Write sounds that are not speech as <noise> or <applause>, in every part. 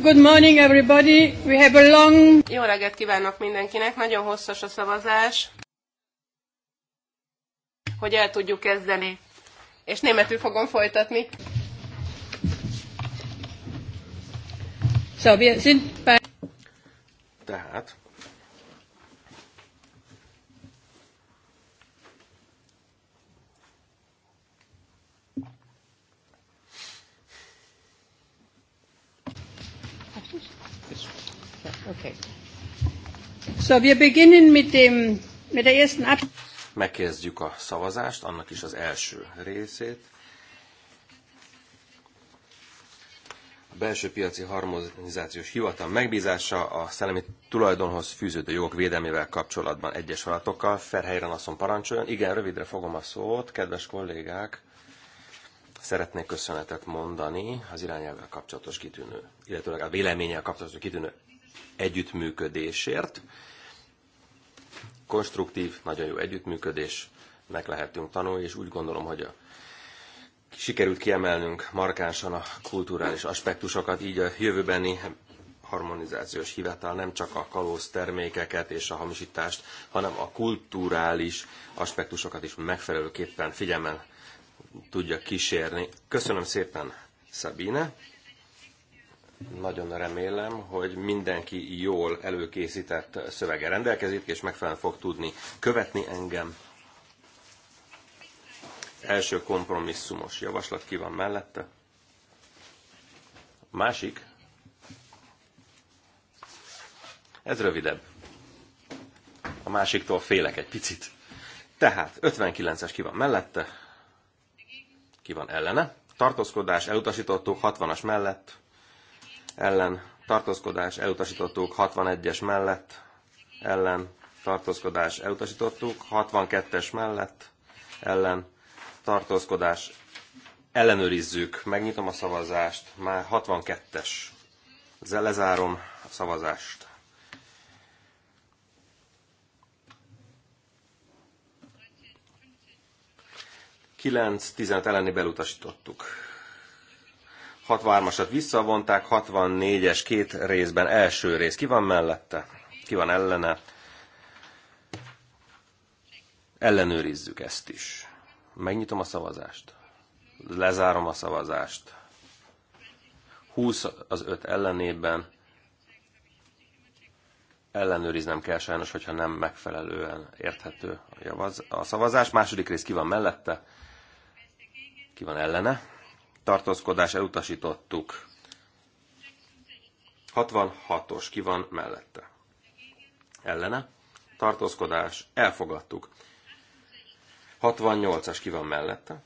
Good morning everybody. We have a long... Jó reggelt kívánok mindenkinek, nagyon hosszas a szavazás, hogy el tudjuk kezdeni. És németül fogom folytatni. So, we are... Tehát, Okay. So, wir beginnen mit dem, mit der ersten Ab Megkezdjük a szavazást, annak is az első részét. A belső piaci harmonizációs hivatal megbízása a szellemi tulajdonhoz fűződő jogok védelmével kapcsolatban egyes vonatokkal. Ferhelyren asszon parancsoljon. Igen, rövidre fogom a szót, kedves kollégák. Szeretnék köszönetet mondani az irányelvvel kapcsolatos kitűnő, illetőleg a véleménnyel kapcsolatos kitűnő együttműködésért. Konstruktív, nagyon jó együttműködésnek lehetünk tanulni, és úgy gondolom, hogy a sikerült kiemelnünk markánsan a kulturális aspektusokat, így a jövőbeni harmonizációs hivatal nem csak a kalóz termékeket és a hamisítást, hanem a kulturális aspektusokat is megfelelőképpen figyelmen tudja kísérni. Köszönöm szépen, Szabine! Nagyon remélem, hogy mindenki jól előkészített szövege rendelkezik, és megfelelően fog tudni követni engem. Első kompromisszumos javaslat ki van mellette. Másik. Ez rövidebb. A másiktól félek egy picit. Tehát 59-es ki van mellette, ki van ellene. Tartózkodás elutasítottuk 60-as mellett, ellen tartózkodás elutasítottuk, 61-es mellett ellen tartózkodás elutasítottuk, 62-es mellett ellen tartózkodás ellenőrizzük, megnyitom a szavazást, már 62-es, ezzel lezárom a szavazást. Kilenc, tizenöt elleni belutasítottuk. 63-asat visszavonták, 64-es két részben első rész. Ki van mellette? Ki van ellene? Ellenőrizzük ezt is. Megnyitom a szavazást. Lezárom a szavazást. 20 az 5 ellenében ellenőriznem kell sajnos, hogyha nem megfelelően érthető a, szavazás. Második rész ki van mellette, ki van ellene tartózkodás elutasítottuk. 66-os ki van mellette. Ellene. Tartózkodás elfogadtuk. 68-as ki van mellette.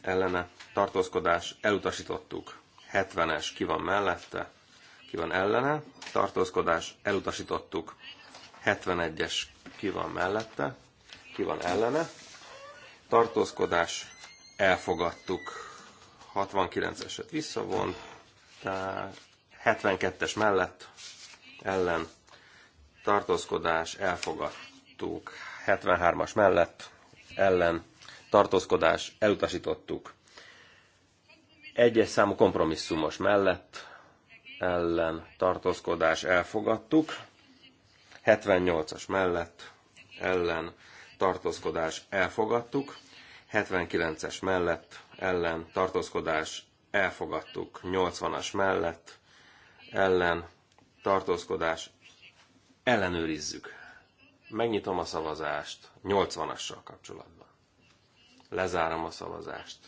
Ellene. Tartózkodás elutasítottuk. 70-es ki van mellette. Ki van ellene. Tartózkodás elutasítottuk. 71-es ki van mellette. Ki van ellene. Tartózkodás elfogadtuk. 69-eset tehát 72-es mellett ellen tartózkodás elfogadtuk, 73-as mellett ellen tartózkodás elutasítottuk, egyes számú kompromisszumos mellett ellen tartózkodás elfogadtuk, 78-as mellett ellen tartózkodás elfogadtuk, 79-es mellett ellen tartózkodás elfogadtuk. 80-as mellett ellen tartózkodás ellenőrizzük. Megnyitom a szavazást 80-assal kapcsolatban. Lezárom a szavazást.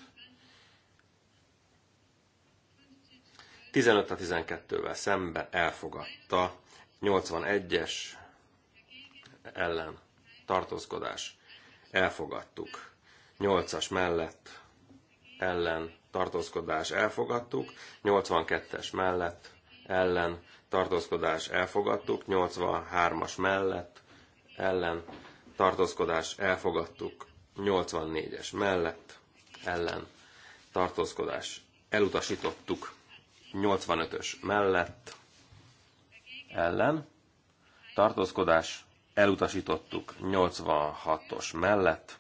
15 a 12-vel szembe elfogadta 81-es ellen tartózkodás. Elfogadtuk. 8-as mellett ellen tartózkodás elfogadtuk, 82-es mellett ellen tartózkodás elfogadtuk, 83-as mellett ellen tartózkodás elfogadtuk, 84-es mellett ellen tartózkodás elutasítottuk, 85-ös mellett ellen tartózkodás elutasítottuk, 86-os mellett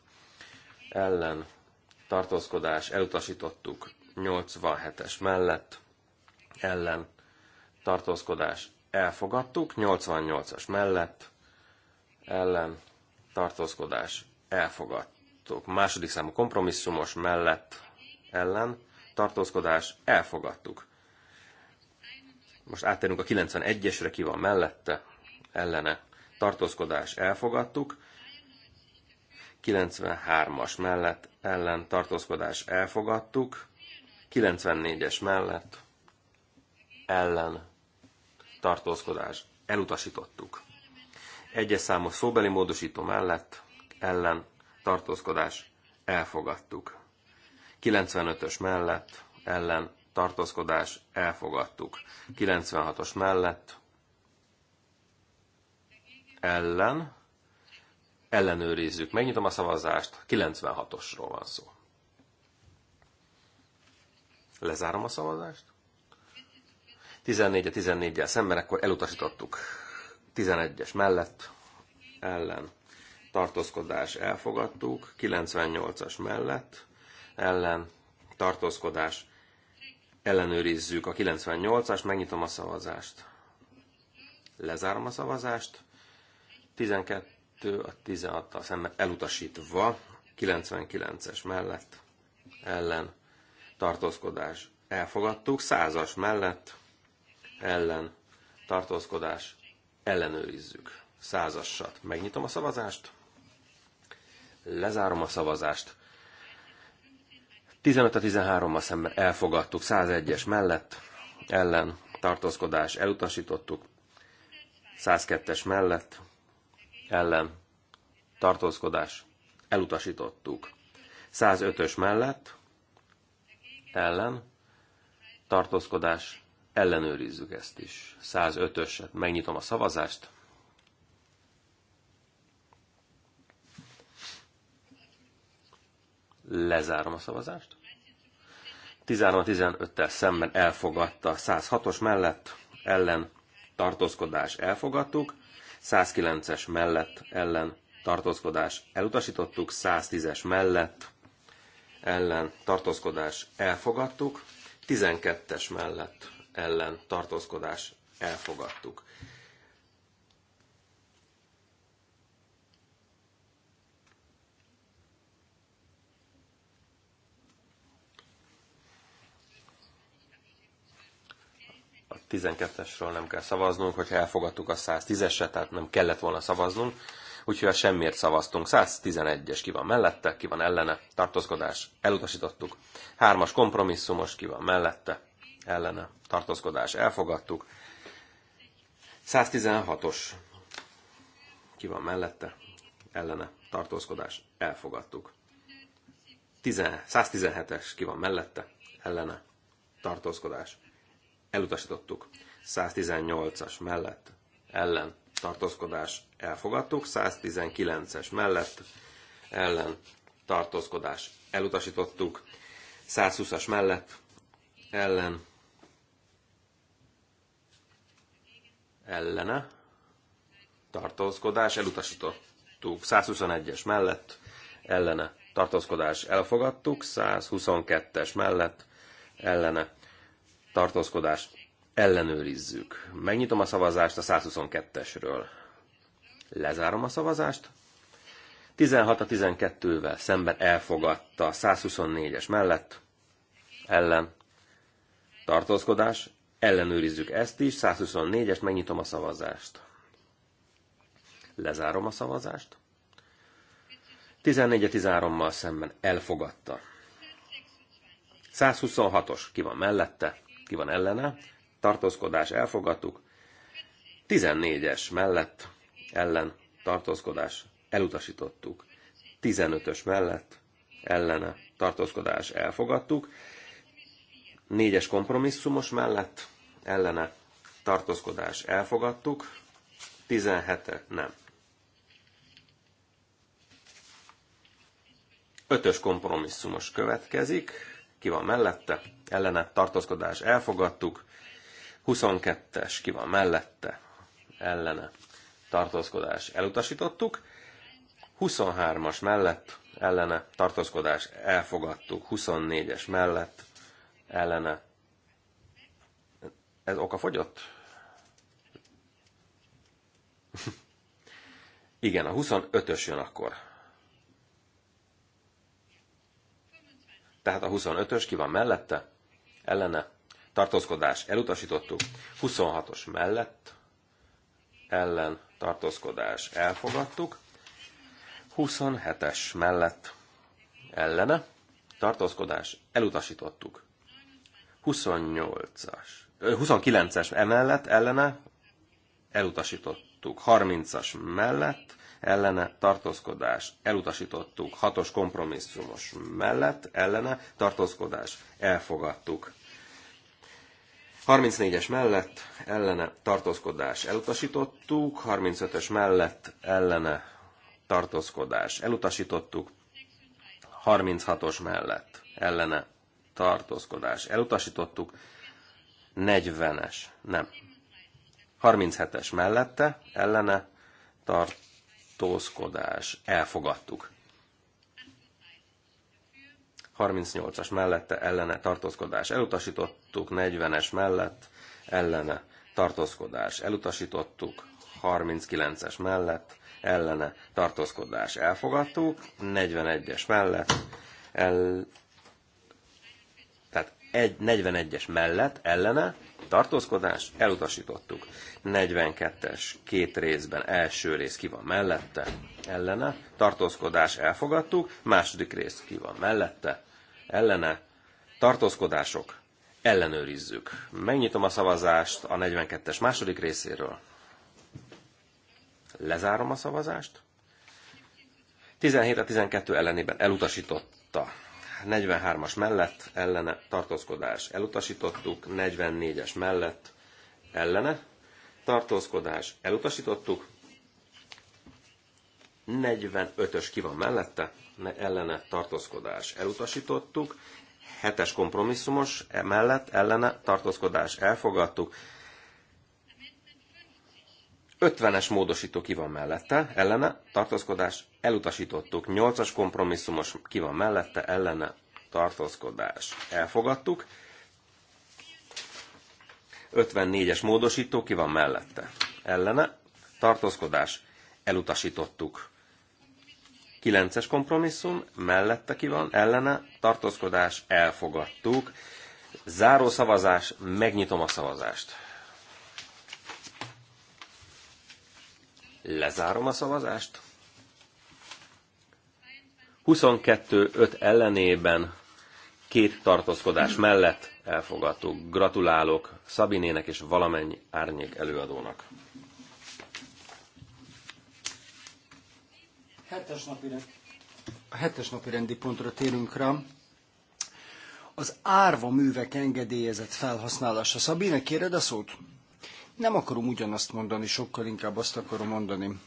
ellen tartózkodás, elutasítottuk 87-es mellett, ellen tartózkodás, elfogadtuk 88-as mellett, ellen tartózkodás, elfogadtuk. Második számú kompromisszumos mellett, ellen tartózkodás, elfogadtuk. Most áttérünk a 91-esre, ki van mellette, ellene tartózkodás, elfogadtuk. 93-as mellett ellen tartózkodás elfogadtuk, 94-es mellett ellen tartózkodás elutasítottuk. Egyes számos szóbeli módosító mellett ellen tartózkodás elfogadtuk. 95-ös mellett ellen tartózkodás elfogadtuk. 96-os mellett ellen ellenőrizzük. Megnyitom a szavazást, 96-osról van szó. Lezárom a szavazást. 14 a 14 el szemben, akkor elutasítottuk. 11-es mellett, ellen, tartózkodás elfogadtuk, 98-as mellett, ellen, tartózkodás ellenőrizzük a 98-as, megnyitom a szavazást. Lezárom a szavazást. 12 2 a 16-tal szemben elutasítva, 99-es mellett ellen tartózkodás elfogadtuk, 100-as mellett ellen tartózkodás ellenőrizzük. Százassat. Megnyitom a szavazást, lezárom a szavazást. 15 a 13-mal szemben elfogadtuk, 101-es mellett ellen tartózkodás elutasítottuk, 102-es mellett ellen tartózkodás elutasítottuk. 105-ös mellett ellen tartózkodás ellenőrizzük ezt is. 105-öset megnyitom a szavazást. Lezárom a szavazást. 13-15-tel szemben elfogadta 106-os mellett ellen tartózkodás elfogadtuk, 109-es mellett ellen tartózkodás elutasítottuk, 110-es mellett ellen tartózkodás elfogadtuk, 12-es mellett ellen tartózkodás elfogadtuk. 12-esről nem kell szavaznunk, hogyha elfogadtuk a 110-esre, tehát nem kellett volna szavaznunk, úgyhogy a semmiért szavaztunk. 111-es ki van mellette, ki van ellene, tartózkodás, elutasítottuk. Hármas kompromisszumos ki van mellette, ellene, tartózkodás, elfogadtuk. 116-os ki van mellette, ellene, tartózkodás, elfogadtuk. 117-es ki van mellette, ellene, tartózkodás, elutasítottuk. 118-as mellett ellen tartózkodás elfogadtuk, 119-es mellett ellen tartózkodás elutasítottuk, 120-as mellett ellen ellene tartózkodás elutasítottuk, 121-es mellett ellene tartózkodás elfogadtuk, 122-es mellett ellene tartózkodást ellenőrizzük. Megnyitom a szavazást a 122-esről. Lezárom a szavazást. 16 a 12-vel szemben elfogadta a 124-es mellett ellen tartózkodás. Ellenőrizzük ezt is. 124-es, megnyitom a szavazást. Lezárom a szavazást. 14 a 13-mal szemben elfogadta. 126-os ki van mellette, ki van ellene, tartózkodás elfogadtuk, 14-es mellett ellen tartózkodás elutasítottuk, 15-ös mellett ellene tartózkodás elfogadtuk, 4-es kompromisszumos mellett ellene tartózkodás elfogadtuk, 17-e nem. 5-ös kompromisszumos következik, ki van mellette, ellene tartózkodás elfogadtuk, 22-es ki van mellette, ellene tartózkodás elutasítottuk, 23-as mellett ellene tartózkodás elfogadtuk, 24-es mellett ellene. Ez oka fogyott? <laughs> Igen, a 25-ös jön akkor. Tehát a 25-ös ki van mellette? Ellene. Tartózkodás. Elutasítottuk. 26-os mellett. Ellen. Tartózkodás. Elfogadtuk. 27-es mellett. Ellene. Tartózkodás. Elutasítottuk. 28-as. 29-es emellett. Ellene. Elutasítottuk. 30-as mellett ellene tartózkodás elutasítottuk, hatos kompromisszumos mellett ellene tartózkodás elfogadtuk. 34-es mellett ellene tartózkodás elutasítottuk, 35-ös mellett ellene tartózkodás elutasítottuk, 36-os mellett ellene tartózkodás elutasítottuk, 40-es, nem, 37-es mellette ellene tartózkodás tartózkodás, elfogadtuk. 38-as mellette ellene tartózkodás elutasítottuk, 40-es mellett ellene tartózkodás elutasítottuk, 39-es mellett ellene tartózkodás elfogadtuk, 41-es mellett el, tehát egy 41-es mellett ellene tartózkodás, elutasítottuk. 42-es két részben első rész ki van mellette, ellene, tartózkodás elfogadtuk, második rész ki van mellette, ellene, tartózkodások, ellenőrizzük. Megnyitom a szavazást a 42-es második részéről. Lezárom a szavazást. 17 a 12 ellenében elutasította. 43-as mellett ellene tartózkodás elutasítottuk, 44-es mellett ellene tartózkodás elutasítottuk, 45-ös ki van mellette, ellene tartózkodás elutasítottuk, 7-es kompromisszumos mellett ellene tartózkodás elfogadtuk, 50-es módosító ki van mellette, ellene, tartózkodás, elutasítottuk. 8-as kompromisszumos ki van mellette, ellene, tartózkodás, elfogadtuk. 54-es módosító ki van mellette, ellene, tartózkodás, elutasítottuk. 9-es kompromisszum, mellette ki van, ellene, tartózkodás, elfogadtuk. Záró szavazás, megnyitom a szavazást. Lezárom a szavazást. 22-5 ellenében két tartózkodás mellett elfogadtuk. Gratulálok Szabinének és valamennyi árnyék előadónak. Hetes napi a hetes napi rendi pontra térünk rá. Az árva művek engedélyezett felhasználása. Szabine, kéred a szót? Nem akarom ugyanazt mondani, sokkal inkább azt akarom mondani,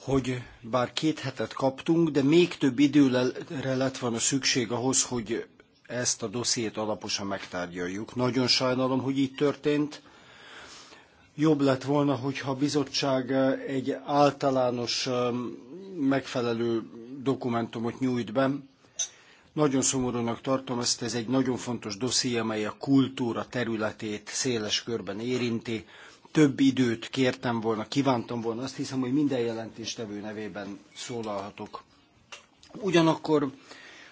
hogy bár két hetet kaptunk, de még több időre lett van a szükség ahhoz, hogy ezt a dossziét alaposan megtárgyaljuk. Nagyon sajnalom, hogy így történt. Jobb lett volna, hogyha a bizottság egy általános, um, megfelelő dokumentumot nyújt be, nagyon szomorúnak tartom ezt, ez egy nagyon fontos dosszié, amely a kultúra területét széles körben érinti. Több időt kértem volna, kívántam volna, azt hiszem, hogy minden jelentéstevő nevében szólalhatok. Ugyanakkor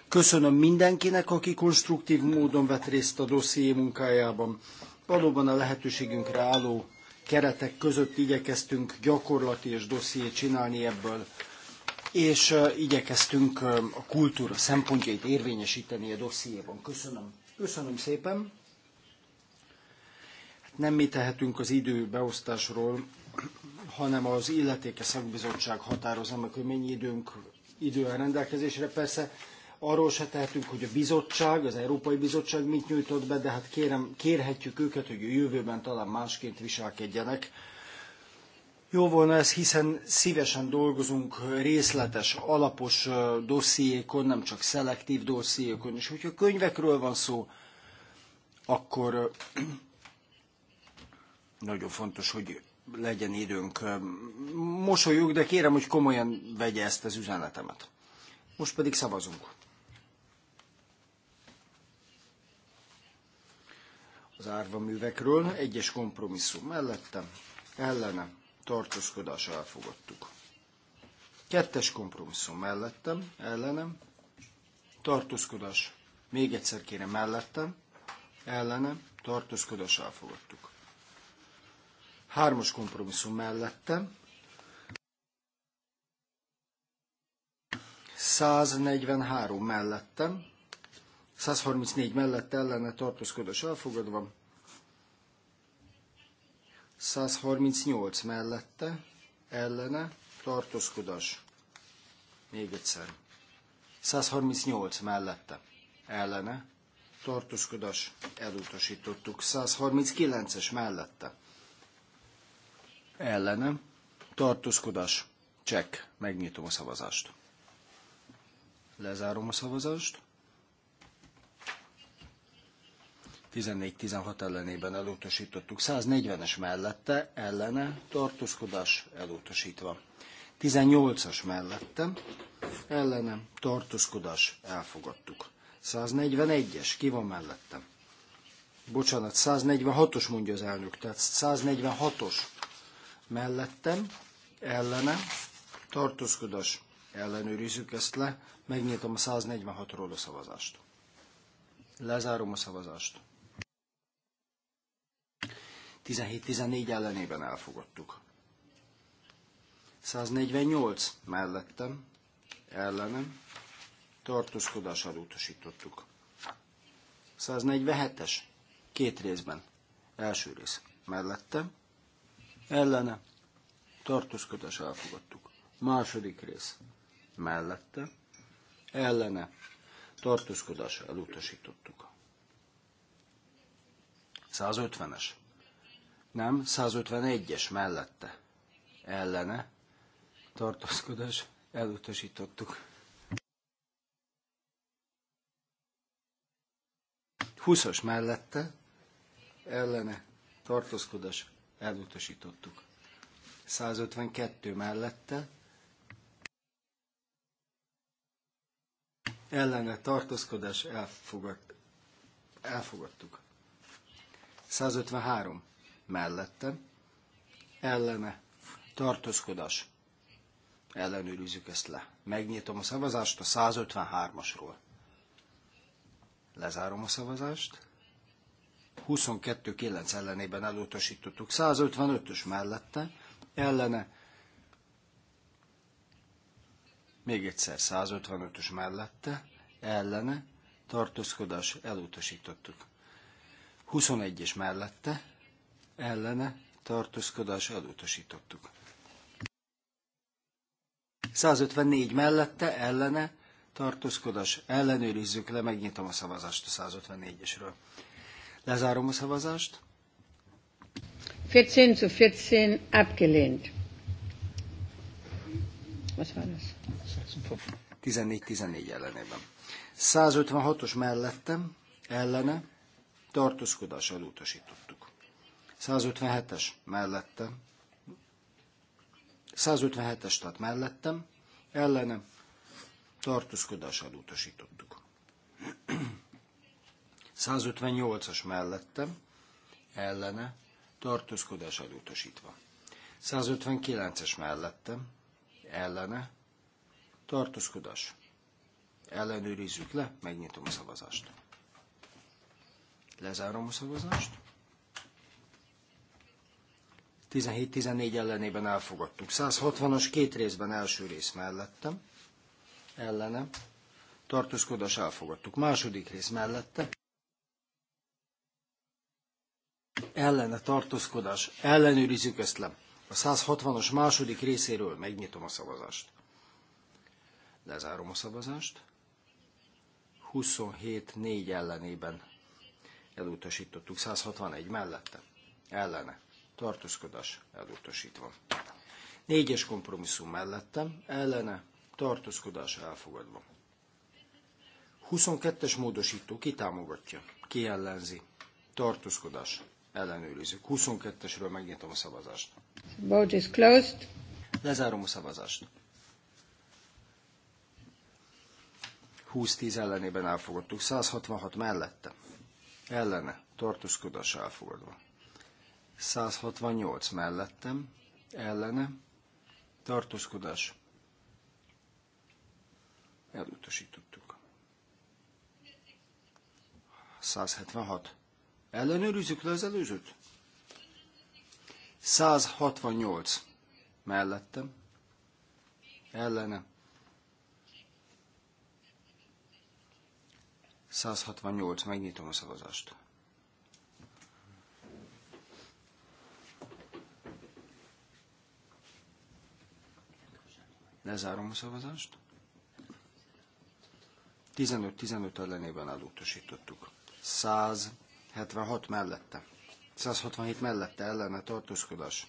köszönöm mindenkinek, aki konstruktív módon vett részt a dosszié munkájában. Valóban a lehetőségünkre álló keretek között igyekeztünk gyakorlati és dossziét csinálni ebből és igyekeztünk a kultúra szempontjait érvényesíteni a dossziéban. Köszönöm. Köszönöm szépen. Hát nem mi tehetünk az időbeosztásról, hanem az illetéke szakbizottság határozza meg, hogy mennyi időnk idő a rendelkezésre. Persze arról se tehetünk, hogy a bizottság, az Európai Bizottság mit nyújtott be, de hát kérem, kérhetjük őket, hogy a jövőben talán másként viselkedjenek jó volna ez, hiszen szívesen dolgozunk részletes, alapos dossziékon, nem csak szelektív dossziékon, és hogyha könyvekről van szó, akkor nagyon fontos, hogy legyen időnk. Mosolyog, de kérem, hogy komolyan vegye ezt az üzenetemet. Most pedig szavazunk. Az árvaművekről egyes kompromisszum mellettem, ellenem tartózkodás elfogadtuk. Kettes kompromisszum mellettem, ellenem, tartózkodás, még egyszer kérem mellettem, ellenem, tartózkodás elfogadtuk. Hármas kompromisszum mellettem, 143 mellettem, 134 mellett ellene tartózkodás elfogadva, 138 mellette, ellene, tartózkodás. Még egyszer. 138 mellette, ellene, tartózkodás, elutasítottuk. 139-es mellette, ellene, tartózkodás, csekk, megnyitom a szavazást. Lezárom a szavazást. 14-16 ellenében elutasítottuk. 140-es mellette, ellene, tartózkodás elutasítva. 18-as mellette, ellene, tartózkodás elfogadtuk. 141-es, ki van mellettem? Bocsánat, 146-os mondja az elnök, tehát 146-os mellettem, ellene, tartózkodás ellenőrizzük ezt le, megnyitom a 146-ról a szavazást. Lezárom a szavazást. 17-14 ellenében elfogadtuk. 148 mellettem, ellenem, tartózkodással utasítottuk. 147-es, két részben, első rész, mellettem, ellene, tartózkodás elfogadtuk. Második rész, mellette, ellene, tartózkodás elutasítottuk. 150-es, nem, 151-es mellette ellene tartózkodás elutasítottuk. 20-as mellette ellene tartózkodás elutasítottuk. 152 mellette ellene tartózkodás elfogad, elfogadtuk. 153 mellette, ellene, tartózkodás, ellenőrizzük ezt le. Megnyitom a szavazást a 153-asról. Lezárom a szavazást. 22-9 ellenében elutasítottuk. 155-ös mellette, ellene, még egyszer 155-ös mellette, ellene, tartózkodás elutasítottuk. 21-es mellette, ellene tartózkodás elutasítottuk. 154 mellette ellene tartózkodás ellenőrizzük le, megnyitom a szavazást a 154-esről. Lezárom a szavazást. 14 zu 14 abgelehnt. Was war das? 14-14 ellenében. 156-os mellettem, ellene, tartózkodás elutasítottuk. 157-es mellettem. 157-es, tehát mellettem, ellene tartózkodással utasítottuk. 158-as mellettem, ellene, tartózkodás elutasítva. 159-es mellettem, ellene, tartózkodás. Ellenőrizzük le, megnyitom a szavazást. Lezárom a szavazást. 17-14 ellenében elfogadtuk. 160-as két részben első rész mellettem, ellenem, tartózkodás elfogadtuk. Második rész mellette, ellene tartózkodás, ellenőrizzük ezt le. A 160-as második részéről megnyitom a szavazást. Lezárom a szavazást. 27-4 ellenében elutasítottuk, 161 mellette, ellene tartózkodás elutasítva. Négyes kompromisszum mellettem, ellene, tartózkodás elfogadva. 22-es módosító kitámogatja, kiellenzi, tartózkodás ellenőrizik. 22-esről megnyitom a szavazást. Vote is closed. Lezárom a szavazást. 20-10 ellenében elfogadtuk, 166 mellette. Ellene, tartózkodás elfogadva. 168 mellettem, ellene, tartózkodás, elutasítottuk. 176. Ellenőrizzük le az előzőt? 168 mellettem, ellene, 168, megnyitom a szavazást. Lezárom a szavazást. 15-15 ellenében elutasítottuk. 176 mellette. 167 mellette ellene tartózkodás.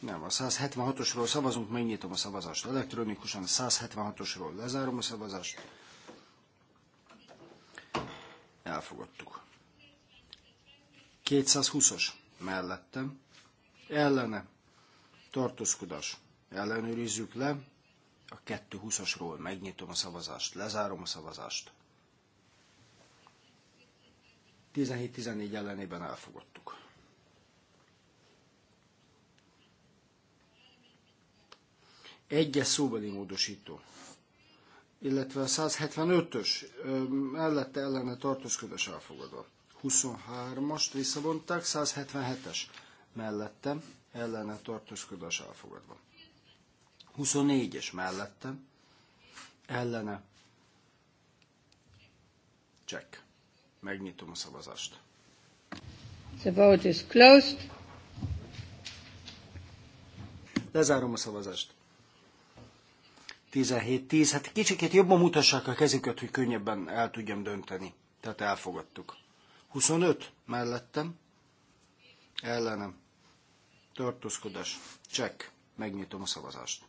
Nem, a 176-osról szavazunk, megnyitom a szavazást elektronikusan, 176-osról lezárom a szavazást. Elfogadtuk. 220-os mellette ellene, tartózkodás, ellenőrizzük le, a 220-asról megnyitom a szavazást, lezárom a szavazást. 17-14 ellenében elfogadtuk. Egyes szóbeli módosító, illetve a 175-ös mellette ellene tartózkodás elfogadva. 23-ast visszavonták, 177-es mellette ellene tartózkodás elfogadva. 24-es mellettem, ellene, check. Megnyitom a szavazást. The vote is closed. Lezárom a szavazást. 17-10, hát kicsikét jobban mutassák a kezüket, hogy könnyebben el tudjam dönteni. Tehát elfogadtuk. 25 mellettem, ellenem, tartózkodás, check, megnyitom a szavazást.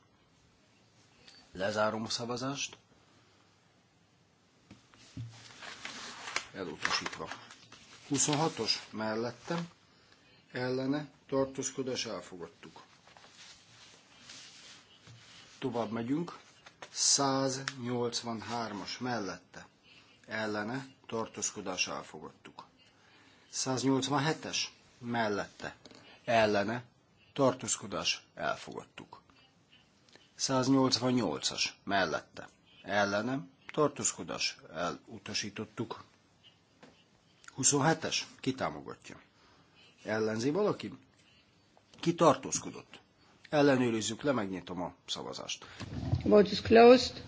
Lezárom a szavazást. Elutasítva. 26-os mellettem, ellene tartózkodás elfogadtuk. Tovább megyünk. 183-as mellette, ellene tartózkodás elfogadtuk. 187-es mellette, ellene tartózkodás elfogadtuk. 188-as mellette ellenem tartózkodás elutasítottuk. 27-es kitámogatja. Ellenzi valaki? Ki tartózkodott? Ellenőrizzük le, megnyitom a szavazást. Vote is closed.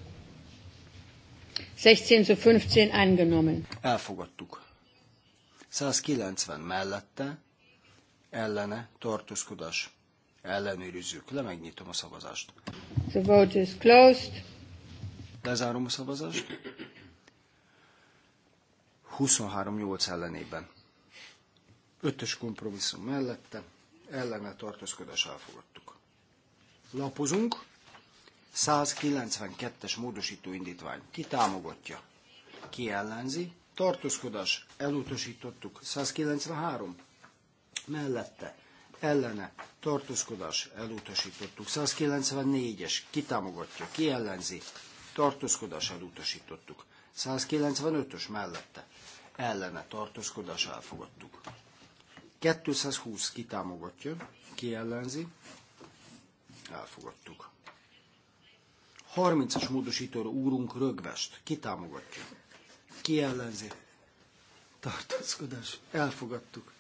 16 zu 15 angenommen. Elfogadtuk. 190 mellette, ellene tartózkodás Ellenőrizzük le, megnyitom a szavazást. The vote is closed. Lezárom a szavazást. 23-8 ellenében. Ötös kompromisszum mellette, ellene tartózkodás elfogadtuk. Lapozunk. 192-es módosító indítvány. Ki támogatja? Ki ellenzi? Tartózkodás. Elutasítottuk. 193. Mellette ellene tartózkodás elutasítottuk. 194-es kitámogatja, ki ellenzi, tartózkodás elutasítottuk. 195-ös mellette ellene tartózkodás elfogadtuk. 220 kitámogatja, ki ellenzi, elfogadtuk. 30-as módosítóra úrunk rögvest, kitámogatja, ki ellenzi, tartózkodás, elfogadtuk.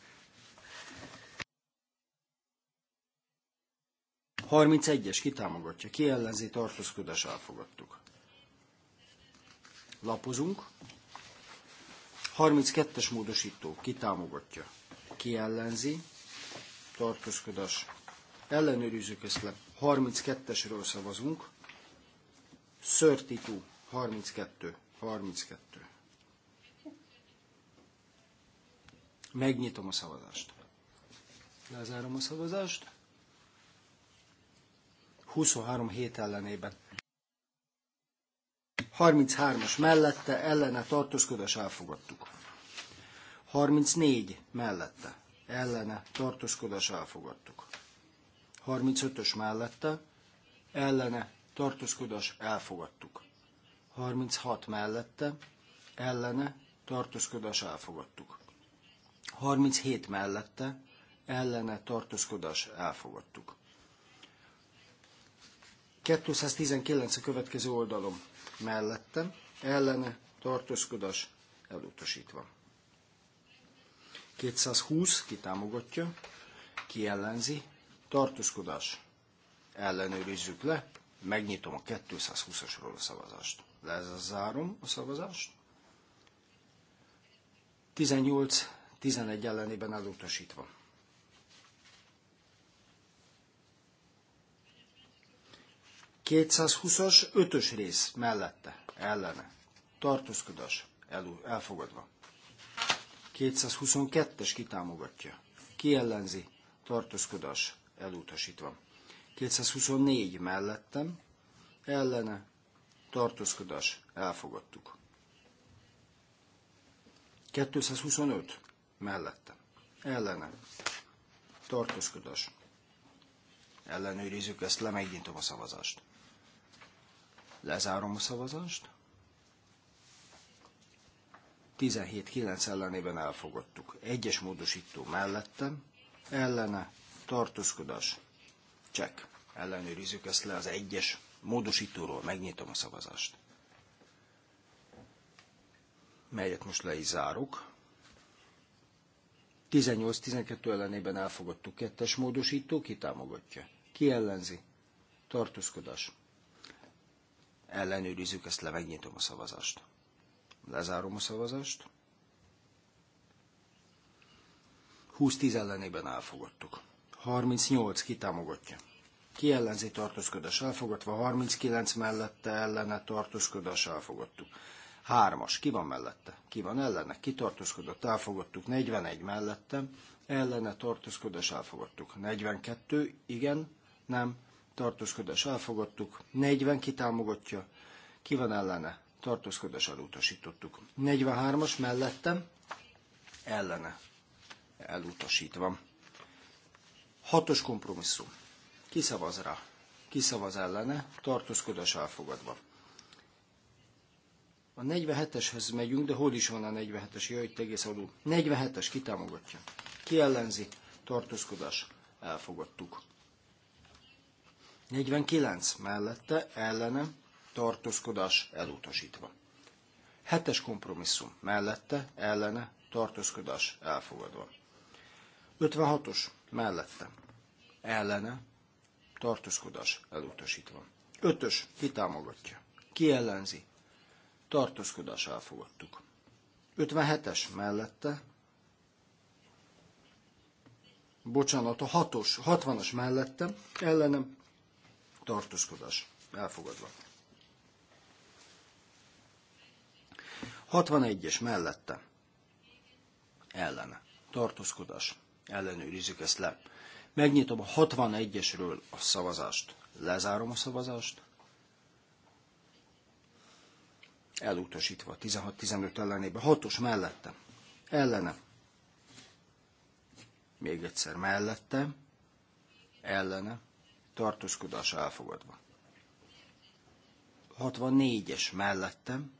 31-es kitámogatja, ki ellenzi, tartózkodás elfogadtuk. Lapozunk. 32-es módosító kitámogatja, ki ellenzi, tartózkodás. Ellenőrizzük ezt le. 32-esről szavazunk. Szörtitú 32. 32. Megnyitom a szavazást. Lezárom a szavazást. 23 hét ellenében. 33-as mellette ellene tartózkodás elfogadtuk. 34 mellette ellene tartózkodás elfogadtuk. 35-ös mellette ellene tartózkodás elfogadtuk. 36 mellette ellene tartózkodás elfogadtuk. 37 mellette ellene tartózkodás elfogadtuk. 219 a következő oldalom mellettem, ellene tartózkodás elutasítva. 220 kitámogatja, ki ellenzi, tartózkodás ellenőrizzük le, megnyitom a 220-asról a szavazást. Lezárom a szavazást. 18-11 ellenében elutasítva. 220 ös rész mellette, ellene. Tartózkodás el, elfogadva. 222-es kitámogatja. kiellenzi, Tartózkodás elutasítva. 224 mellettem, ellene, tartózkodás, elfogadtuk. 225 mellettem, ellene, tartózkodás. Ellenőrizzük ezt, le megnyitom a szavazást. Lezárom a szavazást. 17-9 ellenében elfogadtuk. Egyes módosító mellettem, ellene, tartózkodás, csek. Ellenőrizzük ezt le az egyes módosítóról, megnyitom a szavazást. Melyet most le is zárok. 18-12 ellenében elfogadtuk kettes módosító, ki támogatja? Ki ellenzi? Tartózkodás ellenőrizzük ezt le, megnyitom a szavazást. Lezárom a szavazást. 20-10 ellenében elfogadtuk. 38 kitámogatja. Ki ellenzi tartózkodás elfogadva, 39 mellette ellene tartózkodás elfogadtuk. Hármas, ki van mellette? Ki van ellene? Ki tartózkodott? Elfogadtuk. 41 mellette, ellene tartózkodás elfogadtuk. 42, igen, nem, tartózkodás elfogadtuk, 40 kitámogatja, ki van ellene, tartózkodás elutasítottuk. 43-as mellettem, ellene, elutasítva. Hatos kompromisszum. Kiszavaz rá, kiszavaz ellene, tartózkodás elfogadva. A 47-eshez megyünk, de hol is van a 47-es? Jaj, itt egész alul. 47-es kitámogatja. Ki ellenzi? Tartózkodás. Elfogadtuk. 49 mellette ellenem tartózkodás elutasítva. 7-es 7-es kompromisszum mellette ellene tartózkodás elfogadva. 56-os mellette ellene tartózkodás elutasítva. 5-ös kitámogatja, kiellenzi, tartózkodás elfogadtuk. 57-es mellette bocsánat, a 6-os, 60-as mellette ellenem tartózkodás elfogadva. 61-es mellette ellene tartózkodás ellenőrizzük ezt le. Megnyitom a 61-esről a szavazást. Lezárom a szavazást. Elutasítva a 16-15 ellenébe. 6-os mellette. Ellene. Még egyszer mellette. Ellene tartózkodás elfogadva. 64-es mellettem,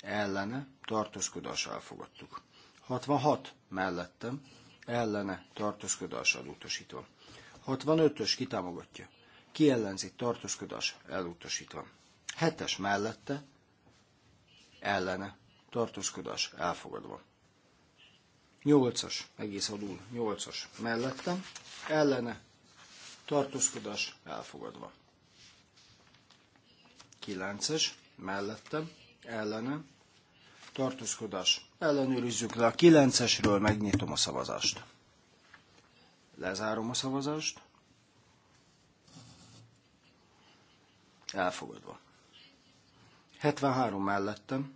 ellene, tartózkodás elfogadtuk. 66 mellettem, ellene, tartózkodás elutasítva. 65-ös kitámogatja, ki ellenzi, tartózkodás elutasítva. 7-es mellette, ellene, tartózkodás elfogadva. 8-as, egész adul 8-as mellettem, ellene, tartózkodás elfogadva. 9-es, mellettem, ellenem, tartózkodás. Ellenőrizzük le a 9-esről, megnyitom a szavazást. Lezárom a szavazást. Elfogadva. 73 mellettem,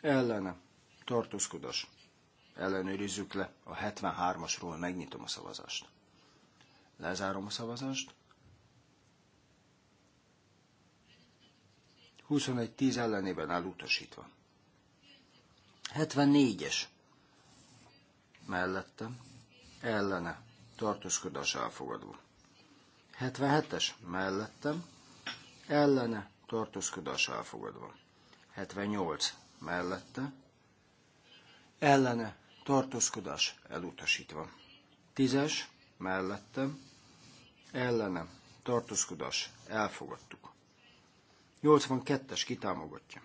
ellenem, tartózkodás. Ellenőrizzük le a 73-asról, megnyitom a szavazást. Lezárom a szavazást. 21-10 ellenében áll utasítva. 74-es mellette ellene tartózkodás elfogadva. 77-es mellettem ellene tartózkodás elfogadva. 78 mellette ellene tartózkodás elutasítva. 10-es mellettem ellenem, tartózkodás, elfogadtuk. 82-es kitámogatja.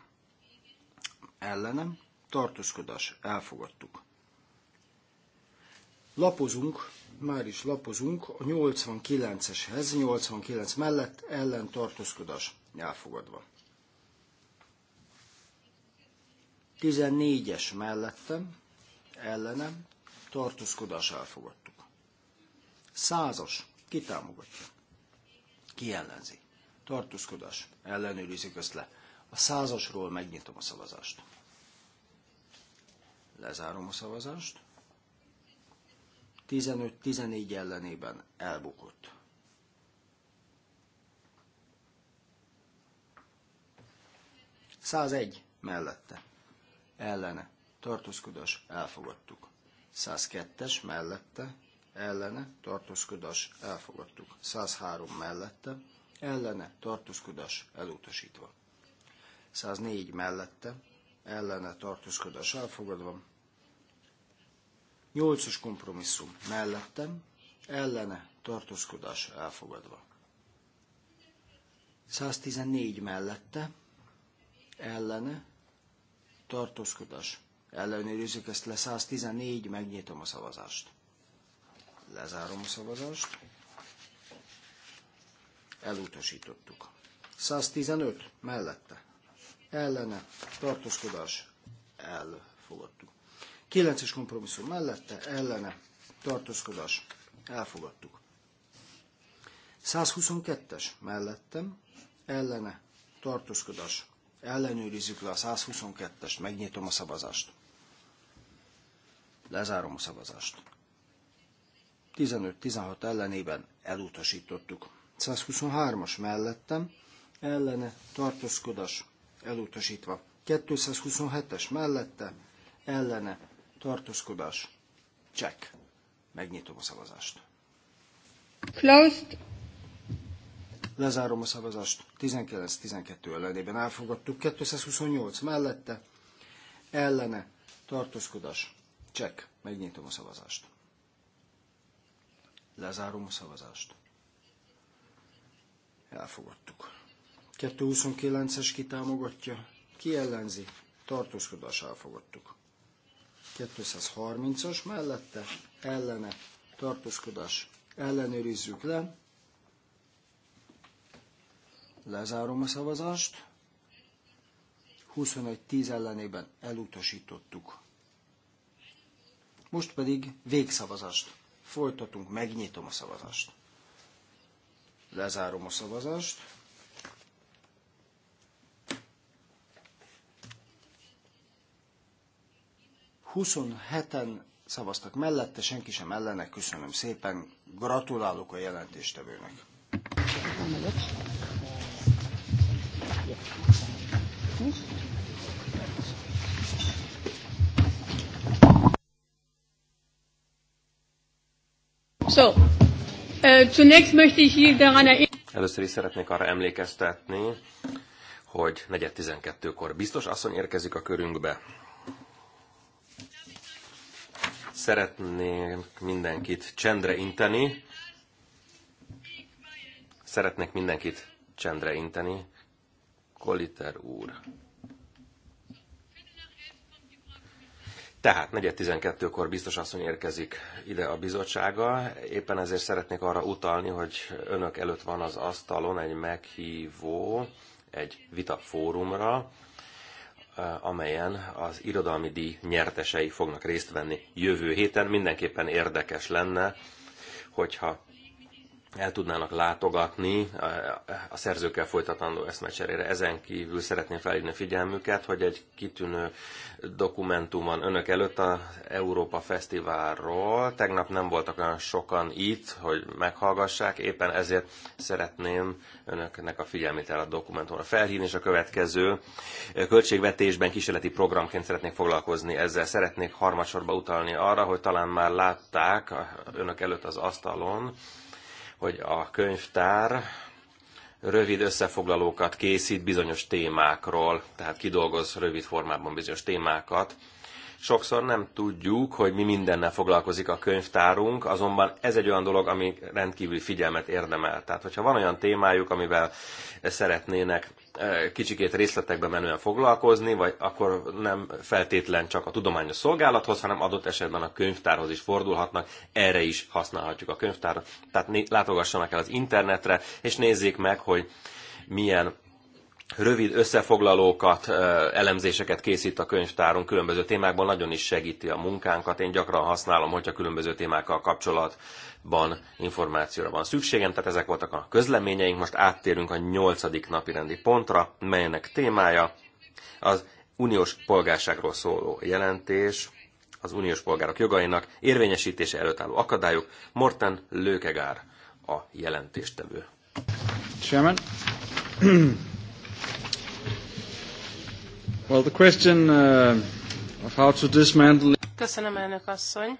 Ellenem, tartózkodás, elfogadtuk. Lapozunk, már is lapozunk a 89-eshez, 89 mellett ellen tartózkodás, elfogadva. 14-es mellettem, ellenem, tartózkodás elfogadtuk. Százas ki támogatja? Ki ellenzi? Tartózkodás. Ellenőrizik ezt le. A százasról megnyitom a szavazást. Lezárom a szavazást. 15-14 ellenében elbukott. Százegy mellette. Ellene. Tartózkodás. Elfogadtuk. 102-es mellette ellene tartózkodás elfogadtuk. 103 mellette ellene tartózkodás elutasítva. 104 mellette ellene tartózkodás elfogadva. 8-as kompromisszum mellette, ellene tartózkodás elfogadva. 114 mellette ellene tartózkodás ellenőrizzük ezt le 114, megnyitom a szavazást. Lezárom a szavazást. Elutasítottuk. 115 mellette. Ellene. Tartózkodás. Elfogadtuk. 9-es kompromisszum mellette. Ellene. Tartózkodás. Elfogadtuk. 122-es mellettem. Ellene. Tartózkodás. Ellenőrizzük le a 122-est. Megnyitom a szavazást. Lezárom a szavazást. 15-16 ellenében elutasítottuk. 123-as mellettem, ellene tartózkodás elutasítva. 227-es mellette, ellene tartózkodás. Check. Megnyitom a szavazást. Closed. Lezárom a szavazást. 19-12 ellenében elfogadtuk. 228 mellette, ellene tartózkodás. Check. Megnyitom a szavazást. Lezárom a szavazást. Elfogadtuk. 229-es kitámogatja, ki ellenzi, tartózkodás elfogadtuk. 230-as mellette, ellene, tartózkodás. Ellenőrizzük le. Lezárom a szavazást. 21-10 ellenében elutasítottuk. Most pedig végszavazást Folytatunk, megnyitom a szavazást. Lezárom a szavazást. Huszonheten szavaztak mellette, senki sem ellene, köszönöm szépen, gratulálok a jelentéstevőnek. Thank you. So, uh, zunächst möchte ich hier daran Először is szeretnék arra emlékeztetni, hogy 4.12-kor biztos asszony érkezik a körünkbe. Szeretnék mindenkit csendre inteni. Szeretnék mindenkit csendre inteni. Koliter úr. Tehát 4.12-kor biztos asszony érkezik ide a bizottsága. Éppen ezért szeretnék arra utalni, hogy önök előtt van az asztalon egy meghívó, egy vita fórumra, eh, amelyen az irodalmi díj nyertesei fognak részt venni jövő héten. Mindenképpen érdekes lenne, hogyha el tudnának látogatni a szerzőkkel folytatandó eszmecserére. Ezen kívül szeretném felhívni figyelmüket, hogy egy kitűnő dokumentum van önök előtt az Európa Fesztiválról. Tegnap nem voltak olyan sokan itt, hogy meghallgassák, éppen ezért szeretném önöknek a figyelmét el a dokumentumra felhívni, és a következő költségvetésben kísérleti programként szeretnék foglalkozni ezzel. Szeretnék harmadsorba utalni arra, hogy talán már látták önök előtt az asztalon, hogy a könyvtár rövid összefoglalókat készít bizonyos témákról, tehát kidolgoz rövid formában bizonyos témákat. Sokszor nem tudjuk, hogy mi mindennel foglalkozik a könyvtárunk, azonban ez egy olyan dolog, ami rendkívül figyelmet érdemel. Tehát, hogyha van olyan témájuk, amivel szeretnének kicsikét részletekbe menően foglalkozni, vagy akkor nem feltétlen csak a tudományos szolgálathoz, hanem adott esetben a könyvtárhoz is fordulhatnak, erre is használhatjuk a könyvtárat. Tehát látogassanak el az internetre, és nézzék meg, hogy milyen rövid összefoglalókat, elemzéseket készít a könyvtárunk különböző témákban, nagyon is segíti a munkánkat. Én gyakran használom, hogyha különböző témákkal kapcsolat ban információra van szükségem, tehát ezek voltak a közleményeink, most áttérünk a nyolcadik napi rendi pontra, melynek témája az uniós polgárságról szóló jelentés, az uniós polgárok jogainak érvényesítése előtt álló akadályok. Morten Lőkegár a jelentéstevő. Chairman. well, the question uh, of how to dismantle... Köszönöm, elnök asszony.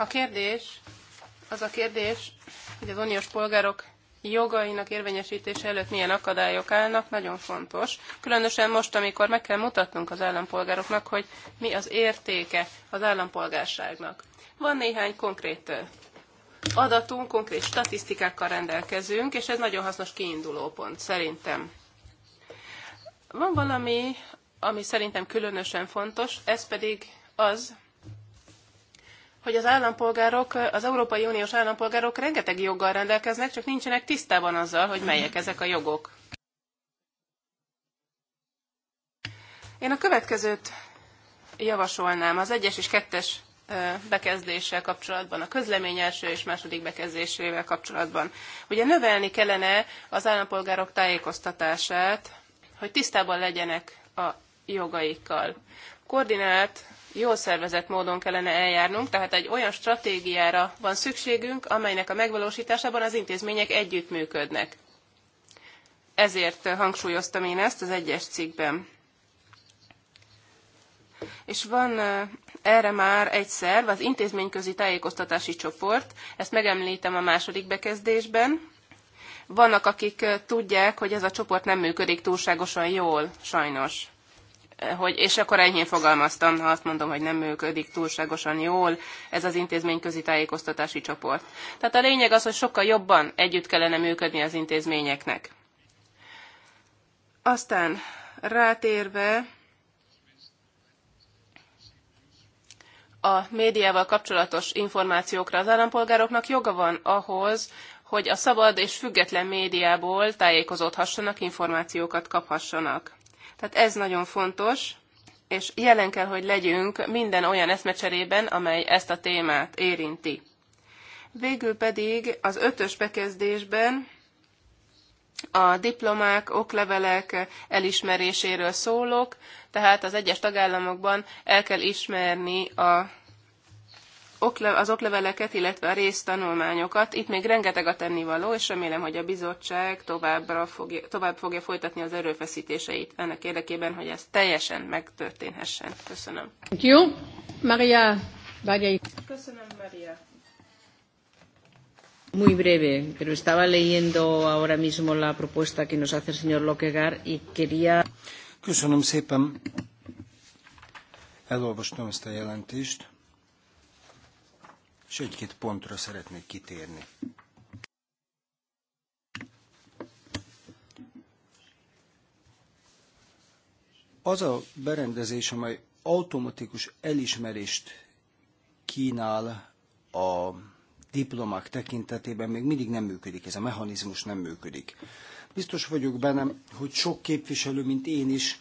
A kérdés, az a kérdés, hogy az uniós polgárok jogainak érvényesítése előtt milyen akadályok állnak, nagyon fontos. Különösen most, amikor meg kell mutatnunk az állampolgároknak, hogy mi az értéke az állampolgárságnak. Van néhány konkrét adatunk, konkrét statisztikákkal rendelkezünk, és ez nagyon hasznos kiindulópont szerintem. Van valami, ami szerintem különösen fontos, ez pedig az, hogy az állampolgárok, az Európai Uniós állampolgárok rengeteg joggal rendelkeznek, csak nincsenek tisztában azzal, hogy melyek ezek a jogok. Én a következőt javasolnám az egyes és kettes bekezdéssel kapcsolatban, a közlemény első és második bekezdésével kapcsolatban. Ugye növelni kellene az állampolgárok tájékoztatását, hogy tisztában legyenek a jogaikkal. Koordinált jól szervezett módon kellene eljárnunk, tehát egy olyan stratégiára van szükségünk, amelynek a megvalósításában az intézmények együttműködnek. Ezért hangsúlyoztam én ezt az egyes cikkben. És van erre már egy szerv, az intézményközi tájékoztatási csoport, ezt megemlítem a második bekezdésben. Vannak, akik tudják, hogy ez a csoport nem működik túlságosan jól, sajnos hogy, és akkor enyhén fogalmaztam, ha azt mondom, hogy nem működik túlságosan jól ez az intézmény közi tájékoztatási csoport. Tehát a lényeg az, hogy sokkal jobban együtt kellene működni az intézményeknek. Aztán rátérve a médiával kapcsolatos információkra az állampolgároknak joga van ahhoz, hogy a szabad és független médiából tájékozódhassanak, információkat kaphassanak. Tehát ez nagyon fontos, és jelen kell, hogy legyünk minden olyan eszmecserében, amely ezt a témát érinti. Végül pedig az ötös bekezdésben a diplomák, oklevelek elismeréséről szólok, tehát az egyes tagállamokban el kell ismerni a az okleveleket, illetve a résztanulmányokat. Itt még rengeteg a tennivaló, és remélem, hogy a bizottság továbbra fogja, tovább fogja folytatni az erőfeszítéseit ennek érdekében, hogy ez teljesen megtörténhessen. Köszönöm. Thank you. Maria Bagyai. Köszönöm, Maria. Muy breve, pero estaba leyendo ahora mismo la propuesta que nos hace el señor Lokegar y quería... Köszönöm szépen. Elolvastam ezt a jelentést és egy-két pontra szeretnék kitérni. Az a berendezés, amely automatikus elismerést kínál a diplomák tekintetében még mindig nem működik, ez a mechanizmus nem működik. Biztos vagyok benne, hogy sok képviselő, mint én is,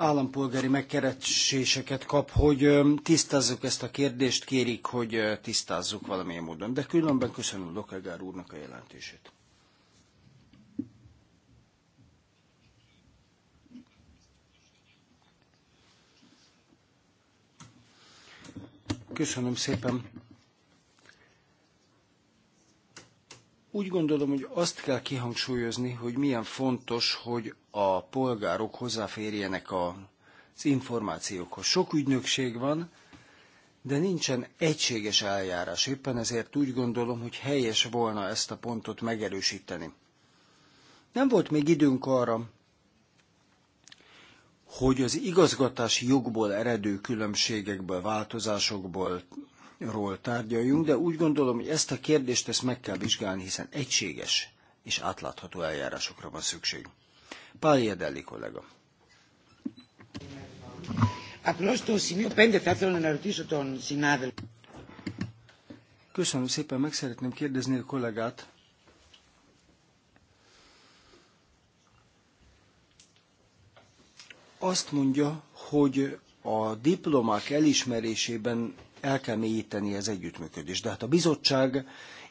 állampolgári megkereséseket kap, hogy tisztázzuk ezt a kérdést, kérik, hogy tisztázzuk valamilyen módon. De különben köszönöm Lokagár úrnak a jelentését. Köszönöm szépen. Úgy gondolom, hogy azt kell kihangsúlyozni, hogy milyen fontos, hogy a polgárok hozzáférjenek az információkhoz. Sok ügynökség van, de nincsen egységes eljárás. Éppen ezért úgy gondolom, hogy helyes volna ezt a pontot megerősíteni. Nem volt még időnk arra, hogy az igazgatási jogból eredő különbségekből, változásokból ról tárgyaljunk, de úgy gondolom, hogy ezt a kérdést ezt meg kell vizsgálni, hiszen egységes és átlátható eljárásokra van szükség. Pál Jedelli kollega. Köszönöm szépen, meg szeretném kérdezni a kollégát. Azt mondja, hogy a diplomák elismerésében el kell mélyíteni az együttműködést. De hát a bizottság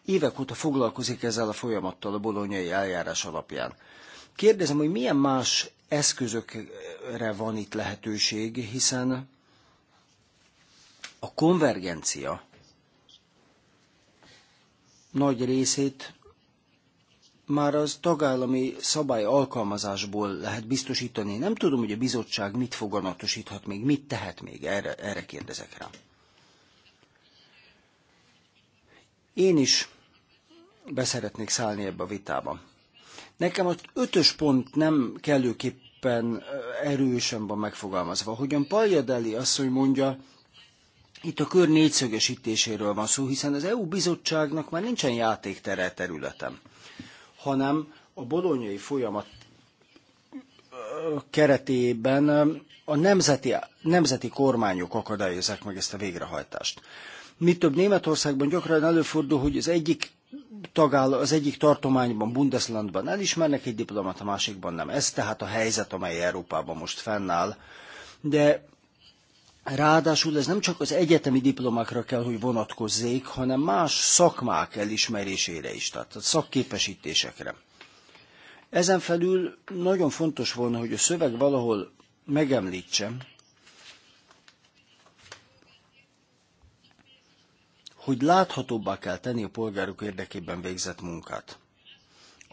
évek óta foglalkozik ezzel a folyamattal a bolonyai eljárás alapján. Kérdezem, hogy milyen más eszközökre van itt lehetőség, hiszen a konvergencia nagy részét már az tagállami szabály alkalmazásból lehet biztosítani. Nem tudom, hogy a bizottság mit foganatosíthat még, mit tehet még, erre, erre kérdezek rá. Én is beszeretnék szállni ebbe a vitába. Nekem az ötös pont nem kellőképpen erősen van megfogalmazva. Hogyan azt, asszony mondja, itt a kör négyszögesítéséről van szó, hiszen az EU bizottságnak már nincsen játéktere e területen, hanem a bolonyai folyamat keretében a nemzeti, nemzeti kormányok akadályozzák meg ezt a végrehajtást. Mi több Németországban gyakran előfordul, hogy az egyik tagáll, az egyik tartományban, Bundeslandban elismernek egy diplomát, a másikban nem. Ez tehát a helyzet, amely Európában most fennáll. De Ráadásul ez nem csak az egyetemi diplomákra kell, hogy vonatkozzék, hanem más szakmák elismerésére is, tehát a szakképesítésekre. Ezen felül nagyon fontos volna, hogy a szöveg valahol megemlítse, hogy láthatóbbá kell tenni a polgárok érdekében végzett munkát.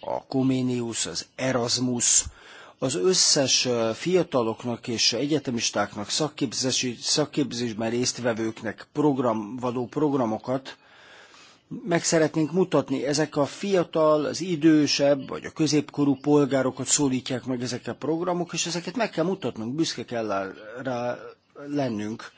A Comenius, az Erasmus, az összes fiataloknak és egyetemistáknak, szakképzési, szakképzésben résztvevőknek program, való programokat meg szeretnénk mutatni. Ezek a fiatal, az idősebb vagy a középkorú polgárokat szólítják meg ezek a programok, és ezeket meg kell mutatnunk, büszke kell rá lennünk.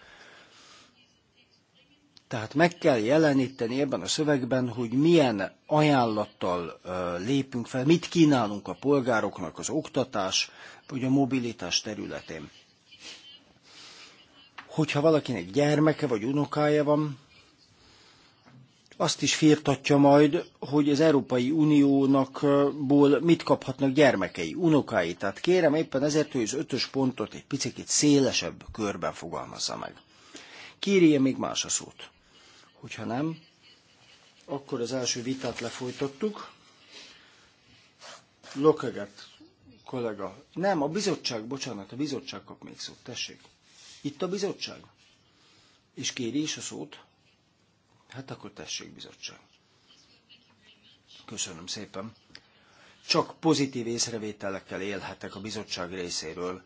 Tehát meg kell jeleníteni ebben a szövegben, hogy milyen ajánlattal lépünk fel, mit kínálunk a polgároknak az oktatás vagy a mobilitás területén. Hogyha valakinek gyermeke vagy unokája van, azt is firtatja majd, hogy az Európai Uniónak ból mit kaphatnak gyermekei, unokái. Tehát kérem éppen ezért, hogy az ötös pontot egy picit szélesebb körben fogalmazza meg. Kérje még más a szót. Hogyha nem, akkor az első vitát lefolytattuk. Lokeget kollega. Nem, a bizottság, bocsánat, a bizottság kap még szót, tessék. Itt a bizottság. És kéri is a szót? Hát akkor tessék, bizottság. Köszönöm szépen. Csak pozitív észrevételekkel élhetek a bizottság részéről.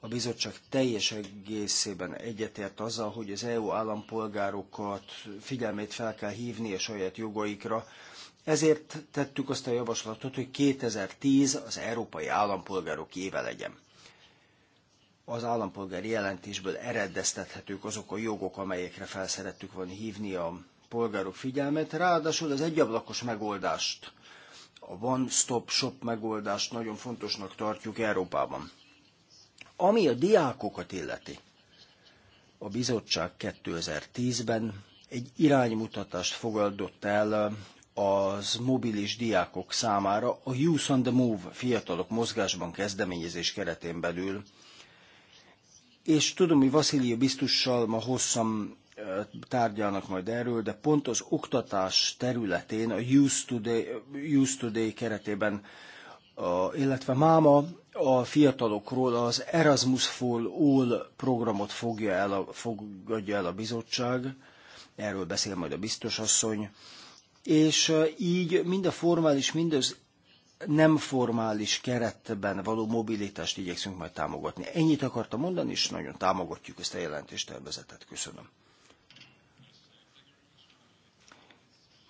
A bizottság teljes egészében egyetért azzal, hogy az EU állampolgárokat figyelmét fel kell hívni a saját jogaikra, ezért tettük azt a javaslatot, hogy 2010 az európai állampolgárok éve legyen. Az állampolgári jelentésből eredeztethetők azok a jogok, amelyekre felszerettük volna hívni a polgárok figyelmet. Ráadásul az egyablakos megoldást, a one-stop shop megoldást nagyon fontosnak tartjuk Európában. Ami a diákokat illeti, a bizottság 2010-ben egy iránymutatást fogadott el az mobilis diákok számára a Youth on the Move fiatalok mozgásban kezdeményezés keretén belül. És tudom, hogy Vasilia biztussal ma hosszan tárgyalnak majd erről, de pont az oktatás területén a Youth Today, Youth Today keretében a, illetve máma a fiatalokról az Erasmus for All programot fogja el a, fogadja el a bizottság, erről beszél majd a asszony, és így mind a formális, mind az nem formális keretben való mobilitást igyekszünk majd támogatni. Ennyit akartam mondani, és nagyon támogatjuk ezt a jelentéstervezetet. Köszönöm.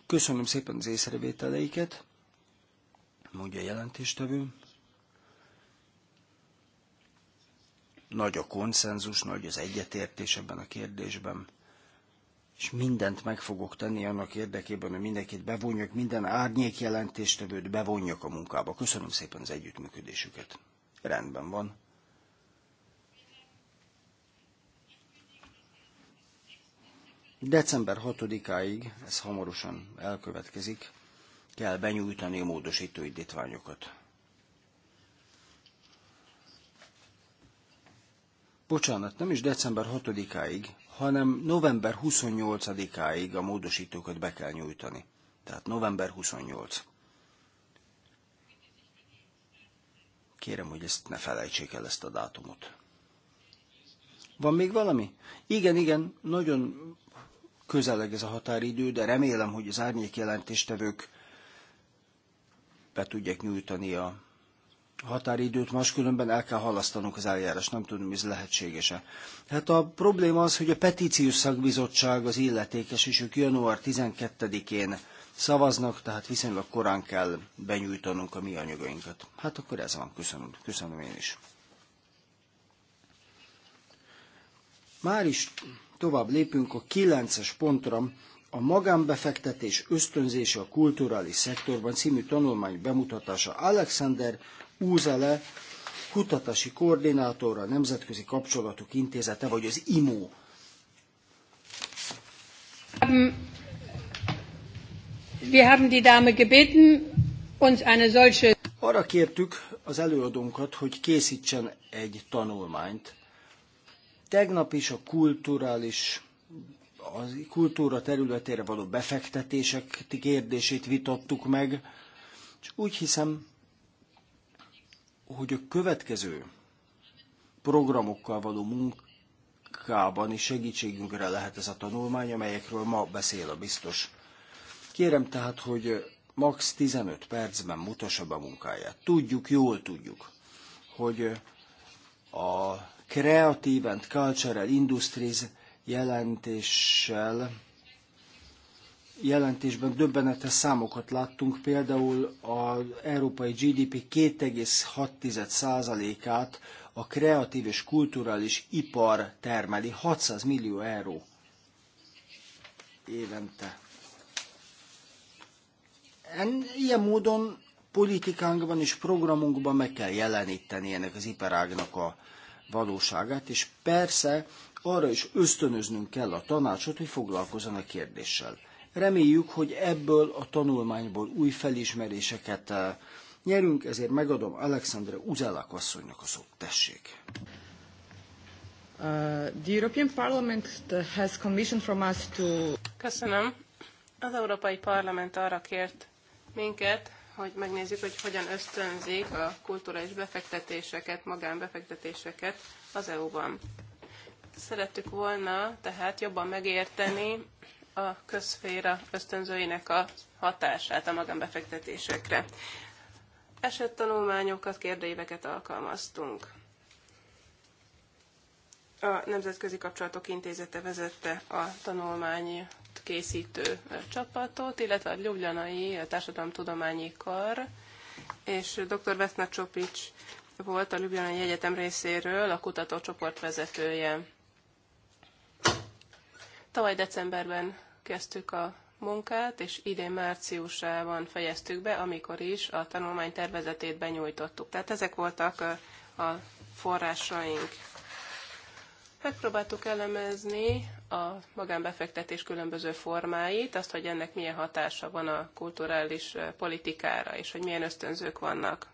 Köszönöm szépen az észrevételeiket mondja a jelentéstevő. Nagy a konszenzus, nagy az egyetértés ebben a kérdésben, és mindent meg fogok tenni annak érdekében, hogy mindenkit bevonjak, minden árnyék jelentéstevőt bevonjak a munkába. Köszönöm szépen az együttműködésüket. Rendben van. December 6-áig, ez hamarosan elkövetkezik, kell benyújtani a módosító indítványokat. Bocsánat, nem is december 6-áig, hanem november 28-áig a módosítókat be kell nyújtani. Tehát november 28. Kérem, hogy ezt ne felejtsék el ezt a dátumot. Van még valami? Igen, igen, nagyon közeleg ez a határidő, de remélem, hogy az árnyék jelentéstevők be tudják nyújtani a határidőt, máskülönben el kell halasztanunk az eljárás, nem tudom, ez lehetséges-e. Hát a probléma az, hogy a petíciós szakbizottság az illetékes, és ők január 12-én szavaznak, tehát viszonylag korán kell benyújtanunk a mi anyagainkat. Hát akkor ez van, köszönöm, köszönöm én is. Már is tovább lépünk a 9-es pontra, a magánbefektetés ösztönzése a kulturális szektorban című tanulmány bemutatása Alexander Úzele, kutatási koordinátor, a Nemzetközi Kapcsolatok Intézete, vagy az IMO. Ähm, wir haben die Dame gebeten, uns eine solche... Arra kértük az előadónkat, hogy készítsen egy tanulmányt. Tegnap is a kulturális a kultúra területére való befektetések kérdését vitattuk meg, és úgy hiszem, hogy a következő programokkal való munkában is segítségünkre lehet ez a tanulmány, amelyekről ma beszél a biztos. Kérem tehát, hogy max. 15 percben mutassa be munkáját. Tudjuk, jól tudjuk, hogy a Creative and Cultural Industries jelentéssel jelentésben döbbenetes számokat láttunk, például az európai GDP 2,6%-át a kreatív és kulturális ipar termeli, 600 millió euró évente. En, ilyen módon politikánkban és programunkban meg kell jeleníteni ennek az iparágnak a valóságát, és persze arra is ösztönöznünk kell a tanácsot, hogy foglalkozzon a kérdéssel. Reméljük, hogy ebből a tanulmányból új felismeréseket eh, nyerünk, ezért megadom Alexandre Uzelak asszonynak a szót. Tessék! Uh, the European Parliament uh, has commissioned from us to... Köszönöm. Az Európai Parlament arra kért minket, hogy megnézzük, hogy hogyan ösztönzik a kulturális befektetéseket, magánbefektetéseket az EU-ban. Szerettük volna tehát jobban megérteni a közféra ösztönzőinek a hatását a magánbefektetésekre. Esettanulmányokat, kérdéveket alkalmaztunk. A Nemzetközi Kapcsolatok Intézete vezette a tanulmányt készítő csapatot, illetve a Ljubljanai Társadalomtudományi Kar, és dr. Vesna Csopics volt a Ljubljanai Egyetem részéről a kutatócsoport vezetője. Tavaly decemberben kezdtük a munkát, és idén márciusában fejeztük be, amikor is a tanulmány tervezetét benyújtottuk. Tehát ezek voltak a forrásaink. Megpróbáltuk elemezni a magánbefektetés különböző formáit, azt, hogy ennek milyen hatása van a kulturális politikára, és hogy milyen ösztönzők vannak.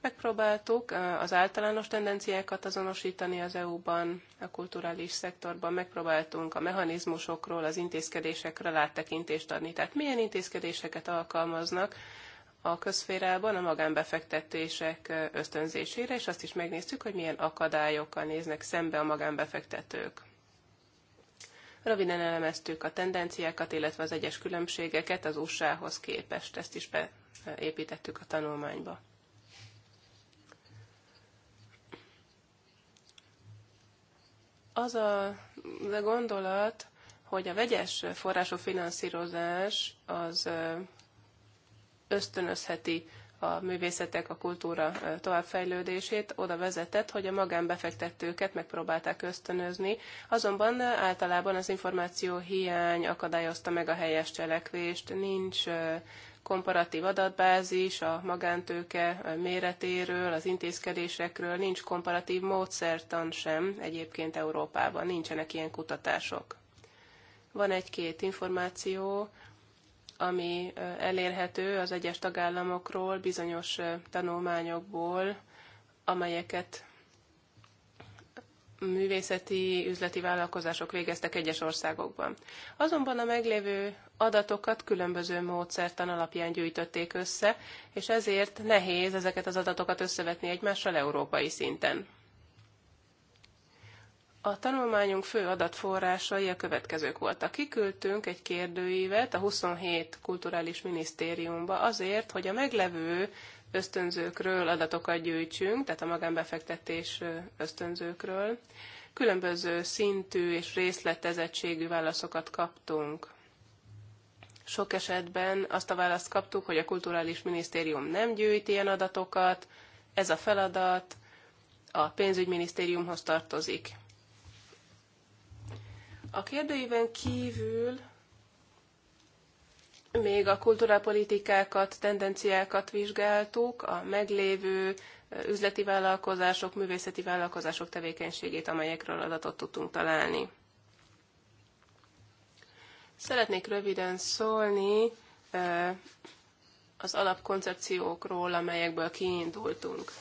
Megpróbáltuk az általános tendenciákat azonosítani az EU-ban, a kulturális szektorban, megpróbáltunk a mechanizmusokról, az intézkedésekről áttekintést adni. Tehát milyen intézkedéseket alkalmaznak a közférában a magánbefektetések ösztönzésére, és azt is megnéztük, hogy milyen akadályokkal néznek szembe a magánbefektetők. Röviden elemeztük a tendenciákat, illetve az egyes különbségeket az USA-hoz képest. Ezt is beépítettük a tanulmányba. Az a gondolat, hogy a vegyes forrású finanszírozás az ösztönözheti a művészetek, a kultúra továbbfejlődését oda vezetett, hogy a magánbefektetőket megpróbálták ösztönözni, azonban általában az információ hiány akadályozta meg a helyes cselekvést, nincs komparatív adatbázis a magántőke méretéről, az intézkedésekről, nincs komparatív módszertan sem egyébként Európában, nincsenek ilyen kutatások. Van egy-két információ, ami elérhető az egyes tagállamokról, bizonyos tanulmányokból, amelyeket művészeti, üzleti vállalkozások végeztek egyes országokban. Azonban a meglévő adatokat különböző módszertan alapján gyűjtötték össze, és ezért nehéz ezeket az adatokat összevetni egymással európai szinten. A tanulmányunk fő adatforrásai a következők voltak. Kiküldtünk egy kérdőívet a 27 kulturális minisztériumba azért, hogy a meglevő ösztönzőkről adatokat gyűjtsünk, tehát a magánbefektetés ösztönzőkről. Különböző szintű és részletezettségű válaszokat kaptunk. Sok esetben azt a választ kaptuk, hogy a kulturális minisztérium nem gyűjt ilyen adatokat, ez a feladat a pénzügyminisztériumhoz tartozik. A kérdőiven kívül még a kulturálpolitikákat, tendenciákat vizsgáltuk, a meglévő üzleti vállalkozások, művészeti vállalkozások tevékenységét, amelyekről adatot tudtunk találni. Szeretnék röviden szólni az alapkoncepciókról, amelyekből kiindultunk.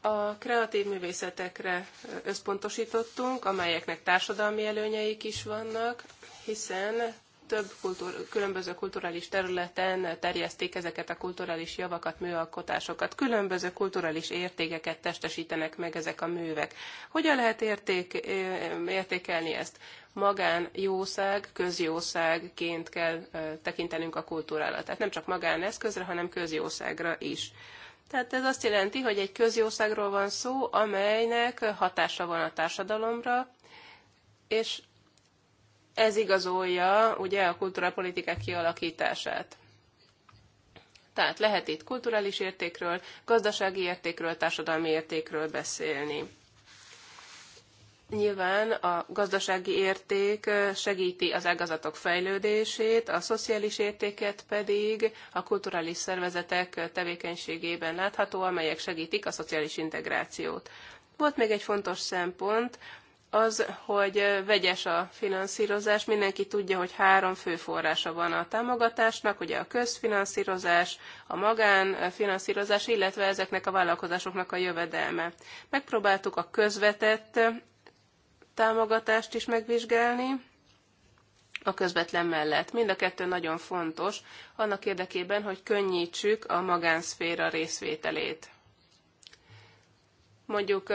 A kreatív művészetekre összpontosítottunk, amelyeknek társadalmi előnyeik is vannak, hiszen több kultúr, különböző kulturális területen terjeszték ezeket a kulturális javakat, műalkotásokat. Különböző kulturális értékeket testesítenek meg ezek a művek. Hogyan lehet érték, értékelni ezt? magán jószág, közjószágként kell tekintenünk a kultúrára. Tehát nem csak magán eszközre, hanem közjószágra is. Tehát ez azt jelenti, hogy egy közjószágról van szó, amelynek hatása van a társadalomra, és ez igazolja ugye a kultúrapolitikák kialakítását. Tehát lehet itt kulturális értékről, gazdasági értékről, társadalmi értékről beszélni. Nyilván a gazdasági érték eh, segíti az ágazatok fejlődését, a szociális értéket pedig a kulturális szervezetek eh, tevékenységében látható, amelyek segítik a szociális integrációt. Volt még egy fontos szempont, az, hogy vegyes a finanszírozás. Mindenki tudja, hogy három fő forrása van a támogatásnak, ugye a közfinanszírozás, a magánfinanszírozás, illetve ezeknek a vállalkozásoknak a jövedelme. Megpróbáltuk a közvetett támogatást is megvizsgálni, a közvetlen mellett. Mind a kettő nagyon fontos, annak érdekében, hogy könnyítsük a magánszféra részvételét mondjuk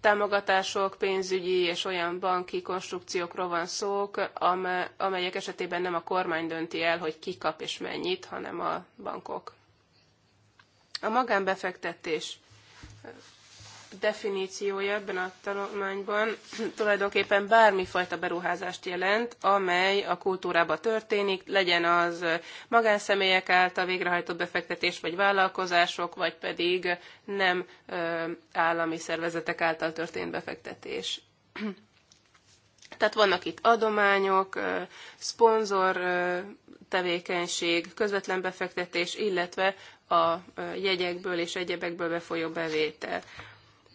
támogatások, pénzügyi és olyan banki konstrukciókról van szó, amelyek esetében nem a kormány dönti el, hogy ki kap és mennyit, hanem a bankok. A magánbefektetés definíciója ebben a tanulmányban <clears throat> tulajdonképpen bármifajta beruházást jelent, amely a kultúrába történik, legyen az magánszemélyek által végrehajtott befektetés, vagy vállalkozások, vagy pedig nem állami szervezetek által történt befektetés. <clears throat> Tehát vannak itt adományok, szponzor tevékenység, közvetlen befektetés, illetve a jegyekből és egyebekből befolyó bevétel.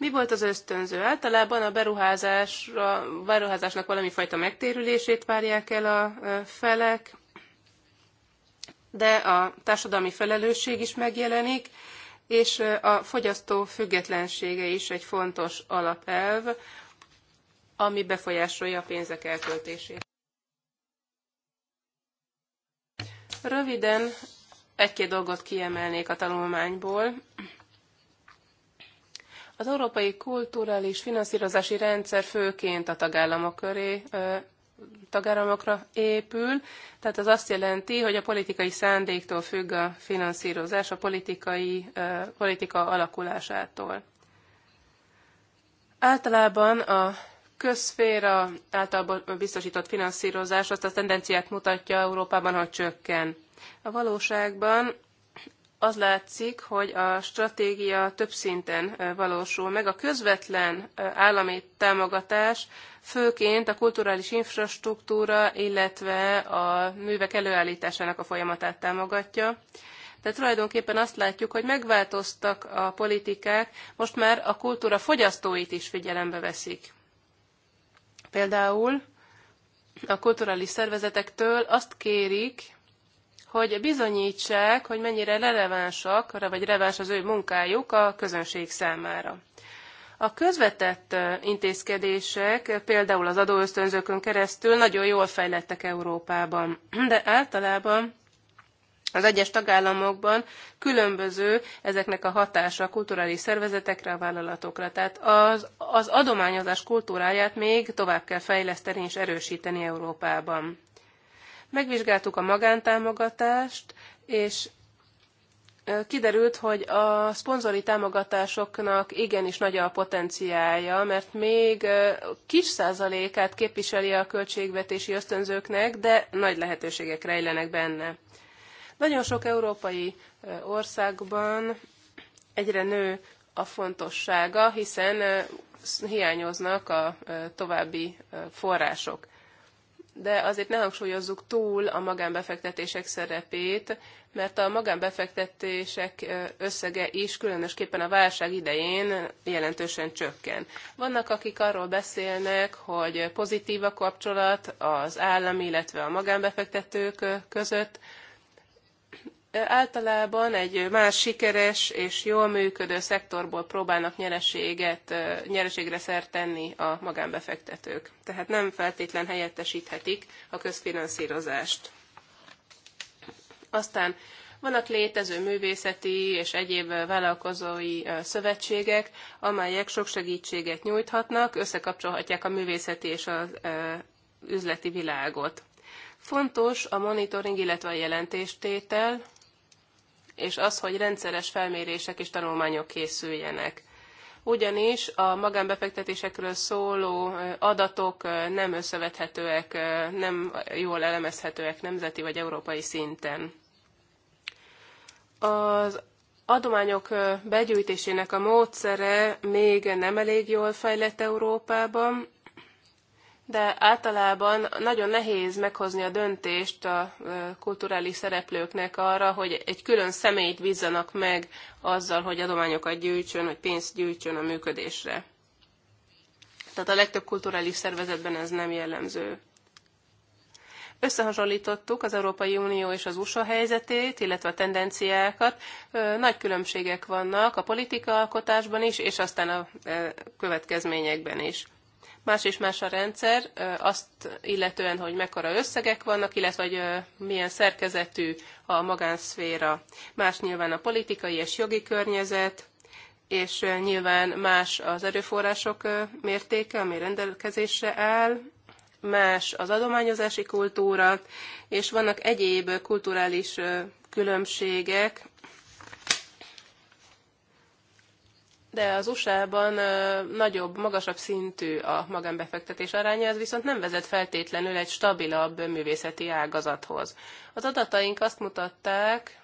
Mi volt az ösztönző? Általában a beruházásra, beruházásnak valami fajta megtérülését várják el a felek, de a társadalmi felelősség is megjelenik, és a fogyasztó függetlensége is egy fontos alapelv, ami befolyásolja a pénzek elköltését. Röviden egy-két dolgot kiemelnék a tanulmányból. Az európai kulturális finanszírozási rendszer főként a tagállamok köré tagállamokra épül, tehát az azt jelenti, hogy a politikai szándéktól függ a finanszírozás, a politikai, politika alakulásától. Általában a közféra által biztosított finanszírozás azt a tendenciát mutatja Európában, hogy csökken. A valóságban az látszik, hogy a stratégia több szinten valósul meg. A közvetlen állami támogatás főként a kulturális infrastruktúra, illetve a művek előállításának a folyamatát támogatja. De tulajdonképpen azt látjuk, hogy megváltoztak a politikák, most már a kultúra fogyasztóit is figyelembe veszik. Például a kulturális szervezetektől azt kérik, hogy bizonyítsák, hogy mennyire relevánsak, vagy releváns az ő munkájuk a közönség számára. A közvetett intézkedések, például az adóösztönzőkön keresztül nagyon jól fejlettek Európában, <clears throat> de általában az egyes tagállamokban különböző ezeknek a hatása a kulturális szervezetekre, a vállalatokra. Tehát az, az adományozás kultúráját még tovább kell fejleszteni és erősíteni Európában. Megvizsgáltuk a magántámogatást, és kiderült, hogy a szponzori támogatásoknak igenis nagy a potenciálja, mert még kis százalékát képviseli a költségvetési ösztönzőknek, de nagy lehetőségek rejlenek benne. Nagyon sok európai országban egyre nő a fontossága, hiszen hiányoznak a további források de azért ne hangsúlyozzuk túl a magánbefektetések szerepét, mert a magánbefektetések összege is különösképpen a válság idején jelentősen csökken. Vannak, akik arról beszélnek, hogy pozitív a kapcsolat az állam, illetve a magánbefektetők között, általában egy más sikeres és jól működő szektorból próbálnak nyereséget, nyereségre szert tenni a magánbefektetők. Tehát nem feltétlen helyettesíthetik a közfinanszírozást. Aztán vannak létező művészeti és egyéb vállalkozói szövetségek, amelyek sok segítséget nyújthatnak, összekapcsolhatják a művészeti és az üzleti világot. Fontos a monitoring, illetve a jelentéstétel, és az, hogy rendszeres felmérések és tanulmányok készüljenek ugyanis a magánbefektetésekről szóló adatok nem összevethetőek, nem jól elemezhetőek nemzeti vagy európai szinten. Az adományok begyűjtésének a módszere még nem elég jól fejlett Európában, de általában nagyon nehéz meghozni a döntést a kulturális szereplőknek arra, hogy egy külön személyt bízzanak meg azzal, hogy adományokat gyűjtsön, hogy pénzt gyűjtsön a működésre. Tehát a legtöbb kulturális szervezetben ez nem jellemző. Összehasonlítottuk az Európai Unió és az USA helyzetét, illetve a tendenciákat. Nagy különbségek vannak a alkotásban is, és aztán a következményekben is. Más és más a rendszer, azt illetően, hogy mekkora összegek vannak, illetve hogy milyen szerkezetű a magánszféra. Más nyilván a politikai és jogi környezet, és nyilván más az erőforrások mértéke, ami rendelkezésre áll, más az adományozási kultúra, és vannak egyéb kulturális különbségek, De az USA-ban nagyobb, magasabb szintű a magánbefektetés aránya, ez viszont nem vezet feltétlenül egy stabilabb művészeti ágazathoz. Az adataink azt mutatták,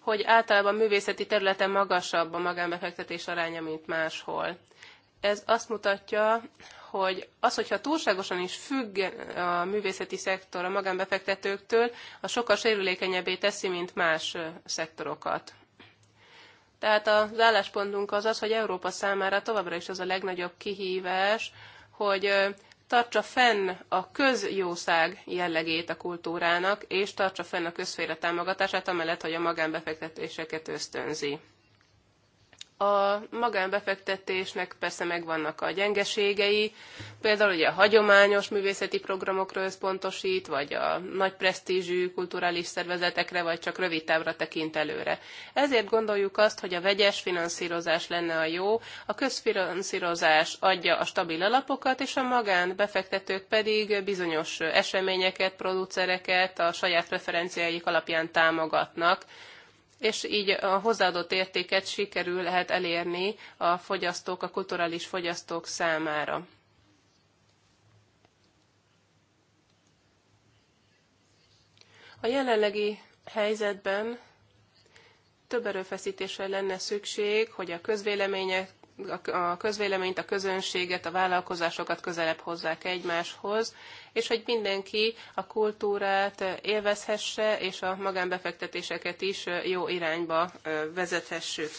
hogy általában művészeti területen magasabb a magánbefektetés aránya, mint máshol. Ez azt mutatja, hogy az, hogyha túlságosan is függ a művészeti szektor a magánbefektetőktől, az sokkal sérülékenyebbé teszi, mint más szektorokat. Tehát az álláspontunk az az, hogy Európa számára továbbra is az a legnagyobb kihívás, hogy tartsa fenn a közjószág jellegét a kultúrának, és tartsa fenn a közféle támogatását, amellett, hogy a magánbefektetéseket ösztönzi a magánbefektetésnek persze megvannak a gyengeségei, például ugye a hagyományos művészeti programokra összpontosít, vagy a nagy presztízsű kulturális szervezetekre, vagy csak rövid távra tekint előre. Ezért gondoljuk azt, hogy a vegyes finanszírozás lenne a jó, a közfinanszírozás adja a stabil alapokat, és a magánbefektetők pedig bizonyos eseményeket, producereket a saját preferenciáik alapján támogatnak, és így a hozzáadott értéket sikerül lehet elérni a fogyasztók, a kulturális fogyasztók számára. A jelenlegi helyzetben több erőfeszítésre lenne szükség, hogy a közvélemények a közvéleményt, a közönséget, a vállalkozásokat közelebb hozzák egymáshoz, és hogy mindenki a kultúrát élvezhesse, és a magánbefektetéseket is jó irányba vezethessük.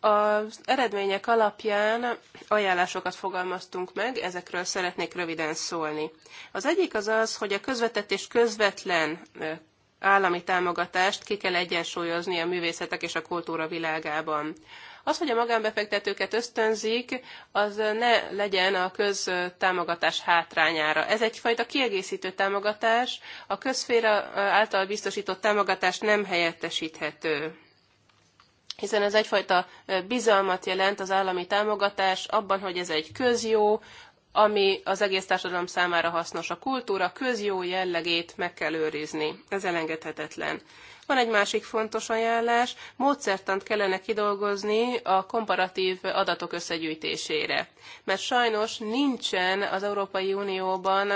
Az eredmények alapján ajánlásokat fogalmaztunk meg, ezekről szeretnék röviden szólni. Az egyik az az, hogy a közvetett és közvetlen állami támogatást ki kell egyensúlyozni a művészetek és a kultúra világában. Az, hogy a magánbefektetőket ösztönzik, az ne legyen a köztámogatás hátrányára. Ez egyfajta kiegészítő támogatás, a közféra által biztosított támogatás nem helyettesíthető hiszen ez egyfajta bizalmat jelent az állami támogatás abban, hogy ez egy közjó, ami az egész társadalom számára hasznos. A kultúra közjó jellegét meg kell őrizni. Ez elengedhetetlen. Van egy másik fontos ajánlás, módszertant kellene kidolgozni a komparatív adatok összegyűjtésére. Mert sajnos nincsen az Európai Unióban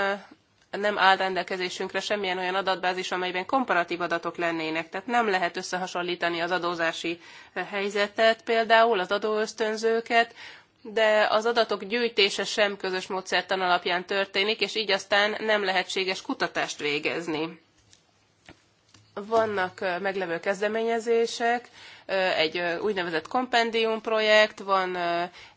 nem áll rendelkezésünkre semmilyen olyan adatbázis, amelyben komparatív adatok lennének. Tehát nem lehet összehasonlítani az adózási helyzetet, például az adóösztönzőket, de az adatok gyűjtése sem közös módszertan alapján történik, és így aztán nem lehetséges kutatást végezni vannak meglevő kezdeményezések, egy úgynevezett kompendium projekt, van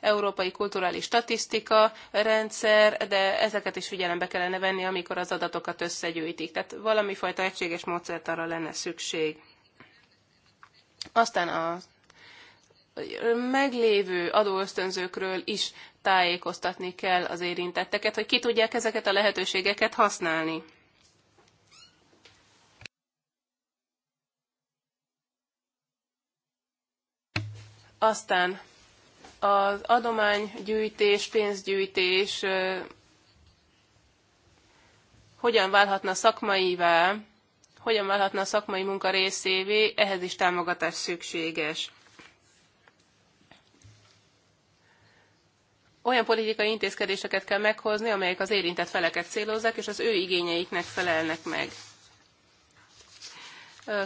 európai kulturális statisztika rendszer, de ezeket is figyelembe kellene venni, amikor az adatokat összegyűjtik. Tehát valami fajta egységes módszert arra lenne szükség. Aztán a meglévő adóösztönzőkről is tájékoztatni kell az érintetteket, hogy ki tudják ezeket a lehetőségeket használni. Aztán az adománygyűjtés, pénzgyűjtés hogyan válhatna szakmaivá, hogyan válhatna a szakmai munka részévé, ehhez is támogatás szükséges. Olyan politikai intézkedéseket kell meghozni, amelyek az érintett feleket célozzák, és az ő igényeiknek felelnek meg.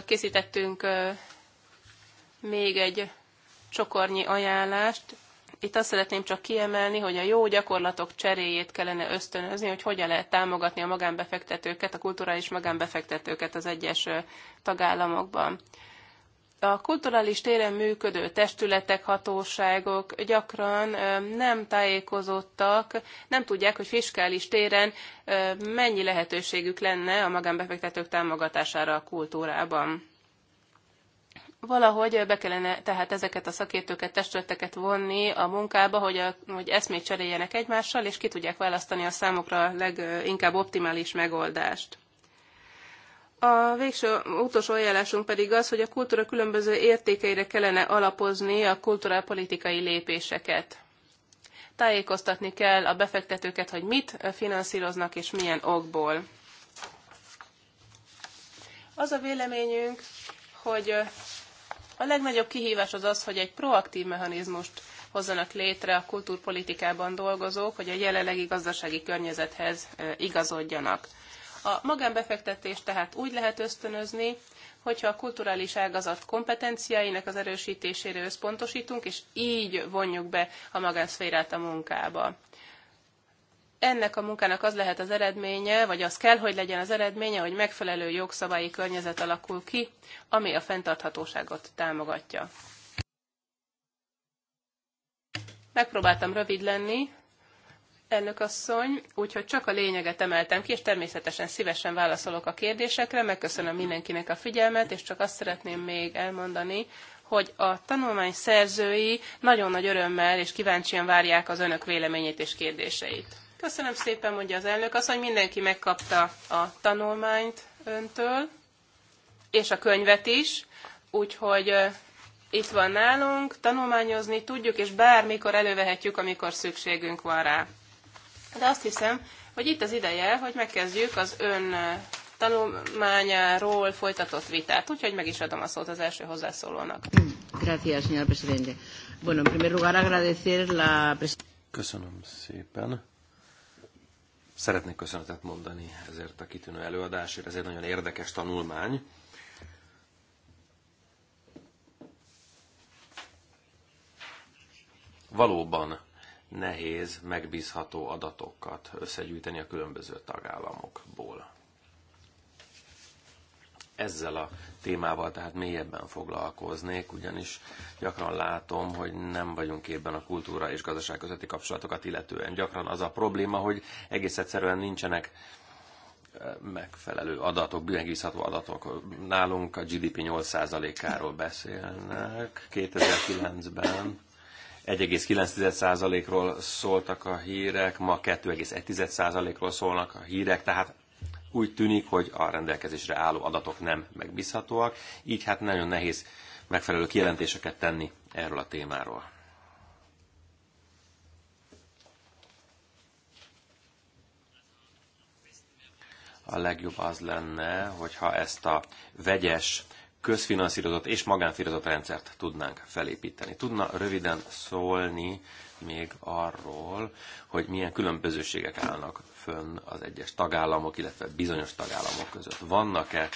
Készítettünk még egy csokornyi ajánlást. Itt azt szeretném csak kiemelni, hogy a jó gyakorlatok cseréjét kellene ösztönözni, hogy hogyan lehet támogatni a magánbefektetőket, a kulturális magánbefektetőket az egyes tagállamokban. A kulturális téren működő testületek, hatóságok gyakran nem tájékozottak, nem tudják, hogy fiskális téren mennyi lehetőségük lenne a magánbefektetők támogatására a kultúrában. Valahogy be kellene tehát ezeket a szakértőket, testületeket vonni a munkába, hogy, a, hogy eszmét cseréljenek egymással, és ki tudják választani a számokra a leginkább optimális megoldást. A végső utolsó ajánlásunk pedig az, hogy a kultúra különböző értékeire kellene alapozni a kulturálpolitikai lépéseket. Tájékoztatni kell a befektetőket, hogy mit finanszíroznak és milyen okból. Az a véleményünk, hogy a legnagyobb kihívás az az, hogy egy proaktív mechanizmust hozzanak létre a kultúrpolitikában dolgozók, hogy a jelenlegi gazdasági környezethez igazodjanak. A magánbefektetést tehát úgy lehet ösztönözni, hogyha a kulturális ágazat kompetenciáinak az erősítésére összpontosítunk, és így vonjuk be a magánszférát a munkába ennek a munkának az lehet az eredménye, vagy az kell, hogy legyen az eredménye, hogy megfelelő jogszabályi környezet alakul ki, ami a fenntarthatóságot támogatja. Megpróbáltam rövid lenni, elnök asszony, úgyhogy csak a lényeget emeltem ki, és természetesen szívesen válaszolok a kérdésekre. Megköszönöm mindenkinek a figyelmet, és csak azt szeretném még elmondani, hogy a tanulmány szerzői nagyon nagy örömmel és kíváncsian várják az önök véleményét és kérdéseit. Köszönöm szépen, mondja az elnök. Az, hogy mindenki megkapta a tanulmányt öntől, és a könyvet is, úgyhogy itt van nálunk, tanulmányozni tudjuk, és bármikor elővehetjük, amikor szükségünk van rá. De azt hiszem, hogy itt az ideje, hogy megkezdjük az ön tanulmányáról folytatott vitát. Úgyhogy meg is adom a szót az első hozzászólónak. Gracias, señor presidente. Bueno, en primer lugar agradecer la Köszönöm szépen. Szeretnék köszönetet mondani ezért a kitűnő előadásért, ez egy nagyon érdekes tanulmány. Valóban nehéz megbízható adatokat összegyűjteni a különböző tagállamokból ezzel a témával tehát mélyebben foglalkoznék, ugyanis gyakran látom, hogy nem vagyunk képben a kultúra és gazdaság közötti kapcsolatokat illetően. Gyakran az a probléma, hogy egész egyszerűen nincsenek megfelelő adatok, megbízható adatok. Nálunk a GDP 8%-áról beszélnek. 2009-ben 1,9%-ról szóltak a hírek, ma 2,1%-ról szólnak a hírek, tehát úgy tűnik, hogy a rendelkezésre álló adatok nem megbízhatóak, így hát nagyon nehéz megfelelő kijelentéseket tenni erről a témáról. A legjobb az lenne, hogyha ezt a vegyes közfinanszírozott és magánfinanszírozott rendszert tudnánk felépíteni. Tudna röviden szólni még arról, hogy milyen különbözőségek állnak fönn az egyes tagállamok, illetve bizonyos tagállamok között? Vannak-e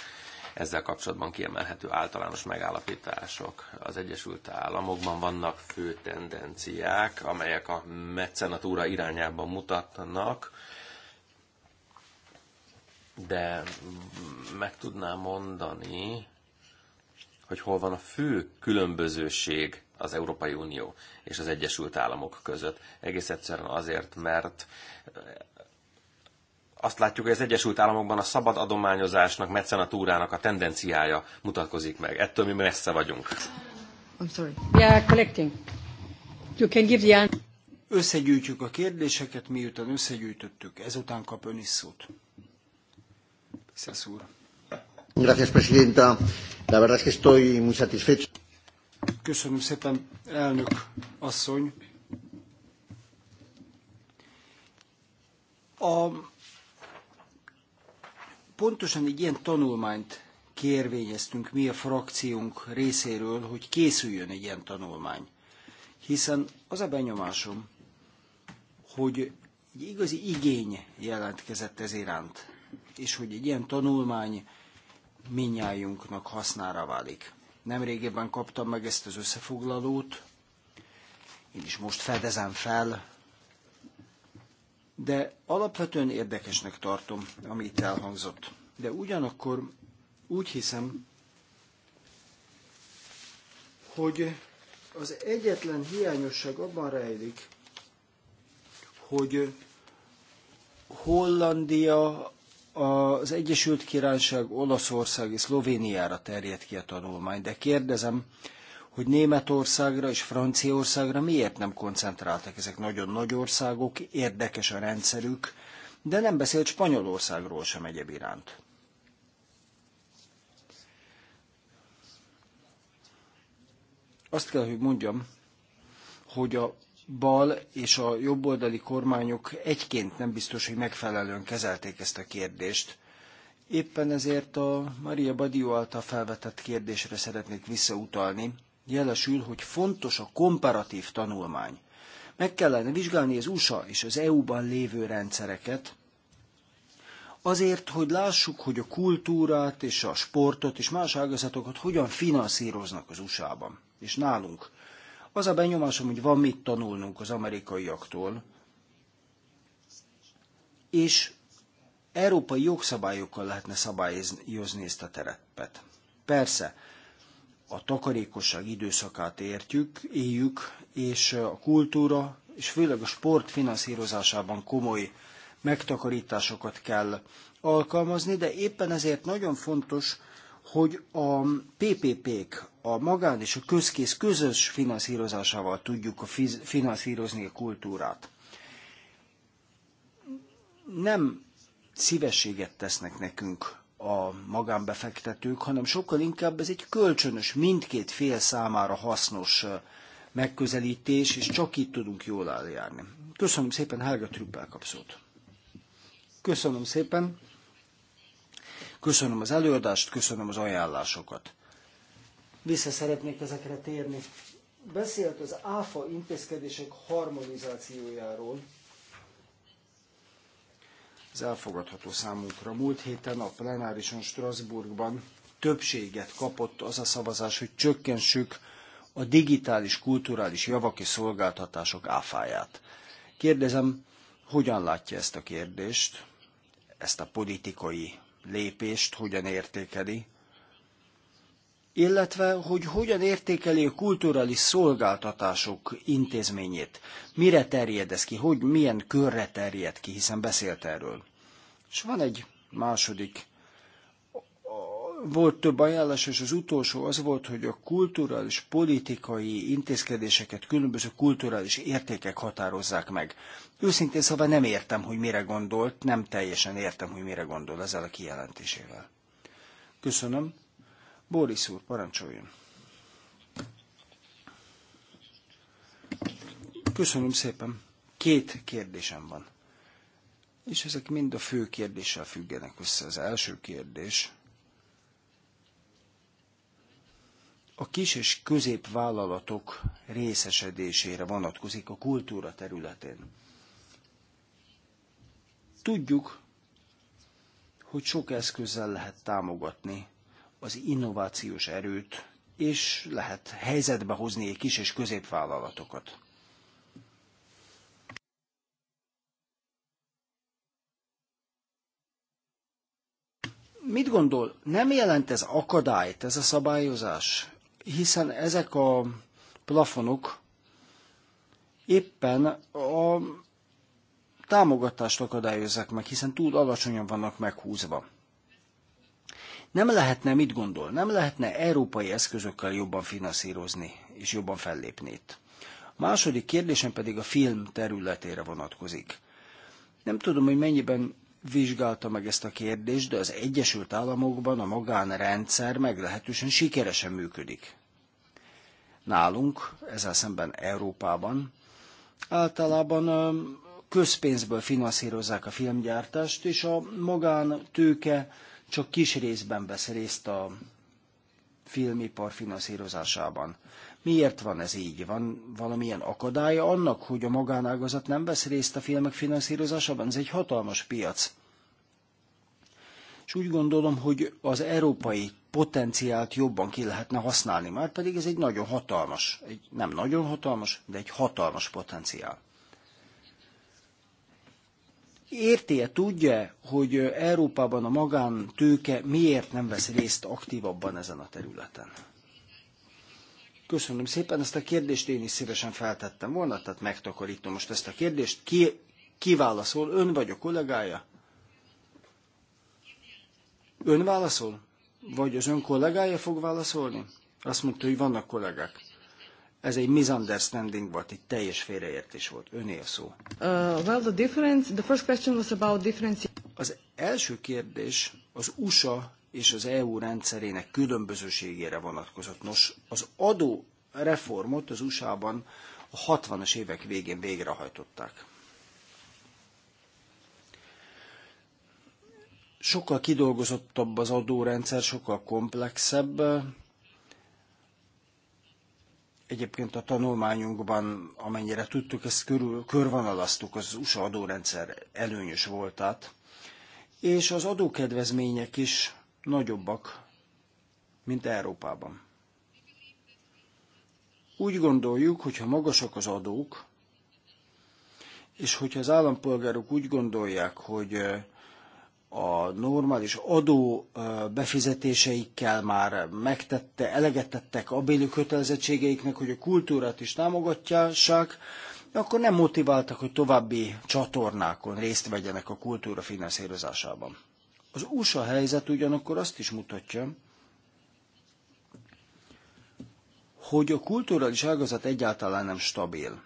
ezzel kapcsolatban kiemelhető általános megállapítások az Egyesült Államokban? Vannak fő tendenciák, amelyek a mecenatúra irányában mutatnak, de meg tudnám mondani, hogy hol van a fő különbözőség az Európai Unió és az Egyesült Államok között. Egész egyszerűen azért, mert azt látjuk, hogy az Egyesült Államokban a szabad adományozásnak, mecenatúrának a tendenciája mutatkozik meg. Ettől mi messze vagyunk. I'm sorry. We are collecting. You can give the answer. Összegyűjtjük a kérdéseket, miután összegyűjtöttük. Ezután kap ön is szót. Szeszúr. Gracias, presidenta. La verdad es que estoy muy satisfecho. Köszönöm szépen, elnök asszony. A pontosan egy ilyen tanulmányt kérvényeztünk mi a frakciónk részéről, hogy készüljön egy ilyen tanulmány. Hiszen az a benyomásom, hogy egy igazi igény jelentkezett ez iránt, és hogy egy ilyen tanulmány minnyájunknak hasznára válik. Nemrégében kaptam meg ezt az összefoglalót, én is most fedezem fel, de alapvetően érdekesnek tartom, ami itt elhangzott. De ugyanakkor úgy hiszem, hogy az egyetlen hiányosság abban rejlik, hogy Hollandia, az Egyesült Királyság, Olaszország és Szlovéniára terjed ki a tanulmány, de kérdezem, hogy Németországra és Franciaországra miért nem koncentráltak. Ezek nagyon nagy országok, érdekes a rendszerük, de nem beszélt Spanyolországról sem egyéb iránt. Azt kell, hogy mondjam, hogy a bal és a jobboldali kormányok egyként nem biztos, hogy megfelelően kezelték ezt a kérdést. Éppen ezért a Maria Badiu által felvetett kérdésre szeretnék visszautalni, jelesül, hogy fontos a komparatív tanulmány. Meg kellene vizsgálni az USA és az EU-ban lévő rendszereket, azért, hogy lássuk, hogy a kultúrát és a sportot és más ágazatokat hogyan finanszíroznak az USA-ban és nálunk. Az a benyomásom, hogy van mit tanulnunk az amerikaiaktól, és európai jogszabályokkal lehetne szabályozni ezt a terepet. Persze, a takarékosság időszakát értjük, éljük, és a kultúra, és főleg a sport finanszírozásában komoly megtakarításokat kell alkalmazni, de éppen ezért nagyon fontos, hogy a PPP-k, a magán és a közkész közös finanszírozásával tudjuk a fiz- finanszírozni a kultúrát. Nem szívességet tesznek nekünk a magánbefektetők, hanem sokkal inkább ez egy kölcsönös, mindkét fél számára hasznos megközelítés, és csak itt tudunk jól eljárni. Köszönöm szépen, Helga Trüppel kapszót. Köszönöm szépen. Köszönöm az előadást, köszönöm az ajánlásokat. Vissza szeretnék ezekre térni. Beszélt az ÁFA intézkedések harmonizációjáról, ez elfogadható számunkra. Múlt héten a plenárison Strasbourgban többséget kapott az a szavazás, hogy csökkentsük a digitális, kulturális javak és szolgáltatások áfáját. Kérdezem, hogyan látja ezt a kérdést, ezt a politikai lépést, hogyan értékeli, illetve hogy hogyan értékeli a kulturális szolgáltatások intézményét. Mire terjed ez ki, hogy milyen körre terjed ki, hiszen beszélt erről. És van egy második, volt több ajánlás, és az utolsó az volt, hogy a kulturális politikai intézkedéseket különböző kulturális értékek határozzák meg. Őszintén szóval nem értem, hogy mire gondolt, nem teljesen értem, hogy mire gondol ezzel a kijelentésével. Köszönöm. Boris úr, parancsoljon! Köszönöm szépen. Két kérdésem van. És ezek mind a fő kérdéssel függenek össze. Az első kérdés. A kis és középvállalatok részesedésére vonatkozik a kultúra területén. Tudjuk, hogy sok eszközzel lehet támogatni az innovációs erőt, és lehet helyzetbe hozni egy kis és középvállalatokat. Mit gondol, nem jelent ez akadályt, ez a szabályozás? Hiszen ezek a plafonok éppen a támogatást akadályozzák meg, hiszen túl alacsonyan vannak meghúzva. Nem lehetne, mit gondol, nem lehetne európai eszközökkel jobban finanszírozni és jobban fellépni itt. A második kérdésem pedig a film területére vonatkozik. Nem tudom, hogy mennyiben vizsgálta meg ezt a kérdést, de az Egyesült Államokban a magánrendszer meglehetősen sikeresen működik. Nálunk, ezzel szemben Európában, általában közpénzből finanszírozzák a filmgyártást, és a magántőke csak kis részben vesz részt a filmipar finanszírozásában. Miért van ez így? Van valamilyen akadálya annak, hogy a magánágazat nem vesz részt a filmek finanszírozásában? Ez egy hatalmas piac. És úgy gondolom, hogy az európai potenciált jobban ki lehetne használni, már pedig ez egy nagyon hatalmas, egy nem nagyon hatalmas, de egy hatalmas potenciál érti-e, tudja hogy Európában a magántőke miért nem vesz részt aktívabban ezen a területen? Köszönöm szépen, ezt a kérdést én is szívesen feltettem volna, tehát megtakarítom most ezt a kérdést. Ki, ki válaszol? Ön vagy a kollégája? Ön válaszol? Vagy az ön kollégája fog válaszolni? Azt mondta, hogy vannak kollégák. Ez egy misunderstanding volt, egy teljes félreértés volt. Öné a szó. Uh, well, the difference, the first question was about difference. Az első kérdés az USA és az EU rendszerének különbözőségére vonatkozott. Nos, az adó reformot az USA-ban a 60-as évek végén végrehajtották. Sokkal kidolgozottabb az adórendszer, sokkal komplexebb, Egyébként a tanulmányunkban, amennyire tudtuk, ezt körül, körvonalaztuk az USA adórendszer előnyös voltát, és az adókedvezmények is nagyobbak, mint Európában. Úgy gondoljuk, hogy ha magasak az adók, és hogyha az állampolgárok úgy gondolják, hogy a normális adó befizetéseikkel már megtette, eleget tettek a béli kötelezettségeiknek, hogy a kultúrát is támogatják, akkor nem motiváltak, hogy további csatornákon részt vegyenek a kultúra finanszírozásában. Az USA helyzet ugyanakkor azt is mutatja, hogy a kulturális ágazat egyáltalán nem stabil.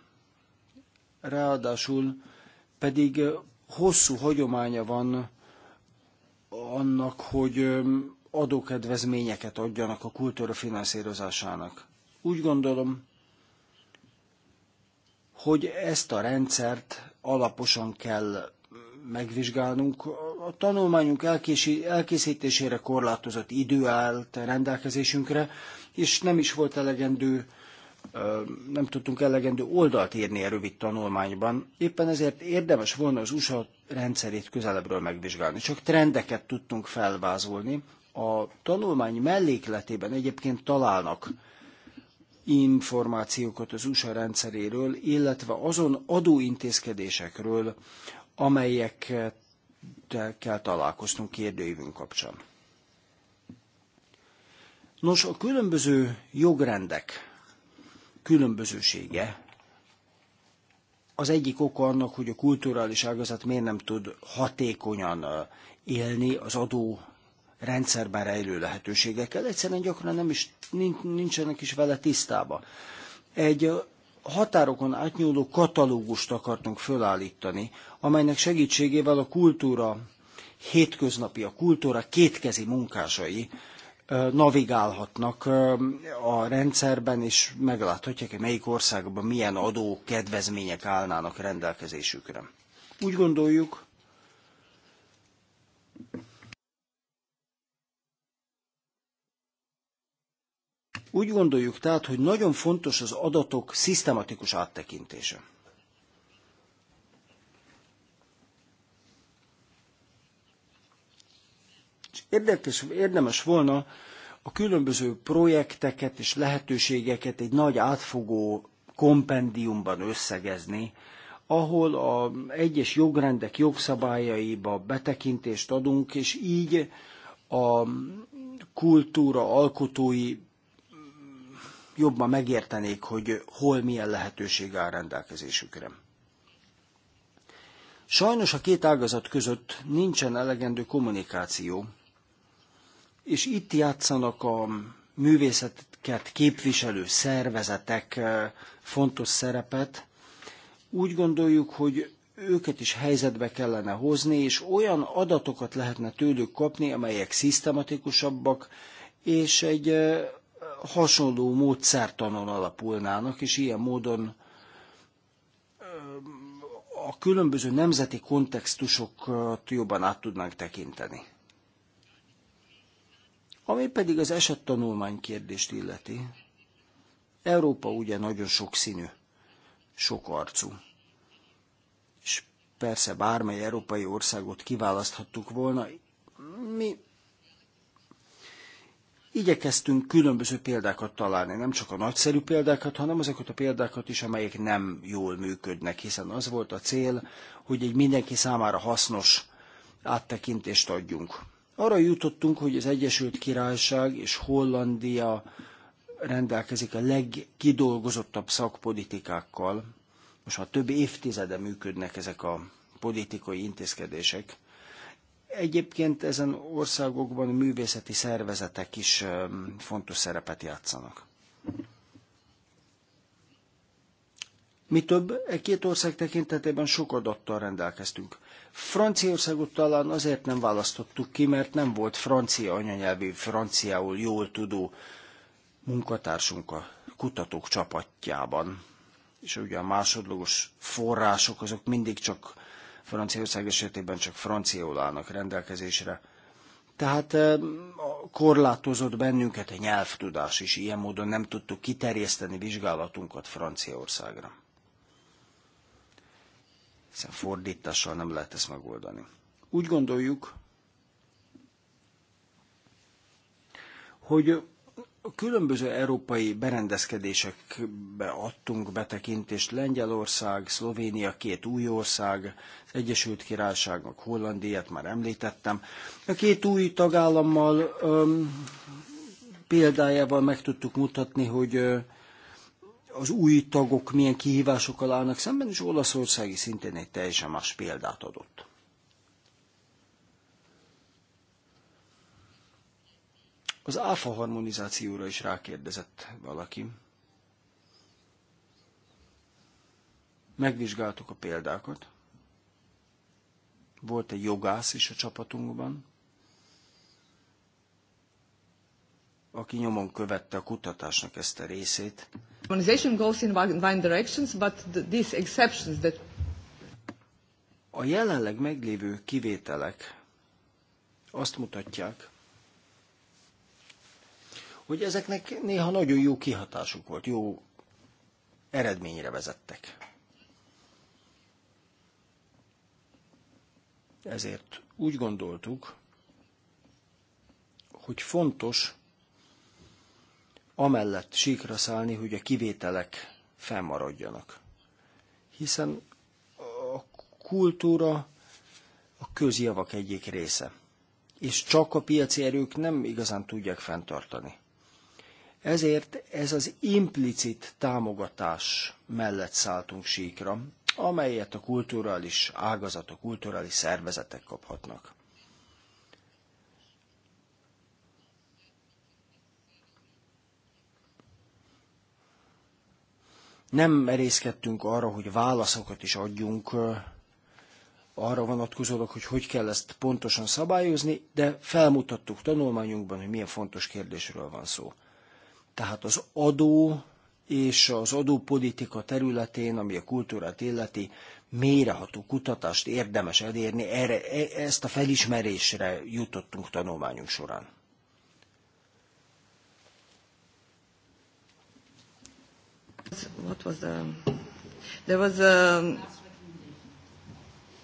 Ráadásul pedig hosszú hagyománya van annak, hogy adókedvezményeket adjanak a kultúra finanszírozásának. Úgy gondolom, hogy ezt a rendszert alaposan kell megvizsgálnunk. A tanulmányunk elkészítésére korlátozott idő állt rendelkezésünkre, és nem is volt elegendő nem tudtunk elegendő oldalt írni a rövid tanulmányban, éppen ezért érdemes volna az USA rendszerét közelebbről megvizsgálni. Csak trendeket tudtunk felvázolni. A tanulmány mellékletében egyébként találnak információkat az USA rendszeréről, illetve azon adóintézkedésekről, amelyekkel találkoztunk kérdőívünk kapcsán. Nos, a különböző jogrendek különbözősége az egyik oka annak, hogy a kulturális ágazat miért nem tud hatékonyan élni az adó rendszerben rejlő lehetőségekkel, egyszerűen gyakran nem is, nincsenek is vele tisztába. Egy határokon átnyúló katalógust akartunk fölállítani, amelynek segítségével a kultúra hétköznapi, a kultúra kétkezi munkásai navigálhatnak a rendszerben, és megláthatják, hogy melyik országban milyen adó kedvezmények állnának rendelkezésükre. Úgy gondoljuk, Úgy gondoljuk tehát, hogy nagyon fontos az adatok szisztematikus áttekintése. Érdekes, érdemes volna a különböző projekteket és lehetőségeket egy nagy átfogó kompendiumban összegezni, ahol a egyes jogrendek jogszabályaiba betekintést adunk, és így a kultúra alkotói jobban megértenék, hogy hol milyen lehetőség áll rendelkezésükre. Sajnos a két ágazat között nincsen elegendő kommunikáció, és itt játszanak a művészetet képviselő szervezetek eh, fontos szerepet. Úgy gondoljuk, hogy őket is helyzetbe kellene hozni, és olyan adatokat lehetne tőlük kapni, amelyek szisztematikusabbak, és egy eh, hasonló módszertanon alapulnának, és ilyen módon eh, a különböző nemzeti kontextusokat jobban át tudnánk tekinteni. Ami pedig az esettanulmány kérdést illeti, Európa ugye nagyon sokszínű, sokarcú. És persze bármely európai országot kiválaszthattuk volna, mi igyekeztünk különböző példákat találni, nem csak a nagyszerű példákat, hanem azokat a példákat is, amelyek nem jól működnek, hiszen az volt a cél, hogy egy mindenki számára hasznos áttekintést adjunk arra jutottunk, hogy az Egyesült Királyság és Hollandia rendelkezik a legkidolgozottabb szakpolitikákkal. Most már több évtizede működnek ezek a politikai intézkedések. Egyébként ezen országokban művészeti szervezetek is fontos szerepet játszanak. Mi több, e két ország tekintetében sok adattal rendelkeztünk. Franciaországot talán azért nem választottuk ki, mert nem volt francia anyanyelvű, franciául jól tudó munkatársunk a kutatók csapatjában. És ugye a másodlagos források azok mindig csak Franciaország esetében csak franciául állnak rendelkezésre. Tehát korlátozott bennünket a nyelvtudás is, ilyen módon nem tudtuk kiterjeszteni vizsgálatunkat Franciaországra hiszen fordítással nem lehet ezt megoldani. Úgy gondoljuk, hogy a különböző európai berendezkedésekbe adtunk betekintést Lengyelország, Szlovénia két új ország, az Egyesült Királyságnak Hollandiát már említettem. A két új tagállammal öm, példájával meg tudtuk mutatni, hogy az új tagok milyen kihívásokkal állnak szemben, és Olaszországi szintén egy teljesen más példát adott. Az áfa harmonizációra is rákérdezett valaki. Megvizsgáltuk a példákat. Volt egy jogász is a csapatunkban, aki nyomon követte a kutatásnak ezt a részét. A jelenleg meglévő kivételek azt mutatják, hogy ezeknek néha nagyon jó kihatásuk volt, jó eredményre vezettek. Ezért úgy gondoltuk, hogy fontos amellett síkra szállni, hogy a kivételek fennmaradjanak. Hiszen a kultúra a közjavak egyik része, és csak a piaci erők nem igazán tudják fenntartani. Ezért ez az implicit támogatás mellett szálltunk síkra, amelyet a kulturális ágazat, a kulturális szervezetek kaphatnak. nem merészkedtünk arra, hogy válaszokat is adjunk arra vonatkozólag, hogy hogy kell ezt pontosan szabályozni, de felmutattuk tanulmányunkban, hogy milyen fontos kérdésről van szó. Tehát az adó és az adópolitika területén, ami a kultúrát illeti, mélyreható kutatást érdemes elérni, erre, e, ezt a felismerésre jutottunk tanulmányunk során. What was the... There was a...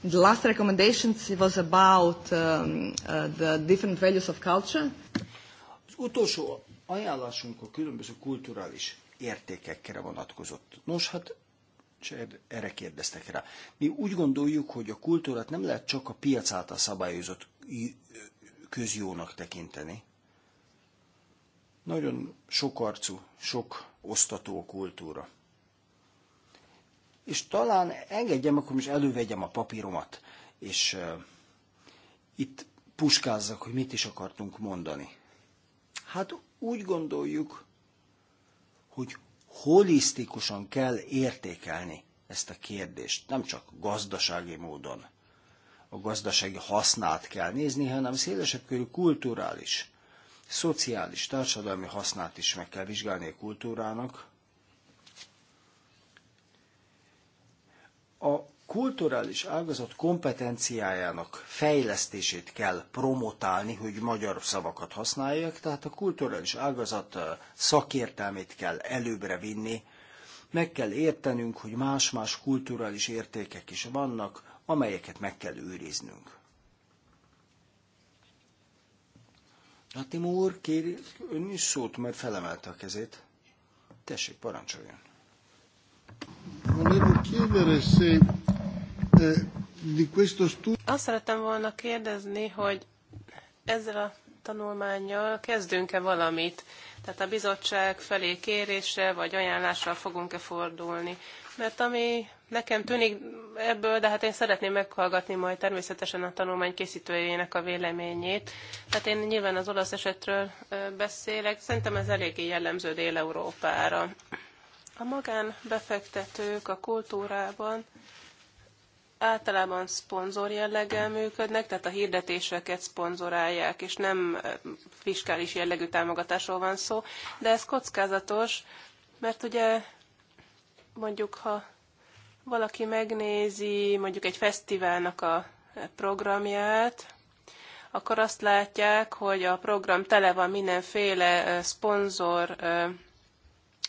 The last recommendations it was about um, uh, the different values of culture. Az utolsó ajánlásunk a különböző kulturális értékekre vonatkozott. Nos, hát erre kérdeztek rá. Mi úgy gondoljuk, hogy a kultúrát nem lehet csak a piac által szabályozott közjónak tekinteni, nagyon sokarcú, sok osztató kultúra. És talán engedjem, akkor most elővegyem a papíromat, és uh, itt puskázzak, hogy mit is akartunk mondani. Hát úgy gondoljuk, hogy holisztikusan kell értékelni ezt a kérdést, nem csak gazdasági módon. A gazdasági hasznát kell nézni, hanem szélesebb körű kulturális szociális, társadalmi hasznát is meg kell vizsgálni a kultúrának. A kulturális ágazat kompetenciájának fejlesztését kell promotálni, hogy magyar szavakat használják, tehát a kulturális ágazat szakértelmét kell előbbre vinni, meg kell értenünk, hogy más-más kulturális értékek is vannak, amelyeket meg kell őriznünk. Hatim úr, kér ön is szót, mert felemelte a kezét. Tessék, parancsoljon. Eh, Azt szerettem volna kérdezni, hogy ezzel a tanulmányjal kezdünk-e valamit? Tehát a bizottság felé kérésre vagy ajánlásra fogunk-e fordulni? Mert ami Nekem tűnik ebből, de hát én szeretném meghallgatni majd természetesen a tanulmány készítőjének a véleményét. Hát én nyilván az olasz esetről beszélek, szerintem ez eléggé jellemző Dél-Európára. A magánbefektetők a kultúrában általában szponzor jelleggel működnek, tehát a hirdetéseket szponzorálják, és nem fiskális jellegű támogatásról van szó, de ez kockázatos, mert ugye mondjuk, ha valaki megnézi mondjuk egy fesztiválnak a programját, akkor azt látják, hogy a program tele van mindenféle szponzor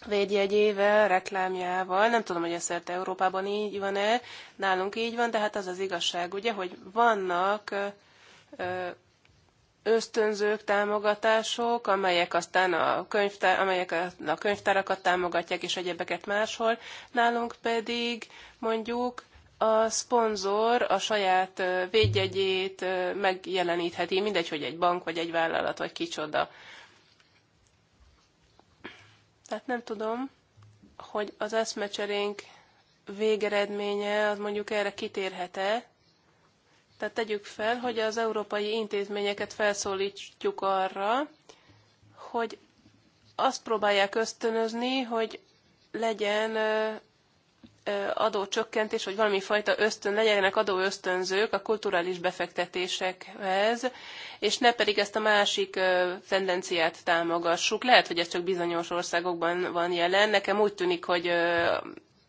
védjegyével, reklámjával. Nem tudom, hogy ez szerte Európában így van-e, nálunk így van, de hát az az igazság, ugye, hogy vannak ösztönzők, támogatások, amelyek aztán a, könyvtár, amelyek a könyvtárakat támogatják és egyebeket máshol. Nálunk pedig mondjuk a szponzor a saját védjegyét megjelenítheti, mindegy, hogy egy bank, vagy egy vállalat, vagy kicsoda. Tehát nem tudom, hogy az eszmecserénk végeredménye az mondjuk erre kitérhet-e, tehát tegyük fel, hogy az európai intézményeket felszólítjuk arra, hogy azt próbálják ösztönözni, hogy legyen adócsökkentés, vagy valami fajta ösztön, legyenek adóösztönzők a kulturális befektetésekhez, és ne pedig ezt a másik tendenciát támogassuk. Lehet, hogy ez csak bizonyos országokban van jelen. Nekem úgy tűnik, hogy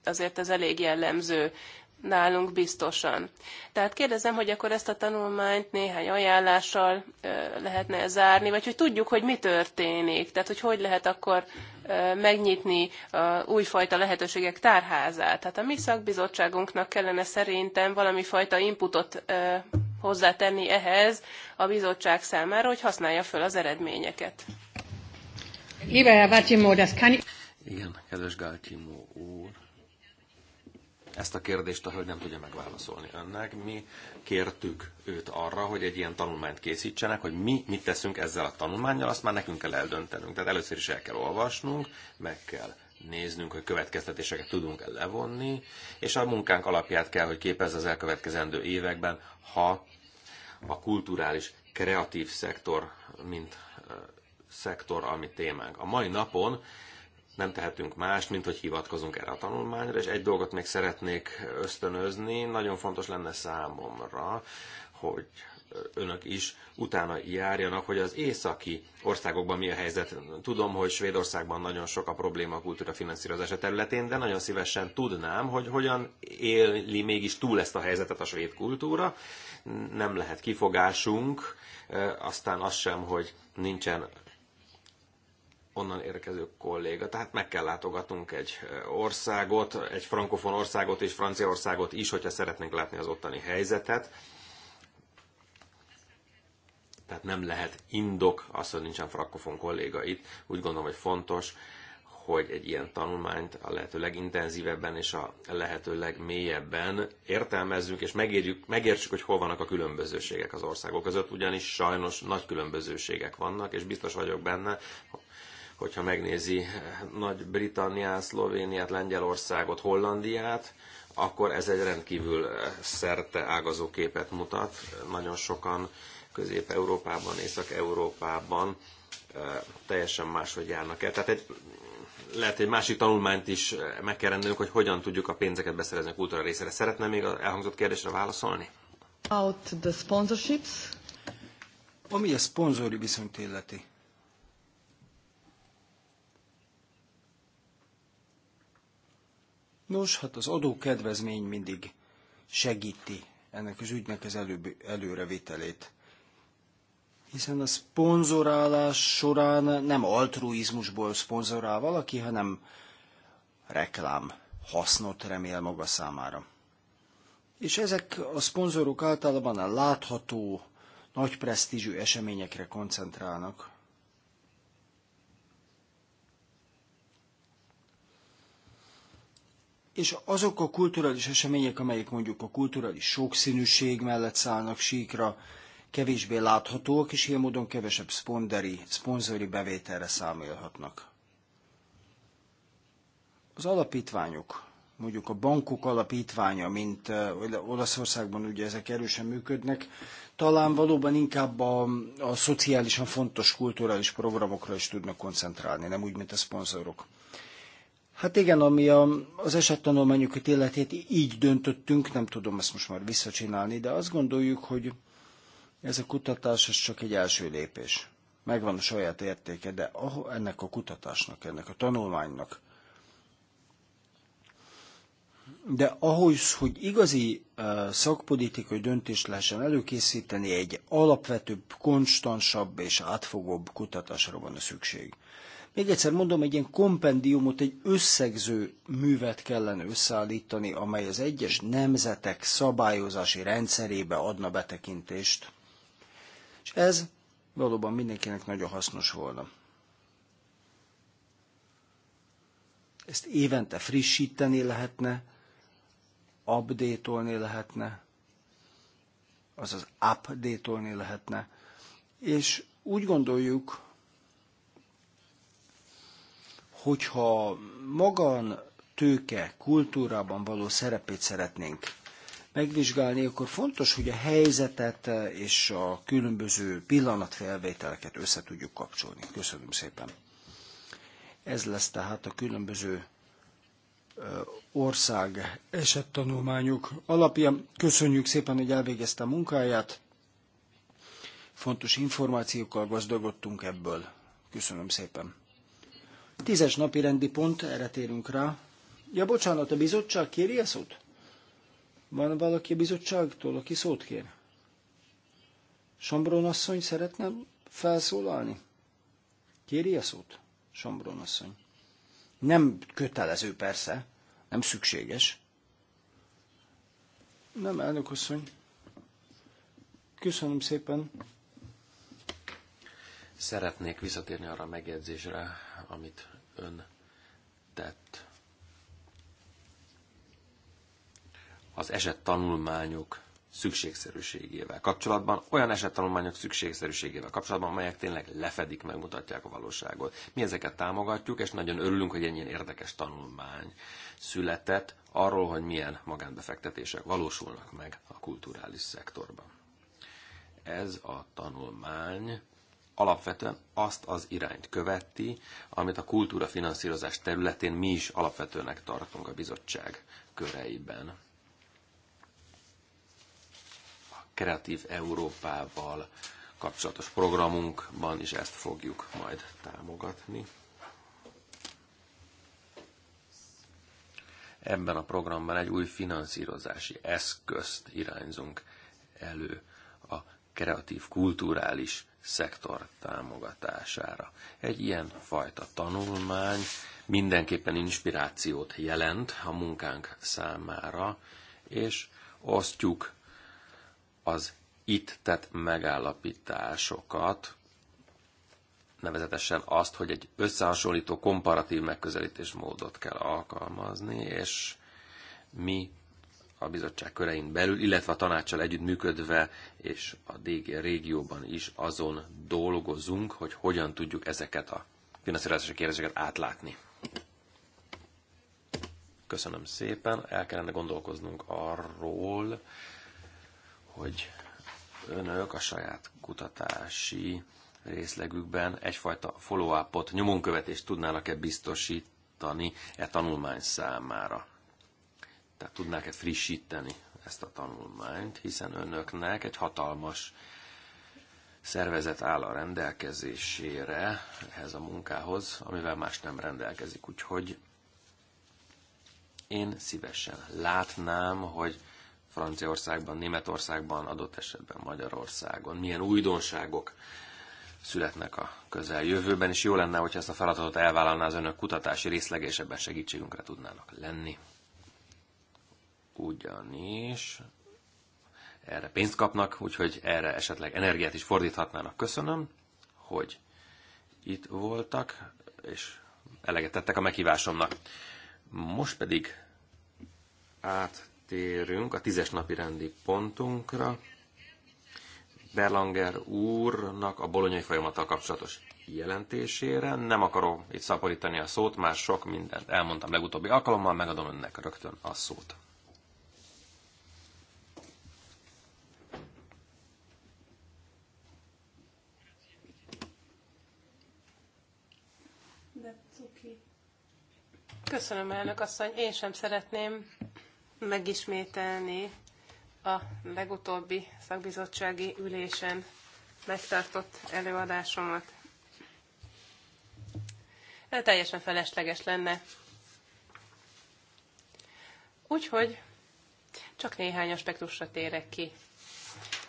azért ez elég jellemző nálunk biztosan. Tehát kérdezem, hogy akkor ezt a tanulmányt néhány ajánlással lehetne -e zárni, vagy hogy tudjuk, hogy mi történik, tehát hogy hogy lehet akkor megnyitni a újfajta lehetőségek tárházát. Tehát a mi szakbizottságunknak kellene szerintem valami fajta inputot hozzátenni ehhez a bizottság számára, hogy használja föl az eredményeket. Igen, kedves Gáltimó úr, ezt a kérdést a hölgy nem tudja megválaszolni önnek. Mi kértük őt arra, hogy egy ilyen tanulmányt készítsenek, hogy mi mit teszünk ezzel a tanulmányjal, azt már nekünk kell eldöntenünk. Tehát először is el kell olvasnunk, meg kell néznünk, hogy következtetéseket tudunk -e levonni, és a munkánk alapját kell, hogy képez az elkövetkezendő években, ha a kulturális, kreatív szektor, mint szektor, ami témánk. A mai napon nem tehetünk más, mint hogy hivatkozunk erre a tanulmányra, és egy dolgot még szeretnék ösztönözni, nagyon fontos lenne számomra, hogy önök is utána járjanak, hogy az északi országokban mi a helyzet. Tudom, hogy Svédországban nagyon sok a probléma a kultúra finanszírozása területén, de nagyon szívesen tudnám, hogy hogyan éli mégis túl ezt a helyzetet a svéd kultúra. Nem lehet kifogásunk, e, aztán az sem, hogy nincsen onnan érkező kolléga. Tehát meg kell látogatnunk egy országot, egy frankofon országot és Franciaországot is, hogyha szeretnénk látni az ottani helyzetet. Tehát nem lehet indok az, hogy nincsen frankofon kolléga itt. Úgy gondolom, hogy fontos, hogy egy ilyen tanulmányt a lehető legintenzívebben és a lehető legmélyebben értelmezzünk, és megérjük, megértsük, hogy hol vannak a különbözőségek az országok között, ugyanis sajnos nagy különbözőségek vannak, és biztos vagyok benne, hogyha megnézi eh, Nagy-Britanniát, Szlovéniát, Lengyelországot, Hollandiát, akkor ez egy rendkívül eh, szerte ágazó képet mutat. Nagyon sokan Közép-Európában, Észak-Európában eh, teljesen máshogy járnak el. Tehát egy, lehet egy másik tanulmányt is meg kell rendelünk, hogy hogyan tudjuk a pénzeket beszerezni a kultúra részére. Szeretne még az elhangzott kérdésre válaszolni? Out the sponsorships. Ami a szponzori viszonyt illeti, Nos, hát az adó kedvezmény mindig segíti ennek az ügynek az előbb, előrevételét. Hiszen a szponzorálás során nem altruizmusból szponzorál valaki, hanem reklám hasznot remél maga számára. És ezek a szponzorok általában a látható, nagy presztízsű eseményekre koncentrálnak. és azok a kulturális események, amelyek mondjuk a kulturális sokszínűség mellett szállnak síkra, kevésbé láthatóak, és ilyen módon kevesebb szponderi, szponzori bevételre számolhatnak. Az alapítványok, mondjuk a bankok alapítványa, mint eh, Olaszországban ugye ezek erősen működnek, talán valóban inkább a, a szociálisan fontos kulturális programokra is tudnak koncentrálni, nem úgy, mint a szponzorok. Hát igen, ami a, az esettanulmányokat illetét így döntöttünk, nem tudom ezt most már visszacsinálni, de azt gondoljuk, hogy ez a kutatás ez csak egy első lépés. Megvan a saját értéke, de ennek a kutatásnak, ennek a tanulmánynak, de ahhoz, hogy igazi uh, szakpolitikai döntést lehessen előkészíteni, egy alapvetőbb, konstansabb és átfogóbb kutatásra van a szükség. Még egyszer mondom, egy ilyen kompendiumot, egy összegző művet kellene összeállítani, amely az egyes nemzetek szabályozási rendszerébe adna betekintést. És ez valóban mindenkinek nagyon hasznos volna. Ezt évente frissíteni lehetne, updatolni lehetne, azaz updatolni lehetne, és úgy gondoljuk, hogyha magan tőke kultúrában való szerepét szeretnénk megvizsgálni, akkor fontos, hogy a helyzetet és a különböző pillanatfelvételeket össze tudjuk kapcsolni. Köszönöm szépen. Ez lesz tehát a különböző ország esettanulmányok alapja. Köszönjük szépen, hogy elvégezte a munkáját. Fontos információkkal gazdagodtunk ebből. Köszönöm szépen. Tízes napi rendi pont, erre térünk rá. Ja, bocsánat, a bizottság kéri a szót? Van valaki a bizottságtól, aki szót kér? Sombron asszony szeretne felszólalni? Kéri a szót? Sombron asszony. Nem kötelező persze, nem szükséges. Nem, elnök asszony. Köszönöm szépen. Szeretnék visszatérni arra a megjegyzésre, amit ön tett. Az eset tanulmányok szükségszerűségével kapcsolatban, olyan esettanulmányok szükségszerűségével kapcsolatban, amelyek tényleg lefedik, megmutatják a valóságot. Mi ezeket támogatjuk, és nagyon örülünk, hogy ennyien érdekes tanulmány született arról, hogy milyen magánbefektetések valósulnak meg a kulturális szektorban. Ez a tanulmány alapvetően azt az irányt követi, amit a kultúra finanszírozás területén mi is alapvetőnek tartunk a bizottság köreiben. A Kreatív Európával kapcsolatos programunkban is ezt fogjuk majd támogatni. Ebben a programban egy új finanszírozási eszközt irányzunk elő a kreatív, kulturális szektor támogatására. Egy ilyen fajta tanulmány mindenképpen inspirációt jelent a munkánk számára, és osztjuk az itt tett megállapításokat, nevezetesen azt, hogy egy összehasonlító komparatív megközelítés módot kell alkalmazni, és mi a bizottság körein belül, illetve a tanácssal együttműködve, és a DG régióban is azon dolgozunk, hogy hogyan tudjuk ezeket a finanszírozási kérdéseket átlátni. Köszönöm szépen. El kellene gondolkoznunk arról, hogy önök a saját kutatási részlegükben egyfajta follow-upot, nyomonkövetést tudnának-e biztosítani e tanulmány számára. Tehát tudnák-e frissíteni ezt a tanulmányt, hiszen önöknek egy hatalmas szervezet áll a rendelkezésére ehhez a munkához, amivel más nem rendelkezik. Úgyhogy én szívesen látnám, hogy Franciaországban, Németországban, adott esetben Magyarországon milyen újdonságok születnek a közeljövőben, és jó lenne, hogyha ezt a feladatot elvállalná az önök kutatási részlegesebben segítségünkre tudnának lenni ugyanis erre pénzt kapnak, úgyhogy erre esetleg energiát is fordíthatnának. Köszönöm, hogy itt voltak, és eleget tettek a meghívásomnak. Most pedig áttérünk a tízes napi rendi pontunkra. Berlanger úrnak a bolonyai folyamattal kapcsolatos jelentésére. Nem akarom itt szaporítani a szót, már sok mindent elmondtam legutóbbi alkalommal, megadom önnek rögtön a szót. Köszönöm, elnök asszony. Én sem szeretném megismételni a legutóbbi szakbizottsági ülésen megtartott előadásomat. Ez teljesen felesleges lenne. Úgyhogy csak néhány aspektusra térek ki,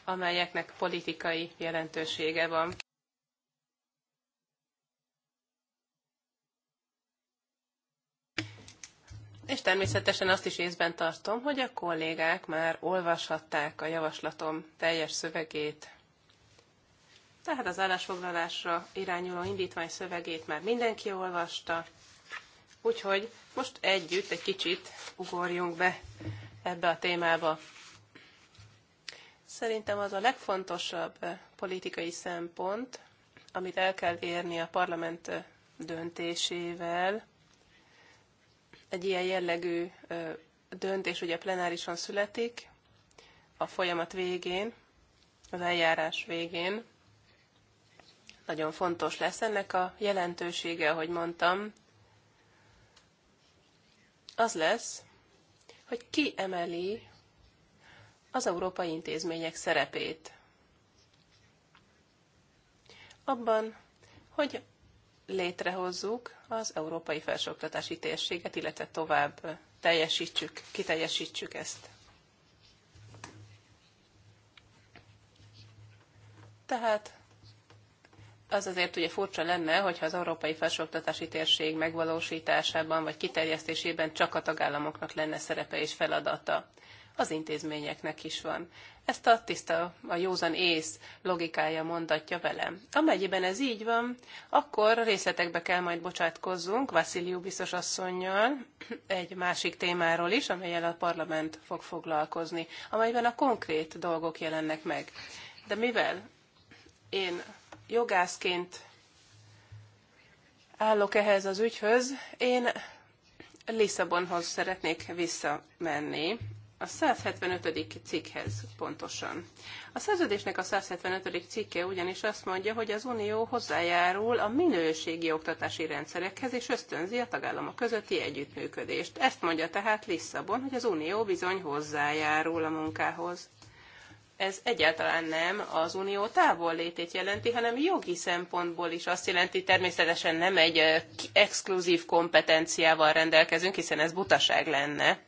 amelyeknek politikai jelentősége van. És természetesen azt is észben tartom, hogy a kollégák már olvashatták a javaslatom teljes szövegét. Tehát az állásfoglalásra irányuló indítvány szövegét már mindenki olvasta, úgyhogy most együtt egy kicsit ugorjunk be ebbe a témába. Szerintem az a legfontosabb politikai szempont, amit el kell érni a parlament döntésével, egy ilyen jellegű döntés ugye plenárisan születik, a folyamat végén, az eljárás végén. Nagyon fontos lesz ennek a jelentősége, ahogy mondtam. Az lesz, hogy ki emeli az európai intézmények szerepét. Abban, hogy létrehozzuk az európai felsőoktatási térséget, illetve tovább teljesítsük, kiteljesítsük ezt. Tehát az azért ugye furcsa lenne, hogyha az európai felsőoktatási térség megvalósításában vagy kiterjesztésében csak a tagállamoknak lenne szerepe és feladata. Az intézményeknek is van. Ezt a tiszta, a józan ész logikája mondatja velem. Amennyiben ez így van, akkor részletekbe kell majd bocsátkozzunk Vasziliu biztos asszonynal egy másik témáról is, amelyel a parlament fog foglalkozni, amelyben a konkrét dolgok jelennek meg. De mivel én jogászként állok ehhez az ügyhöz, én Lisszabonhoz szeretnék visszamenni, a 175. cikkhez pontosan. A szerződésnek a 175. cikke ugyanis azt mondja, hogy az Unió hozzájárul a minőségi oktatási rendszerekhez és ösztönzi a tagállamok közötti együttműködést. Ezt mondja tehát Lisszabon, hogy az Unió bizony hozzájárul a munkához. Ez egyáltalán nem az unió távollétét jelenti, hanem jogi szempontból is azt jelenti, természetesen nem egy eh, exkluzív kompetenciával rendelkezünk, hiszen ez butaság lenne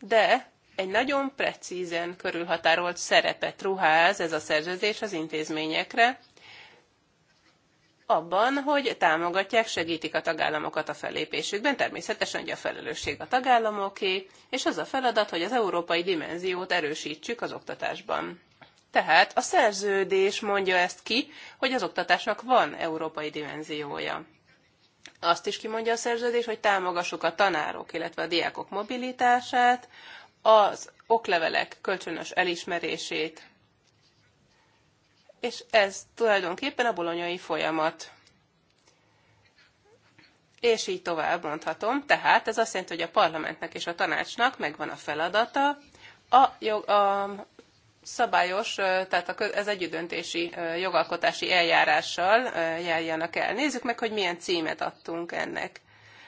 de egy nagyon precízen körülhatárolt szerepet ruház ez a szerződés az intézményekre, abban, hogy támogatják, segítik a tagállamokat a fellépésükben, természetesen ugye a felelősség a tagállamoké, és az a feladat, hogy az európai dimenziót erősítsük az oktatásban. Tehát a szerződés mondja ezt ki, hogy az oktatásnak van európai dimenziója. Azt is kimondja a szerződés, hogy támogassuk a tanárok, illetve a diákok mobilitását, az oklevelek kölcsönös elismerését, és ez tulajdonképpen a bolonyai folyamat. És így tovább mondhatom. Tehát ez azt jelenti, hogy a parlamentnek és a tanácsnak megvan a feladata a, jog, a szabályos, tehát ez együttdöntési jogalkotási eljárással járjanak el. Nézzük meg, hogy milyen címet adtunk ennek.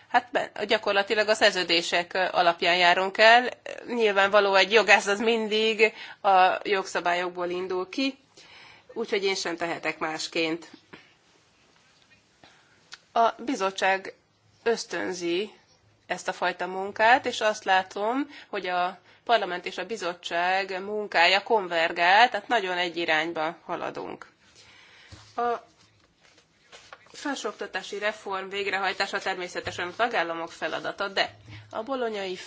Hát gyakorlatilag a szerződések alapján járunk el. Nyilvánvaló egy jogász az mindig a jogszabályokból indul ki, úgyhogy én sem tehetek másként. A bizottság ösztönzi ezt a fajta munkát, és azt látom, hogy a parlament és a bizottság munkája konvergál, tehát nagyon egy irányba haladunk. A felsőoktatási reform végrehajtása természetesen a tagállamok feladata, de a bolonyai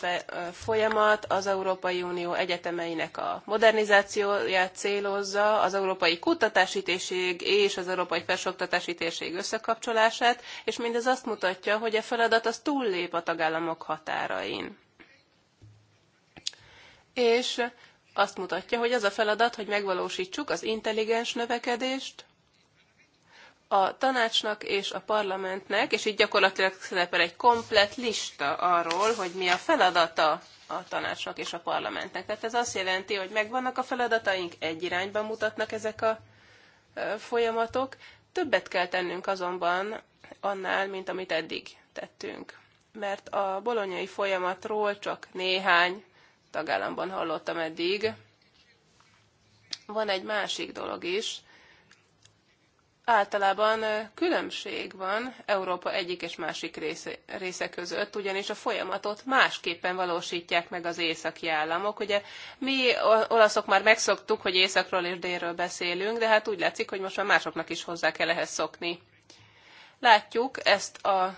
folyamat az Európai Unió egyetemeinek a modernizációját célozza, az európai kutatási térség és az európai felsőoktatási térség összekapcsolását, és mindez azt mutatja, hogy a e feladat az túllép a tagállamok határain és azt mutatja, hogy az a feladat, hogy megvalósítsuk az intelligens növekedést, a tanácsnak és a parlamentnek, és így gyakorlatilag szerepel egy komplet lista arról, hogy mi a feladata a tanácsnak és a parlamentnek. Tehát ez azt jelenti, hogy megvannak a feladataink, egy irányba mutatnak ezek a folyamatok. Többet kell tennünk azonban annál, mint amit eddig tettünk. Mert a bolonyai folyamatról csak néhány tagállamban hallottam eddig. Van egy másik dolog is. Általában különbség van Európa egyik és másik része, része között, ugyanis a folyamatot másképpen valósítják meg az északi államok. Ugye mi olaszok már megszoktuk, hogy északról és délről beszélünk, de hát úgy látszik, hogy most már másoknak is hozzá kell ehhez szokni látjuk ezt a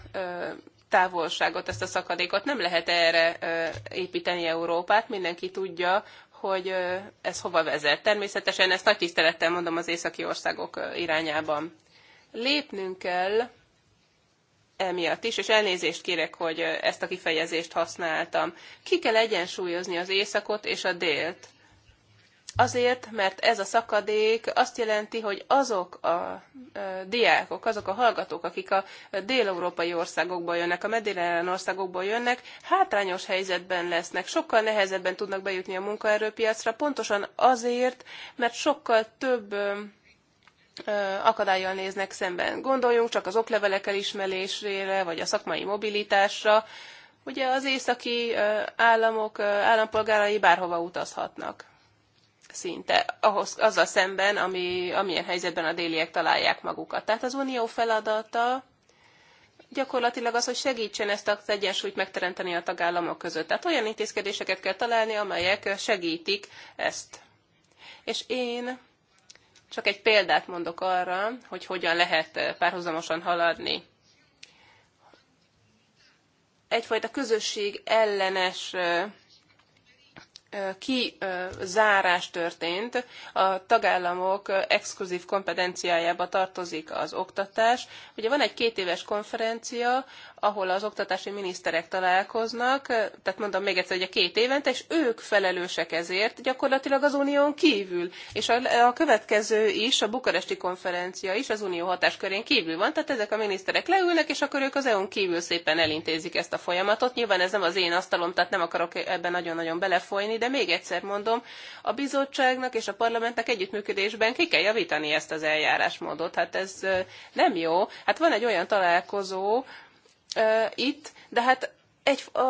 távolságot, ezt a szakadékot. Nem lehet erre építeni Európát, mindenki tudja, hogy ez hova vezet. Természetesen ezt nagy tisztelettel mondom az északi országok irányában. Lépnünk kell emiatt is, és elnézést kérek, hogy ezt a kifejezést használtam. Ki kell egyensúlyozni az északot és a délt. Azért, mert ez a szakadék azt jelenti, hogy azok a diákok, azok a hallgatók, akik a dél-európai országokból jönnek, a mediterrán országokból jönnek, hátrányos helyzetben lesznek, sokkal nehezebben tudnak bejutni a munkaerőpiacra, pontosan azért, mert sokkal több akadályjal néznek szemben. Gondoljunk csak az oklevelek elismerésére, vagy a szakmai mobilitásra. Ugye az északi államok állampolgárai bárhova utazhatnak szinte ahhoz, a szemben, ami, amilyen helyzetben a déliek találják magukat. Tehát az unió feladata gyakorlatilag az, hogy segítsen ezt az egyensúlyt megteremteni a tagállamok között. Tehát olyan intézkedéseket kell találni, amelyek segítik ezt. És én csak egy példát mondok arra, hogy hogyan lehet párhuzamosan haladni. Egyfajta közösség ellenes kizárás történt, a tagállamok exkluzív kompetenciájába tartozik az oktatás. Ugye van egy két éves konferencia, ahol az oktatási miniszterek találkoznak, tehát mondom még egyszer, hogy a két évente, és ők felelősek ezért gyakorlatilag az unión kívül. És a, a következő is, a bukaresti konferencia is az unió hatáskörén kívül van, tehát ezek a miniszterek leülnek, és akkor ők az EU-n kívül szépen elintézik ezt a folyamatot. Nyilván ez nem az én asztalom, tehát nem akarok ebben nagyon-nagyon belefolyni, de még egyszer mondom, a bizottságnak és a parlamentnek együttműködésben ki kell javítani ezt az eljárásmódot. Hát ez nem jó. Hát van egy olyan találkozó uh, itt, de hát egy, a,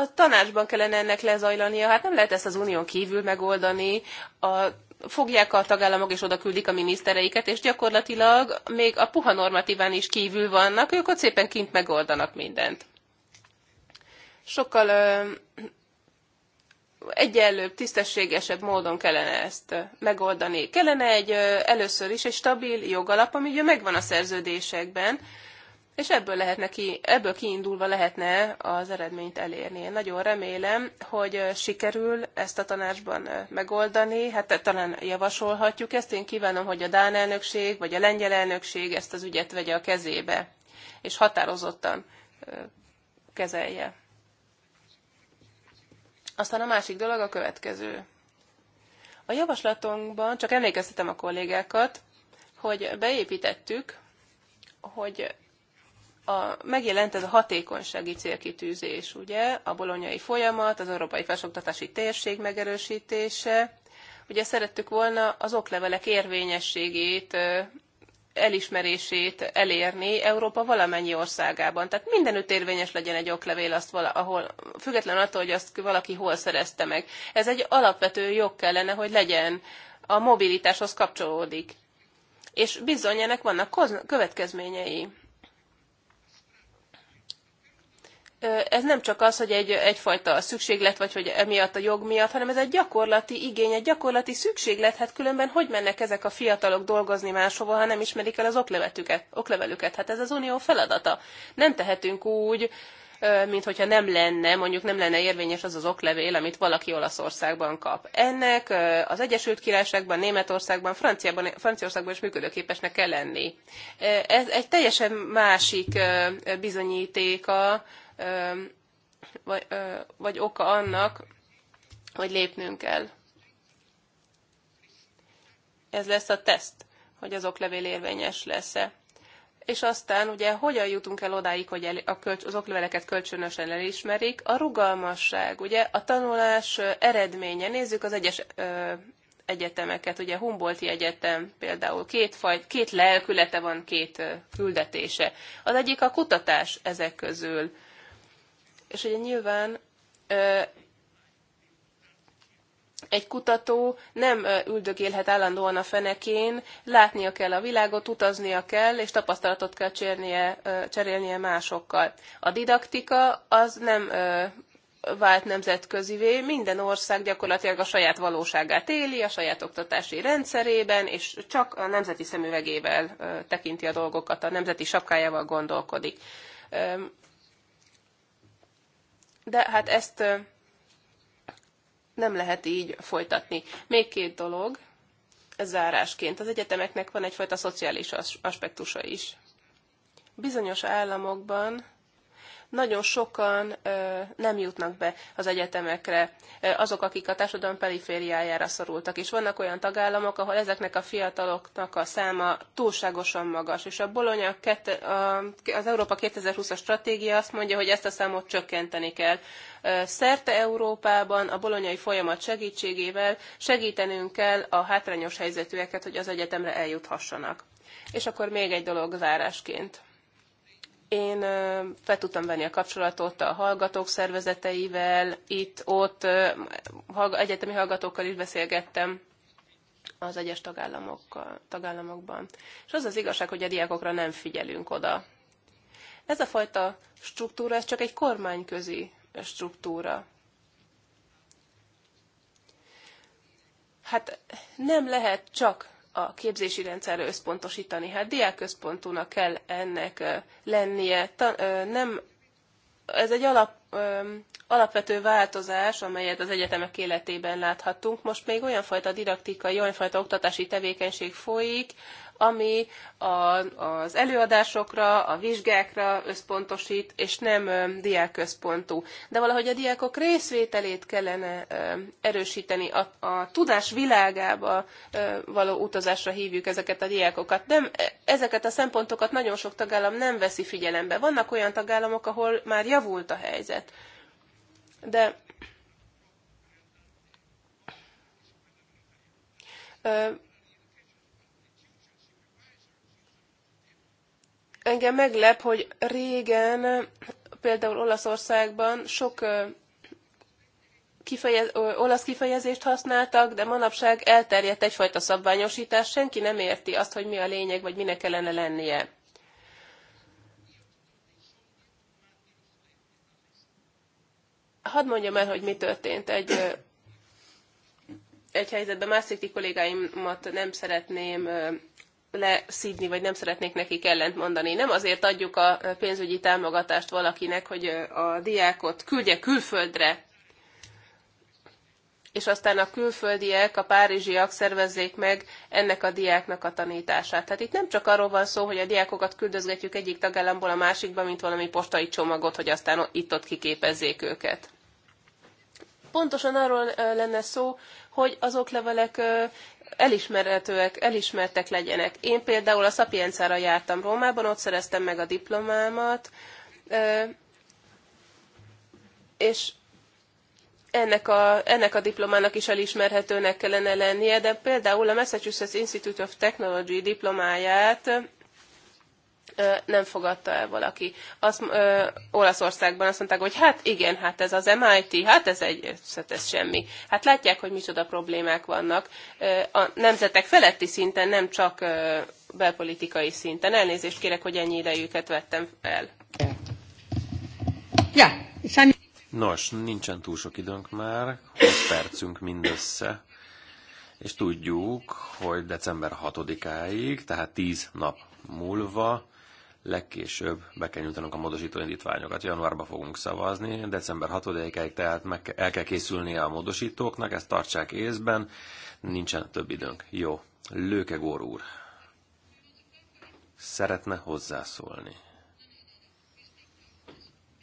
a tanácsban kellene ennek lezajlania, hát nem lehet ezt az unión kívül megoldani, a, fogják a tagállamok és oda küldik a minisztereiket, és gyakorlatilag még a puha normatíván is kívül vannak, ők ott szépen kint megoldanak mindent. Sokkal ö, egyenlőbb, tisztességesebb módon kellene ezt megoldani. Kellene egy először is egy stabil jogalap, ami ugye megvan a szerződésekben, és ebből, lehetne ki, ebből kiindulva lehetne az eredményt elérni. Én nagyon remélem, hogy sikerül ezt a tanácsban megoldani, hát talán javasolhatjuk ezt. Én kívánom, hogy a Dán elnökség vagy a lengyel elnökség ezt az ügyet vegye a kezébe, és határozottan kezelje. Aztán a másik dolog a következő. A javaslatunkban csak emlékeztetem a kollégákat, hogy beépítettük, hogy a, megjelent ez a hatékonysági célkitűzés, ugye, a bolonyai folyamat, az európai felsoktatási térség megerősítése. Ugye szerettük volna az oklevelek érvényességét elismerését elérni Európa valamennyi országában. Tehát mindenütt érvényes legyen egy oklevél, azt vala, ahol, független attól, hogy azt valaki hol szerezte meg. Ez egy alapvető jog kellene, hogy legyen. A mobilitáshoz kapcsolódik. És bizony ennek vannak következményei. ez nem csak az, hogy egy, egyfajta szükséglet, vagy hogy emiatt a jog miatt, hanem ez egy gyakorlati igény, egy gyakorlati szükséglet, hát különben hogy mennek ezek a fiatalok dolgozni máshova, ha nem ismerik el az oklevetüket, oklevelüket. Hát ez az unió feladata. Nem tehetünk úgy, mint hogyha nem lenne, mondjuk nem lenne érvényes az az oklevél, amit valaki Olaszországban kap. Ennek az Egyesült Királyságban, Németországban, Franciában, Franciaországban is működőképesnek kell lenni. Ez egy teljesen másik bizonyítéka vagy, vagy oka annak, hogy lépnünk kell. Ez lesz a teszt, hogy az oklevél érvényes lesz-e. És aztán ugye hogyan jutunk el odáig, hogy el, a kölcs, az okleveleket kölcsönösen elismerik? A rugalmasság, ugye a tanulás eredménye. Nézzük az egyes ö, egyetemeket, ugye Humboldti Egyetem például két, faj, két lelkülete van, két küldetése. Az egyik a kutatás ezek közül és ugye nyilván egy kutató nem üldögélhet állandóan a fenekén, látnia kell a világot, utaznia kell, és tapasztalatot kell csernie, cserélnie másokkal. A didaktika az nem vált nemzetközivé, minden ország gyakorlatilag a saját valóságát éli, a saját oktatási rendszerében, és csak a nemzeti szemüvegével tekinti a dolgokat, a nemzeti sapkájával gondolkodik de hát ezt nem lehet így folytatni. Még két dolog zárásként. Az egyetemeknek van egyfajta szociális aspektusa is. Bizonyos államokban nagyon sokan nem jutnak be az egyetemekre, azok, akik a társadalom perifériájára szorultak, és vannak olyan tagállamok, ahol ezeknek a fiataloknak a száma túlságosan magas, és a Bologna az Európa 2020-as stratégia azt mondja, hogy ezt a számot csökkenteni kell. Szerte Európában a bolonyai folyamat segítségével segítenünk kell a hátrányos helyzetűeket, hogy az egyetemre eljuthassanak. És akkor még egy dolog zárásként. Én fel tudtam venni a kapcsolatot a hallgatók szervezeteivel, itt-ott egyetemi hallgatókkal is beszélgettem az egyes tagállamokban. És az az igazság, hogy a diákokra nem figyelünk oda. Ez a fajta struktúra, ez csak egy kormányközi struktúra. Hát nem lehet csak a képzési rendszerre összpontosítani. Hát diákközpontúnak kell ennek lennie. nem, ez egy alap, alapvető változás, amelyet az egyetemek életében láthattunk. Most még olyan fajta didaktikai, olyan fajta oktatási tevékenység folyik, ami a, az előadásokra, a vizsgákra összpontosít, és nem ö, diákközpontú. De valahogy a diákok részvételét kellene ö, erősíteni, a, a tudás világába ö, való utazásra hívjuk ezeket a diákokat. Nem, e, ezeket a szempontokat nagyon sok tagállam nem veszi figyelembe. Vannak olyan tagállamok, ahol már javult a helyzet. De Engem meglep, hogy régen például Olaszországban sok kifejez, olasz kifejezést használtak, de manapság elterjedt egyfajta szabványosítás, senki nem érti azt, hogy mi a lényeg, vagy minek kellene lennie. Hadd mondjam el, hogy mi történt. Egy, egy helyzetben Mászéki kollégáimat nem szeretném leszidni, vagy nem szeretnék nekik ellent mondani. Nem azért adjuk a pénzügyi támogatást valakinek, hogy a diákot küldje külföldre, és aztán a külföldiek, a párizsiak szervezzék meg ennek a diáknak a tanítását. Tehát itt nem csak arról van szó, hogy a diákokat küldözgetjük egyik tagállamból a másikba, mint valami postai csomagot, hogy aztán itt-ott kiképezzék őket. Pontosan arról lenne szó, hogy az oklevelek elismerhetőek, elismertek legyenek. Én például a Sapienzára jártam Rómában, ott szereztem meg a diplomámat, és ennek a, ennek a diplomának is elismerhetőnek kellene lennie, de például a Massachusetts Institute of Technology diplomáját nem fogadta el valaki. Azt, ö, Olaszországban azt mondták, hogy hát igen, hát ez az MIT, hát ez egy, hát ez semmi. Hát látják, hogy micsoda problémák vannak. A nemzetek feletti szinten, nem csak ö, belpolitikai szinten. Elnézést kérek, hogy ennyi idejüket vettem el. Ja, Nos, nincsen túl sok időnk már, 20 percünk mindössze és tudjuk, hogy december 6-áig, tehát 10 nap múlva legkésőbb be kell nyújtanunk a módosító indítványokat. Januárban fogunk szavazni, december 6-áig tehát meg el kell készülnie a módosítóknak, ezt tartsák észben, nincsen több időnk. Jó, Lőke Gór úr szeretne hozzászólni.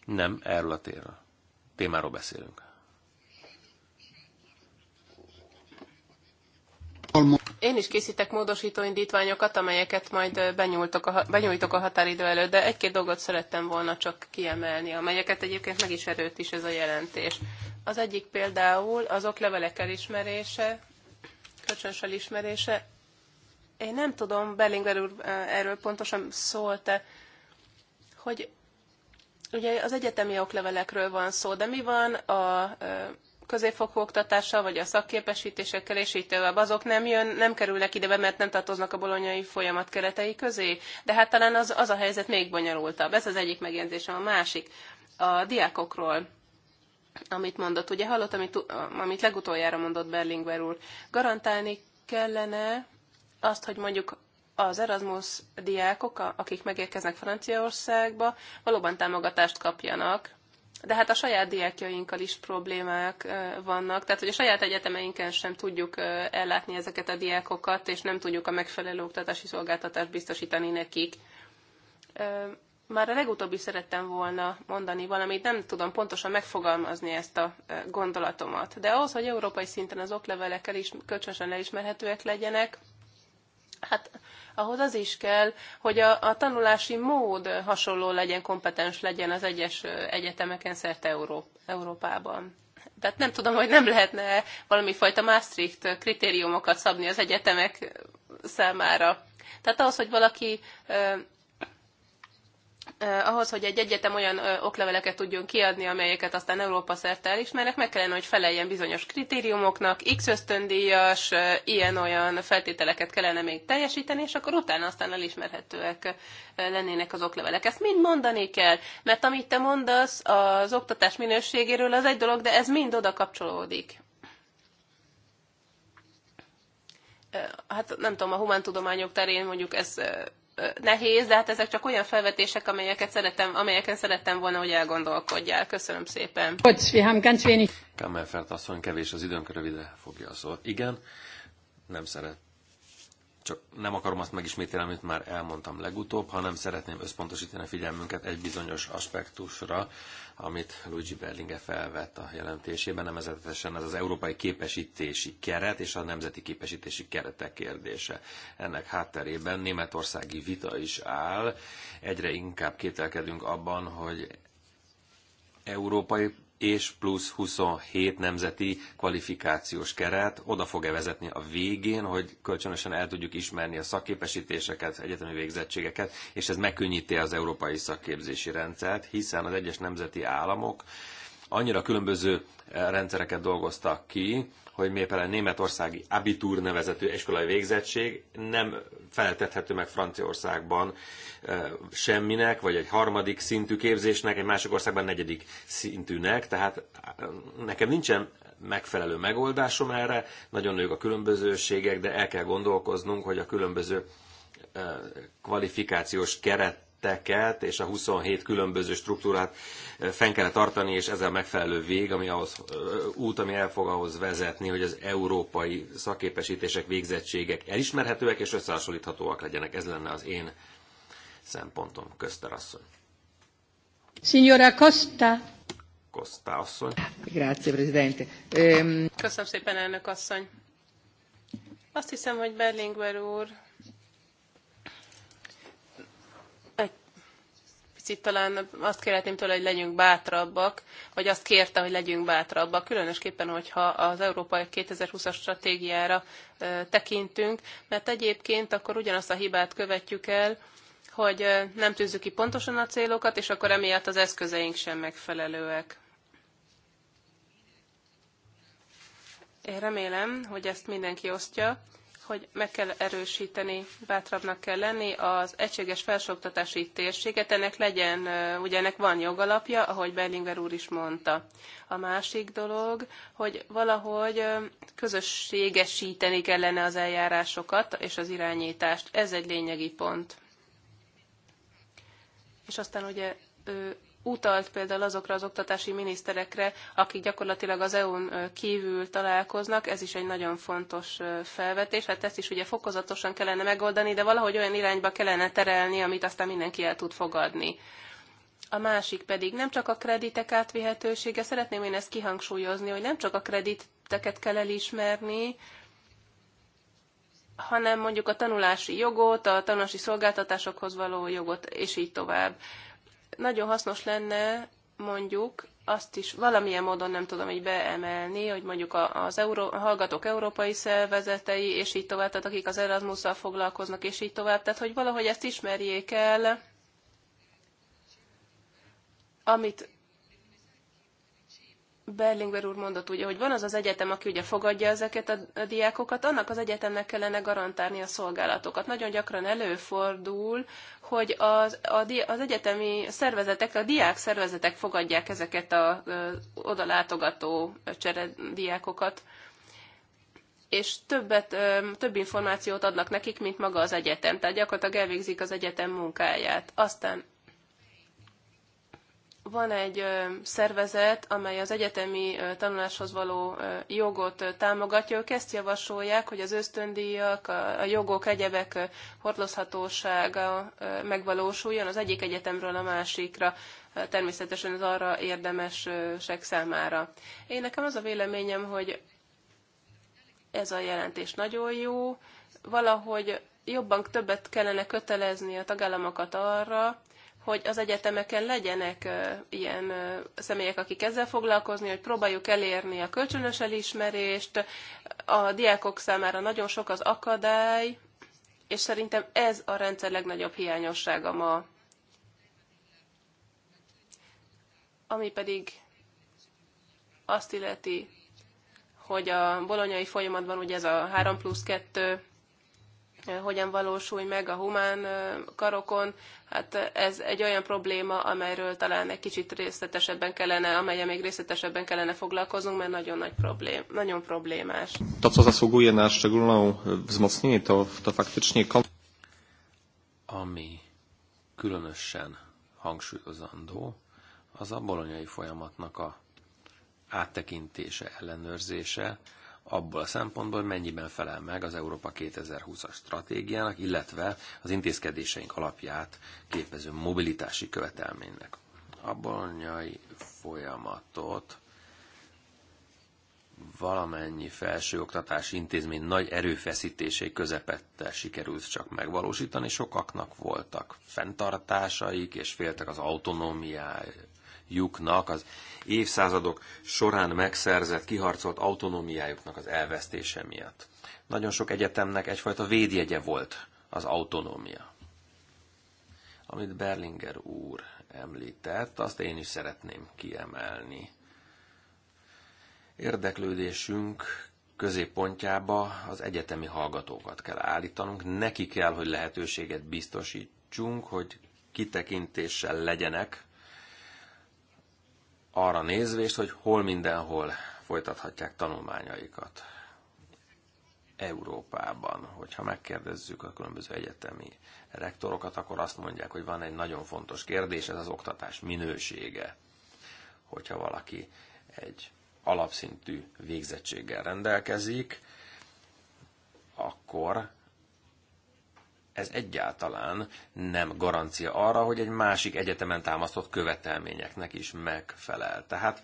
Nem, erről a térről. Témáról beszélünk. Én is készítek módosító indítványokat, amelyeket majd benyújtok a, benyújtok a határidő előtt, de egy-két dolgot szerettem volna csak kiemelni, amelyeket egyébként meg is erőt is ez a jelentés. Az egyik például az oklevelek elismerése, kölcsönös elismerése. Én nem tudom, Bellinger úr erről pontosan szólt-e, hogy ugye az egyetemi oklevelekről van szó, de mi van a középfokú oktatással, vagy a szakképesítésekkel, és így tovább. Azok nem, jön, nem kerülnek ide mert nem tartoznak a bolonyai folyamat keretei közé, de hát talán az, az a helyzet még bonyolultabb. Ez az egyik megjegyzésem. A másik, a diákokról amit mondott. Ugye hallott, amit, amit legutoljára mondott Berlingver úr. Garantálni kellene azt, hogy mondjuk az Erasmus diákok, akik megérkeznek Franciaországba, valóban támogatást kapjanak, de hát a saját diákjainkkal is problémák vannak, tehát hogy a saját egyetemeinken sem tudjuk ellátni ezeket a diákokat, és nem tudjuk a megfelelő oktatási szolgáltatást biztosítani nekik. Már a legutóbbi szerettem volna mondani valamit, nem tudom pontosan megfogalmazni ezt a gondolatomat, de ahhoz, hogy európai szinten az oklevelekkel is kölcsönösen leismerhetőek legyenek, Hát ahhoz az is kell, hogy a, a tanulási mód hasonló legyen, kompetens legyen az egyes egyetemeken szerte Euró, Európában. Tehát nem tudom, hogy nem lehetne valami fajta Maastricht kritériumokat szabni az egyetemek számára. Tehát ahhoz, hogy valaki ahhoz, hogy egy egyetem olyan okleveleket tudjon kiadni, amelyeket aztán Európa szerte elismernek, meg kellene, hogy feleljen bizonyos kritériumoknak, X ösztöndíjas, ilyen-olyan feltételeket kellene még teljesíteni, és akkor utána aztán elismerhetőek lennének az oklevelek. Ezt mind mondani kell, mert amit te mondasz az oktatás minőségéről, az egy dolog, de ez mind oda kapcsolódik. Hát nem tudom, a humántudományok terén mondjuk ez nehéz, de hát ezek csak olyan felvetések, amelyeket szeretem, amelyeken szerettem volna, hogy elgondolkodjál. Köszönöm szépen. Bocs, wir haben ganz wenig. asszony, kevés az időnk, rövide fogja a szót. Igen, nem szeret csak nem akarom azt megismételni, amit már elmondtam legutóbb, hanem szeretném összpontosítani a figyelmünket egy bizonyos aspektusra, amit Luigi Berlinge felvett a jelentésében, Nemzetesen ez az európai képesítési keret és a nemzeti képesítési keretek kérdése. Ennek hátterében németországi vita is áll. Egyre inkább kételkedünk abban, hogy európai és plusz 27 nemzeti kvalifikációs keret oda fog-e vezetni a végén, hogy kölcsönösen el tudjuk ismerni a szakképesítéseket, egyetemi végzettségeket, és ez megkönnyíti az európai szakképzési rendszert, hiszen az egyes nemzeti államok annyira különböző eh, rendszereket dolgoztak ki, hogy még például a németországi abitúr nevezető iskolai végzettség nem feltethető meg Franciaországban eh, semminek, vagy egy harmadik szintű képzésnek, egy másik országban negyedik szintűnek, tehát eh, nekem nincsen megfelelő megoldásom erre, nagyon nők a különbözőségek, de el kell gondolkoznunk, hogy a különböző kvalifikációs keret kereteket és a 27 különböző struktúrát fenn kell tartani, és ezzel megfelelő vég, ami ahhoz, út, ami el fog ahhoz vezetni, hogy az európai szakképesítések, végzettségek elismerhetőek és összehasonlíthatóak legyenek. Ez lenne az én szempontom, közterasszony. Signora Costa. Costa asszony. Grazie, Presidente. Köszönöm szépen, elnök asszony. Azt hiszem, hogy Berlinguer úr picit talán azt kérhetném tőle, hogy legyünk bátrabbak, vagy azt kérte, hogy legyünk bátrabbak, különösképpen, hogyha az Európai 2020-as stratégiára tekintünk, mert egyébként akkor ugyanazt a hibát követjük el, hogy nem tűzzük ki pontosan a célokat, és akkor emiatt az eszközeink sem megfelelőek. Én remélem, hogy ezt mindenki osztja, hogy meg kell erősíteni, bátrabbnak kell lenni az egységes felsőoktatási térséget. Ennek legyen, ugye ennek van jogalapja, ahogy Berlinger úr is mondta. A másik dolog, hogy valahogy közösségesíteni kellene az eljárásokat és az irányítást. Ez egy lényegi pont. És aztán ugye ő utalt például azokra az oktatási miniszterekre, akik gyakorlatilag az EU-n kívül találkoznak, ez is egy nagyon fontos felvetés, hát ezt is ugye fokozatosan kellene megoldani, de valahogy olyan irányba kellene terelni, amit aztán mindenki el tud fogadni. A másik pedig nem csak a kreditek átvihetősége, szeretném én ezt kihangsúlyozni, hogy nem csak a krediteket kell elismerni, hanem mondjuk a tanulási jogot, a tanulási szolgáltatásokhoz való jogot, és így tovább nagyon hasznos lenne mondjuk azt is valamilyen módon nem tudom így beemelni, hogy mondjuk az Euró, a hallgatók európai szervezetei, és így tovább, tehát akik az erasmus foglalkoznak, és így tovább, tehát hogy valahogy ezt ismerjék el, amit Berlingber úr mondott ugye, hogy van az az egyetem, aki ugye fogadja ezeket a, diákokat, annak az egyetemnek kellene garantálni a szolgálatokat. Nagyon gyakran előfordul, hogy az, a, az egyetemi szervezetek, a diák szervezetek fogadják ezeket a, oda látogató cserediákokat és többet, több információt adnak nekik, mint maga az egyetem. Tehát gyakorlatilag elvégzik az egyetem munkáját. Aztán van egy szervezet, amely az egyetemi tanuláshoz való jogot támogatja. Ők ezt javasolják, hogy az ösztöndíjak, a jogok, egyebek hordozhatósága megvalósuljon az egyik egyetemről a másikra természetesen az arra érdemesek számára. Én nekem az a véleményem, hogy ez a jelentés nagyon jó, valahogy jobban többet kellene kötelezni a tagállamokat arra, hogy az egyetemeken legyenek ilyen személyek, akik ezzel foglalkozni, hogy próbáljuk elérni a kölcsönös elismerést. A diákok számára nagyon sok az akadály, és szerintem ez a rendszer legnagyobb hiányossága ma. Ami pedig azt illeti, hogy a bolonyai folyamatban ugye ez a 3 plusz 2 hogyan valósulj meg a humán karokon, hát ez egy olyan probléma, amelyről talán egy kicsit részletesebben kellene, amelyen még részletesebben kellene foglalkoznunk, mert nagyon nagy problém, nagyon problémás. To, co zasługuje na szczególną e, wzmocnienie, to, to faktycznie... Ami különösen hangsúlyozandó, az a bolonyai folyamatnak a áttekintése, ellenőrzése, abból a szempontból, mennyiben felel meg az Európa 2020-as stratégiának, illetve az intézkedéseink alapját képező mobilitási követelménynek. A bolonyai folyamatot valamennyi felsőoktatási intézmény nagy erőfeszítésé közepette sikerült csak megvalósítani, sokaknak voltak fenntartásaik, és féltek az autonómiájuk juknak, az évszázadok során megszerzett, kiharcolt autonómiájuknak az elvesztése miatt. Nagyon sok egyetemnek egyfajta védjegye volt az autonómia. Amit Berlinger úr említett, azt én is szeretném kiemelni. Érdeklődésünk középpontjába az egyetemi hallgatókat kell állítanunk. Neki kell, hogy lehetőséget biztosítsunk, hogy kitekintéssel legyenek arra nézvést, hogy hol mindenhol folytathatják tanulmányaikat. Európában, hogyha megkérdezzük a különböző egyetemi rektorokat, akkor azt mondják, hogy van egy nagyon fontos kérdés, ez az oktatás minősége. Hogyha valaki egy alapszintű végzettséggel rendelkezik, akkor ez egyáltalán nem garancia arra, hogy egy másik egyetemen támasztott követelményeknek is megfelel. Tehát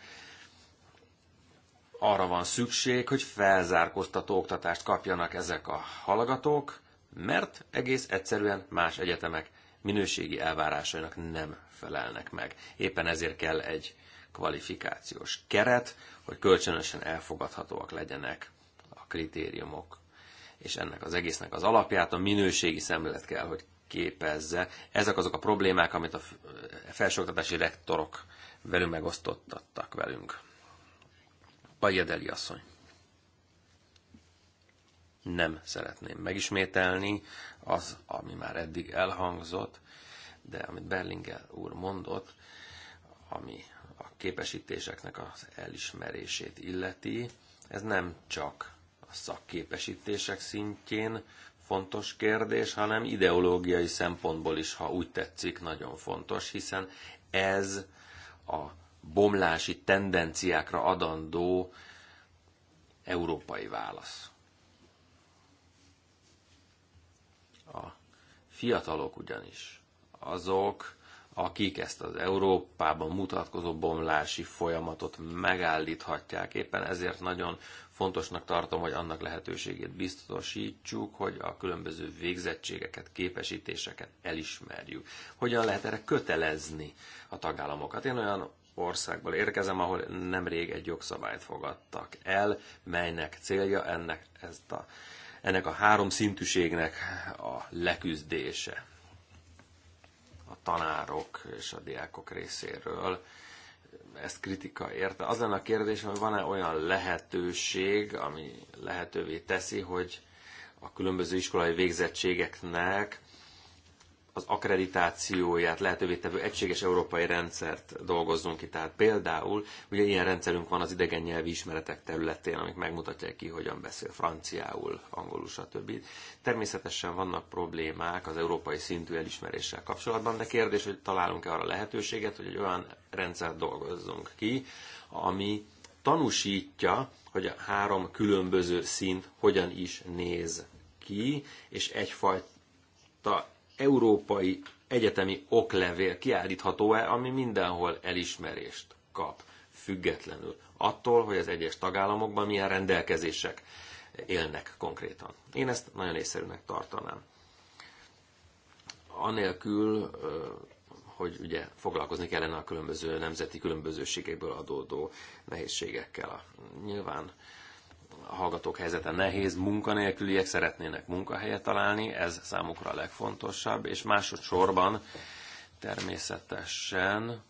arra van szükség, hogy felzárkóztató oktatást kapjanak ezek a hallgatók, mert egész egyszerűen más egyetemek minőségi elvárásainak nem felelnek meg. Éppen ezért kell egy kvalifikációs keret, hogy kölcsönösen elfogadhatóak legyenek a kritériumok és ennek az egésznek az alapját a minőségi szemlélet kell, hogy képezze. Ezek azok a problémák, amit a felsőoktatási rektorok velünk megosztottattak velünk. Pajedeli asszony. Nem szeretném megismételni az, ami már eddig elhangzott, de amit Berlinger úr mondott, ami a képesítéseknek az elismerését illeti, ez nem csak szakképesítések szintjén fontos kérdés, hanem ideológiai szempontból is, ha úgy tetszik, nagyon fontos, hiszen ez a bomlási tendenciákra adandó európai válasz. A fiatalok ugyanis azok, akik ezt az Európában mutatkozó bomlási folyamatot megállíthatják. Éppen ezért nagyon Fontosnak tartom, hogy annak lehetőségét biztosítsuk, hogy a különböző végzettségeket, képesítéseket elismerjük. Hogyan lehet erre kötelezni a tagállamokat? Én olyan országból érkezem, ahol nemrég egy jogszabályt fogadtak el, melynek célja ennek, ezt a, ennek a három szintűségnek a leküzdése a tanárok és a diákok részéről ezt kritika érte. Az lenne a kérdés, hogy van-e olyan lehetőség, ami lehetővé teszi, hogy a különböző iskolai végzettségeknek az akkreditációját lehetővé tevő egységes európai rendszert dolgozzunk ki. Tehát például ugye ilyen rendszerünk van az idegen nyelvi ismeretek területén, amik megmutatják ki, hogyan beszél franciául, angolul, stb. Természetesen vannak problémák az európai szintű elismeréssel kapcsolatban, de kérdés, hogy találunk-e arra lehetőséget, hogy egy olyan rendszert dolgozzunk ki, ami tanúsítja, hogy a három különböző szint hogyan is néz ki, és egyfajta európai egyetemi oklevél kiállítható-e, ami mindenhol elismerést kap, függetlenül attól, hogy az egyes tagállamokban milyen rendelkezések élnek konkrétan. Én ezt nagyon észszerűnek tartanám. Anélkül, hogy ugye foglalkozni kellene a különböző nemzeti különbözőségekből adódó nehézségekkel. Nyilván hallgatók helyzete nehéz, munkanélküliek szeretnének munkahelyet találni, ez számukra a legfontosabb, és másodszorban természetesen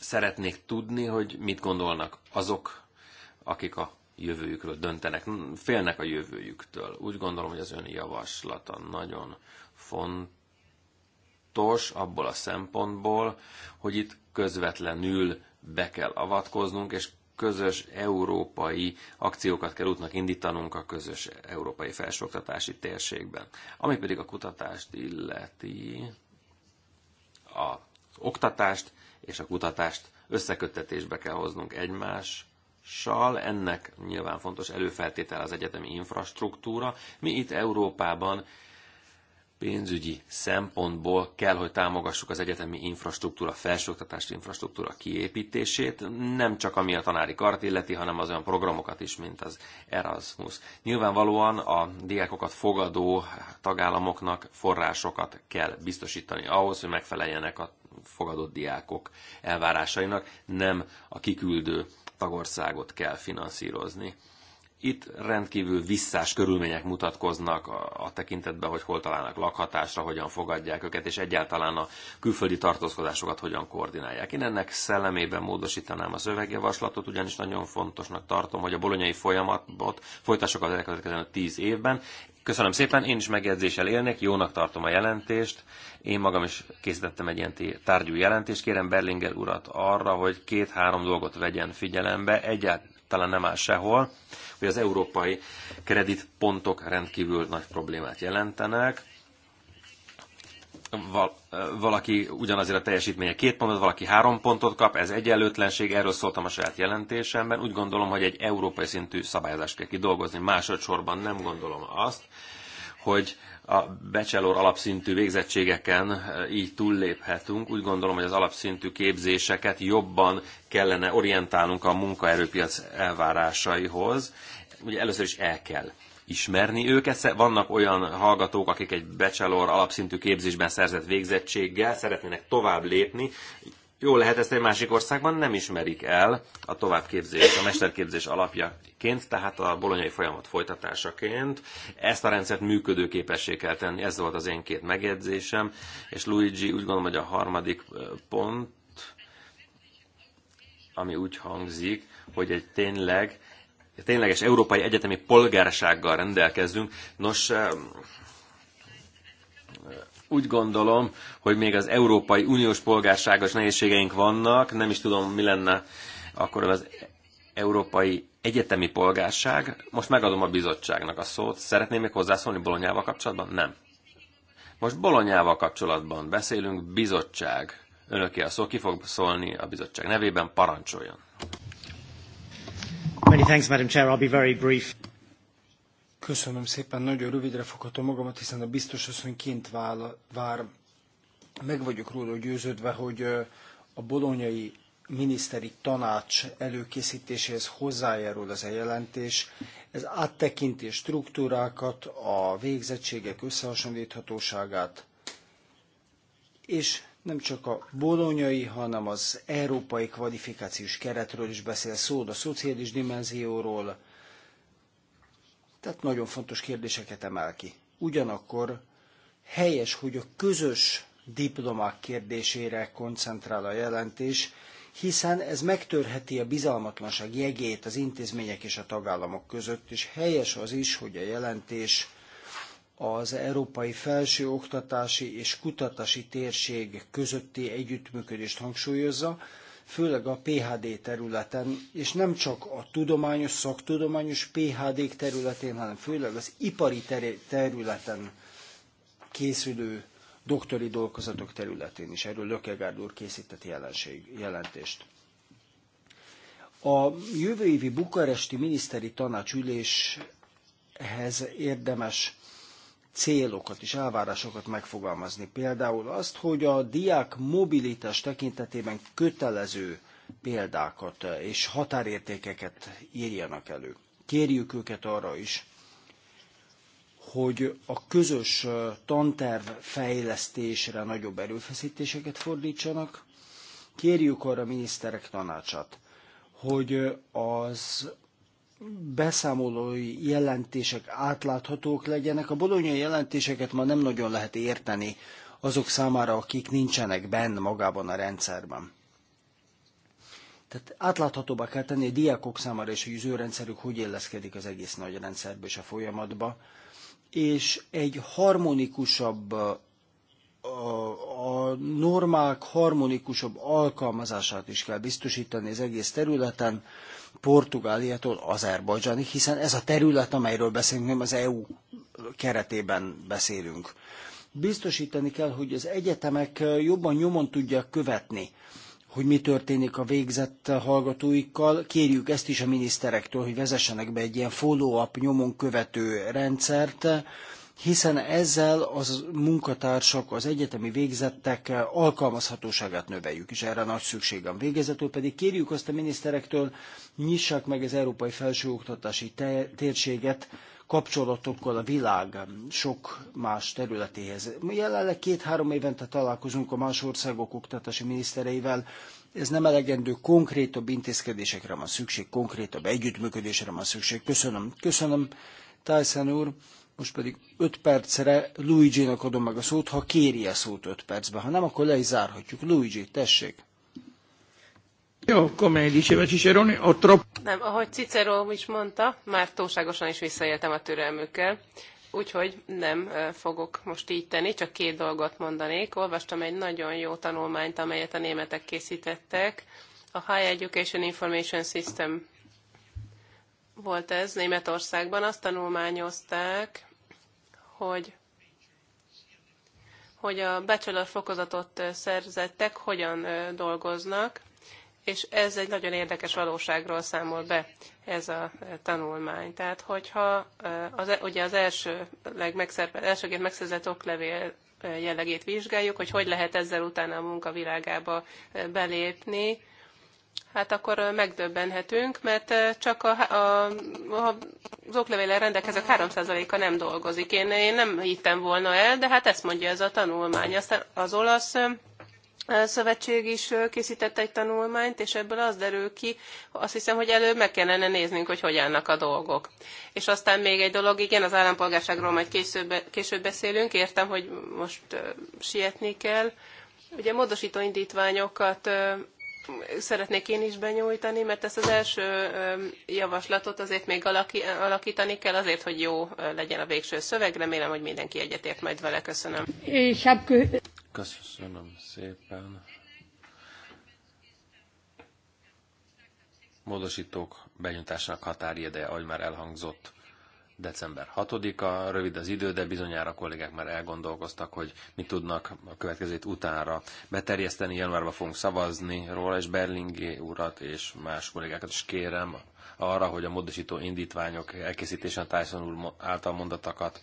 szeretnék tudni, hogy mit gondolnak azok, akik a jövőjükről döntenek, félnek a jövőjüktől. Úgy gondolom, hogy az ön javaslata nagyon fontos abból a szempontból, hogy itt közvetlenül be kell avatkoznunk, és közös európai akciókat kell útnak indítanunk a közös európai felsőoktatási térségben. Ami pedig a kutatást illeti, a oktatást és a kutatást összeköttetésbe kell hoznunk egymás, Sal, ennek nyilván fontos előfeltétel az egyetemi infrastruktúra. Mi itt Európában pénzügyi szempontból kell, hogy támogassuk az egyetemi infrastruktúra, felsőoktatási infrastruktúra kiépítését, nem csak ami a tanári kart illeti, hanem az olyan programokat is, mint az Erasmus. Nyilvánvalóan a diákokat fogadó tagállamoknak forrásokat kell biztosítani ahhoz, hogy megfeleljenek a fogadott diákok elvárásainak, nem a kiküldő tagországot kell finanszírozni itt rendkívül visszás körülmények mutatkoznak a, a tekintetben, hogy hol találnak lakhatásra, hogyan fogadják őket, és egyáltalán a külföldi tartózkodásokat hogyan koordinálják. Én ennek szellemében módosítanám a szövegjavaslatot, ugyanis nagyon fontosnak tartom, hogy a bolonyai folyamatot folytassuk az elkövetkező tíz évben. Köszönöm szépen, én is megjegyzéssel élnék, jónak tartom a jelentést. Én magam is készítettem egy ilyen tárgyú jelentést. Kérem Berlinger urat arra, hogy két-három dolgot vegyen figyelembe. Egyáltalán talán nem áll sehol, hogy az európai kreditpontok rendkívül nagy problémát jelentenek. Val, valaki ugyanazért a teljesítménye két pontot, valaki három pontot kap, ez egyenlőtlenség, erről szóltam a saját jelentésemben. Úgy gondolom, hogy egy európai szintű szabályozást kell kidolgozni. Másodszorban nem gondolom azt, hogy a bachelor alapszintű végzettségeken eh, így túlléphetünk. Úgy gondolom, hogy az alapszintű képzéseket jobban kellene orientálnunk a munkaerőpiac elvárásaihoz. Ugye először is el kell ismerni őket. Vannak olyan hallgatók, akik egy bachelor alapszintű képzésben szerzett végzettséggel szeretnének tovább lépni, jó lehet, ezt egy másik országban nem ismerik el a továbbképzés, a mesterképzés alapjaként, tehát a bolonyai folyamat folytatásaként. Ezt a rendszert működőképessé kell tenni, ez volt az én két megjegyzésem, és Luigi úgy gondolom, hogy a harmadik pont, ami úgy hangzik, hogy egy tényleg, tényleges európai egyetemi polgársággal rendelkezünk. Nos, úgy gondolom, hogy még az Európai Uniós polgárságos nehézségeink vannak, nem is tudom, mi lenne akkor az Európai Egyetemi Polgárság. Most megadom a bizottságnak a szót. Szeretném még hozzászólni Bolonyával kapcsolatban? Nem. Most Bolonyával kapcsolatban beszélünk bizottság. Önöké a szó, ki fog szólni a bizottság nevében, parancsoljon. Many thanks, Madam Chair. I'll be very brief. Köszönöm szépen, nagyon rövidre foghatom magamat, hiszen a biztos asszony kint vár. Meg vagyok róla győződve, hogy a bolonyai miniszteri tanács előkészítéséhez hozzájárul az a jelentés. Ez áttekinti struktúrákat, a végzettségek összehasonlíthatóságát, és nem csak a bolonyai, hanem az európai kvalifikációs keretről is beszél szó, a szociális dimenzióról, tehát nagyon fontos kérdéseket emel ki. Ugyanakkor helyes, hogy a közös diplomák kérdésére koncentrál a jelentés, hiszen ez megtörheti a bizalmatlanság jegét az intézmények és a tagállamok között, és helyes az is, hogy a jelentés az európai felső oktatási és kutatási térség közötti együttműködést hangsúlyozza, főleg a PHD területen, és nem csak a tudományos, szaktudományos PHD területén, hanem főleg az ipari területen készülő doktori dolgozatok területén is. Erről Lökegárd úr készített jelenség, jelentést. A jövő évi bukaresti miniszteri tanácsüléshez érdemes célokat és elvárásokat megfogalmazni. Például azt, hogy a diák mobilitás tekintetében kötelező példákat és határértékeket írjanak elő. Kérjük őket arra is, hogy a közös tanterv fejlesztésre nagyobb erőfeszítéseket fordítsanak. Kérjük arra a miniszterek tanácsát, hogy az beszámolói jelentések átláthatók legyenek. A bolonyai jelentéseket ma nem nagyon lehet érteni azok számára, akik nincsenek benn magában a rendszerben. Tehát átláthatóbbá kell tenni a diákok számára és hogy az ő rendszerük hogy illeszkedik az egész nagy rendszerbe és a folyamatba. És egy harmonikusabb, a, a normák harmonikusabb alkalmazását is kell biztosítani az egész területen, Portugáliától Azerbajdzsánig, hiszen ez a terület, amelyről beszélünk, nem az EU keretében beszélünk. Biztosítani kell, hogy az egyetemek jobban nyomon tudják követni, hogy mi történik a végzett hallgatóikkal. Kérjük ezt is a miniszterektől, hogy vezessenek be egy ilyen follow-up nyomon követő rendszert, hiszen ezzel az munkatársak, az egyetemi végzettek alkalmazhatóságát növeljük, és erre nagy szükség van. Végezetül pedig kérjük azt a miniszterektől, nyissák meg az európai felsőoktatási térséget kapcsolatokkal a világ sok más területéhez. Jelenleg két-három évente találkozunk a más országok oktatási minisztereivel, ez nem elegendő, konkrétabb intézkedésekre van szükség, konkrétabb együttműködésre van szükség. Köszönöm. Köszönöm, Tyson úr. Most pedig öt percre Luigi-nak adom meg a szót, ha kéri a szót öt percben. Ha nem, akkor le is zárhatjuk. Luigi, tessék! Jó, come diceva Cicerone, ho troppo... Nem, ahogy Cicero is mondta, már túlságosan is visszaéltem a türelmükkel, úgyhogy nem fogok most így tenni, csak két dolgot mondanék. Olvastam egy nagyon jó tanulmányt, amelyet a németek készítettek. A High Education Information System volt ez Németországban. Azt tanulmányozták, hogy hogy a bachelor fokozatot szerzettek hogyan dolgoznak, és ez egy nagyon érdekes valóságról számol be ez a e, tanulmány. Tehát, hogyha e, az, e, ugye az első, elsőként megszerzett oklevél jellegét vizsgáljuk, hogy hogy lehet ezzel utána a munkavilágába belépni, hát akkor megdöbbenhetünk, mert csak a, a, a, az oklevéllel rendelkezők 3%-a nem dolgozik. Én, én nem hittem volna el, de hát ezt mondja ez a tanulmány. Aztán az olasz szövetség is készített egy tanulmányt, és ebből az derül ki, azt hiszem, hogy előbb meg kellene néznünk, hogy hogy állnak a dolgok. És aztán még egy dolog, igen, az állampolgárságról majd később, később beszélünk, értem, hogy most sietni kell. Ugye módosító indítványokat szeretnék én is benyújtani, mert ezt az első javaslatot azért még alakítani kell, azért, hogy jó legyen a végső szöveg. Remélem, hogy mindenki egyetért majd vele. Köszönöm. Hát Köszönöm szépen. Módosítók benyújtásának határideje, ahogy már elhangzott, december 6-a. Rövid az idő, de bizonyára a kollégák már elgondolkoztak, hogy mit tudnak a következőt utánra beterjeszteni. Januárban fogunk szavazni róla, és Berlingé urat és más kollégákat is kérem arra, hogy a módosító indítványok elkészítésen Tyson úr által mondatakat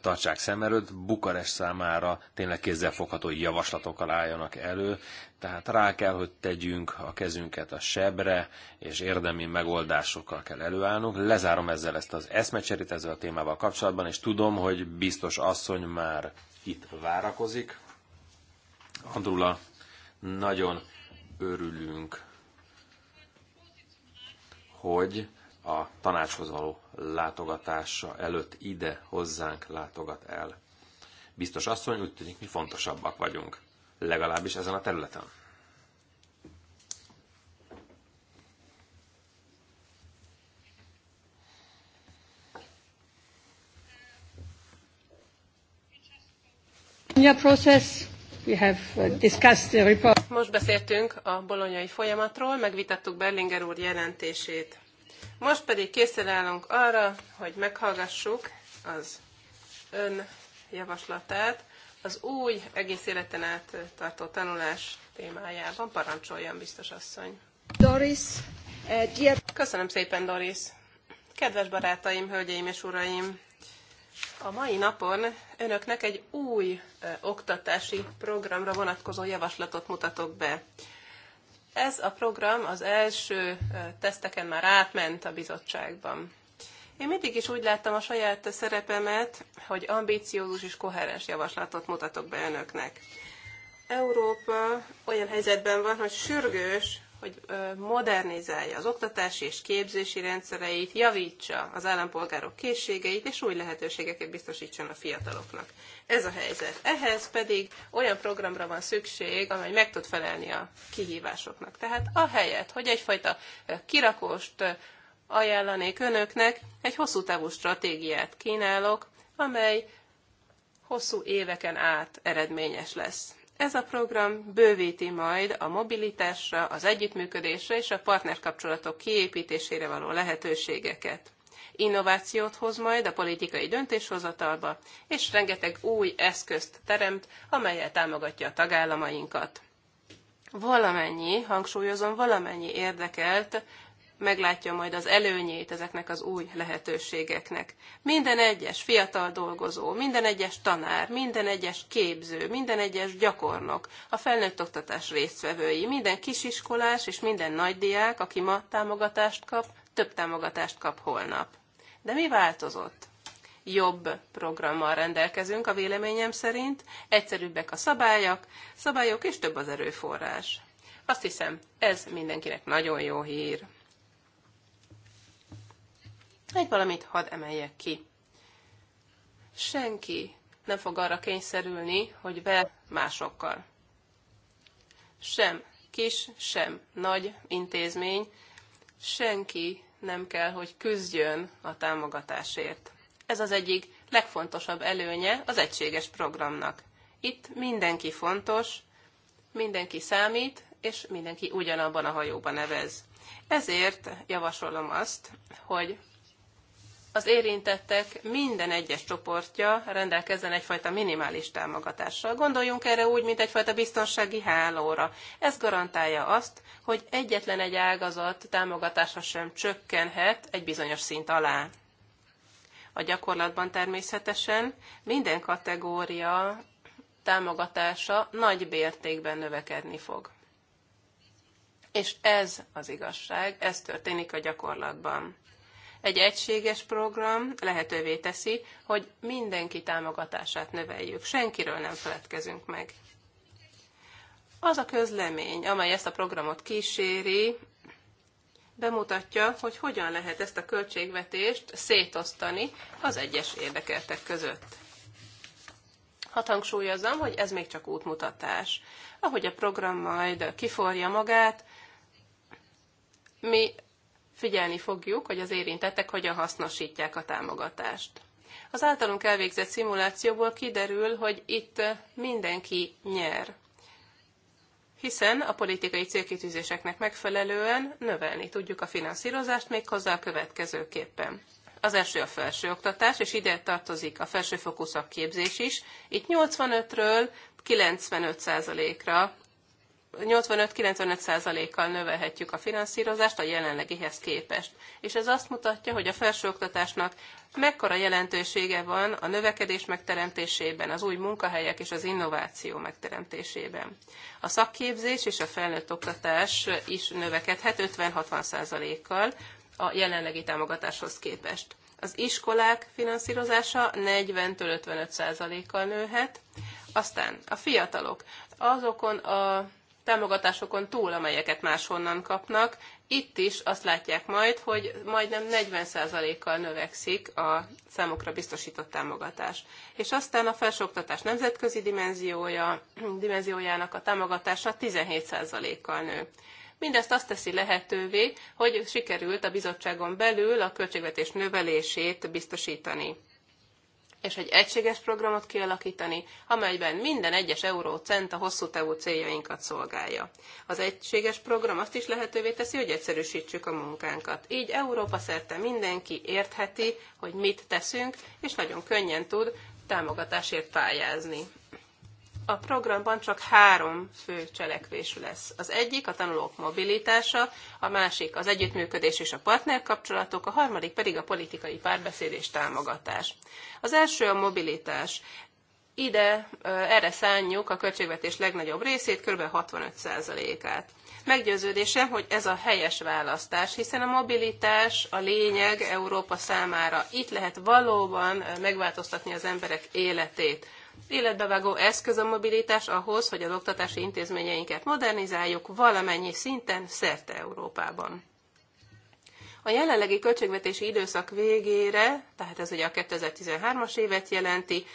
tartsák szem előtt, Bukarest számára tényleg kézzelfogható javaslatokkal álljanak elő, tehát rá kell, hogy tegyünk a kezünket a sebre, és érdemi megoldásokkal kell előállnunk. Lezárom ezzel ezt az eszmecserit, ezzel a témával kapcsolatban, és tudom, hogy biztos asszony már itt várakozik. Andrula, nagyon örülünk, hogy a tanácshoz való látogatása előtt ide hozzánk látogat el. Biztos asszony, úgy tűnik, mi fontosabbak vagyunk. Legalábbis ezen a területen. Uh, Most beszéltünk a bolonyai folyamatról, megvitattuk Berlinger úr jelentését. Most pedig készen állunk arra, hogy meghallgassuk az ön javaslatát az új egész életen át tartó tanulás témájában. Parancsoljon, biztos asszony! Doris, uh, dear... Köszönöm szépen, Doris! Kedves barátaim, hölgyeim és uraim! A mai napon önöknek egy új ö, eh, oktatási programra vonatkozó javaslatot mutatok be. Ez a program az első teszteken már átment a bizottságban. Én mindig is úgy láttam a saját szerepemet, hogy ambíciózus és koherens javaslatot mutatok be önöknek. Európa olyan helyzetben van, hogy sürgős hogy modernizálja az oktatási és képzési rendszereit, javítsa az állampolgárok készségeit, és új lehetőségeket biztosítson a fiataloknak. Ez a helyzet. Ehhez pedig olyan programra van szükség, amely meg tud felelni a kihívásoknak. Tehát a helyet, hogy egyfajta kirakost ajánlanék önöknek, egy hosszú távú stratégiát kínálok, amely hosszú éveken át eredményes lesz. Ez a program bővíti majd a mobilitásra, az együttműködésre és a partnerkapcsolatok kiépítésére való lehetőségeket. Innovációt hoz majd a politikai döntéshozatalba, és rengeteg új eszközt teremt, amelyel támogatja a tagállamainkat. Valamennyi, hangsúlyozom, valamennyi érdekelt meglátja majd az előnyét ezeknek az új lehetőségeknek. Minden egyes fiatal dolgozó, minden egyes tanár, minden egyes képző, minden egyes gyakornok, a felnőtt oktatás résztvevői, minden kisiskolás és minden nagydiák, aki ma támogatást kap, több támogatást kap holnap. De mi változott? jobb programmal rendelkezünk a véleményem szerint, egyszerűbbek a szabályok, szabályok és több az erőforrás. Azt hiszem, ez mindenkinek nagyon jó hír. Egy valamit hadd emeljek ki. Senki nem fog arra kényszerülni, hogy be másokkal. Sem kis, sem nagy intézmény, senki nem kell, hogy küzdjön a támogatásért. Ez az egyik legfontosabb előnye az egységes programnak. Itt mindenki fontos, mindenki számít, és mindenki ugyanabban a hajóban nevez. Ezért javasolom azt, hogy az érintettek minden egyes csoportja rendelkezzen egyfajta minimális támogatással. Gondoljunk erre úgy, mint egyfajta biztonsági hálóra. Ez garantálja azt, hogy egyetlen egy ágazat támogatása sem csökkenhet egy bizonyos szint alá. A gyakorlatban természetesen minden kategória támogatása nagy bértékben növekedni fog. És ez az igazság, ez történik a gyakorlatban. Egy egységes program lehetővé teszi, hogy mindenki támogatását növeljük, senkiről nem feledkezünk meg. Az a közlemény, amely ezt a programot kíséri, bemutatja, hogy hogyan lehet ezt a költségvetést szétosztani az egyes érdekeltek között. Hadd hangsúlyozom, hogy ez még csak útmutatás. Ahogy a program majd kiforja magát, mi figyelni fogjuk, hogy az érintettek hogyan hasznosítják a támogatást. Az általunk elvégzett szimulációból kiderül, hogy itt mindenki nyer hiszen a politikai célkitűzéseknek megfelelően növelni tudjuk a finanszírozást hozzá a következőképpen. Az első a felsőoktatás, és ide tartozik a felsőfokú szakképzés is. Itt 85-ről 95%-ra 85-95%-kal növelhetjük a finanszírozást a jelenlegihez képest. És ez azt mutatja, hogy a felsőoktatásnak mekkora jelentősége van a növekedés megteremtésében, az új munkahelyek és az innováció megteremtésében. A szakképzés és a felnőtt oktatás is növekedhet 50-60%-kal a jelenlegi támogatáshoz képest. Az iskolák finanszírozása 40-55%-kal nőhet, aztán a fiatalok azokon a támogatásokon túl, amelyeket máshonnan kapnak. Itt is azt látják majd, hogy majdnem 40%-kal növekszik a számokra biztosított támogatás. És aztán a felsőoktatás nemzetközi dimenziója, dimenziójának a támogatása 17%-kal nő. Mindezt azt teszi lehetővé, hogy sikerült a bizottságon belül a költségvetés növelését biztosítani és egy egységes programot kialakítani, amelyben minden egyes euró cent a hosszú távú céljainkat szolgálja. Az egységes program azt is lehetővé teszi, hogy egyszerűsítsük a munkánkat. Így Európa szerte mindenki értheti, hogy mit teszünk, és nagyon könnyen tud támogatásért pályázni a programban csak három fő cselekvésű lesz. Az egyik a tanulók mobilitása, a másik az együttműködés és a partnerkapcsolatok, a harmadik pedig a politikai párbeszéd és támogatás. Az első a mobilitás. Ide, erre szánjuk a költségvetés legnagyobb részét, kb. 65%-át. Meggyőződésem, hogy ez a helyes választás, hiszen a mobilitás a lényeg Európa számára. Itt lehet valóban megváltoztatni az emberek életét életbevágó eszköz a mobilitás ahhoz, hogy az oktatási intézményeinket modernizáljuk valamennyi szinten szerte Európában. A jelenlegi költségvetési időszak végére, tehát ez ugye a 2013-as évet jelenti,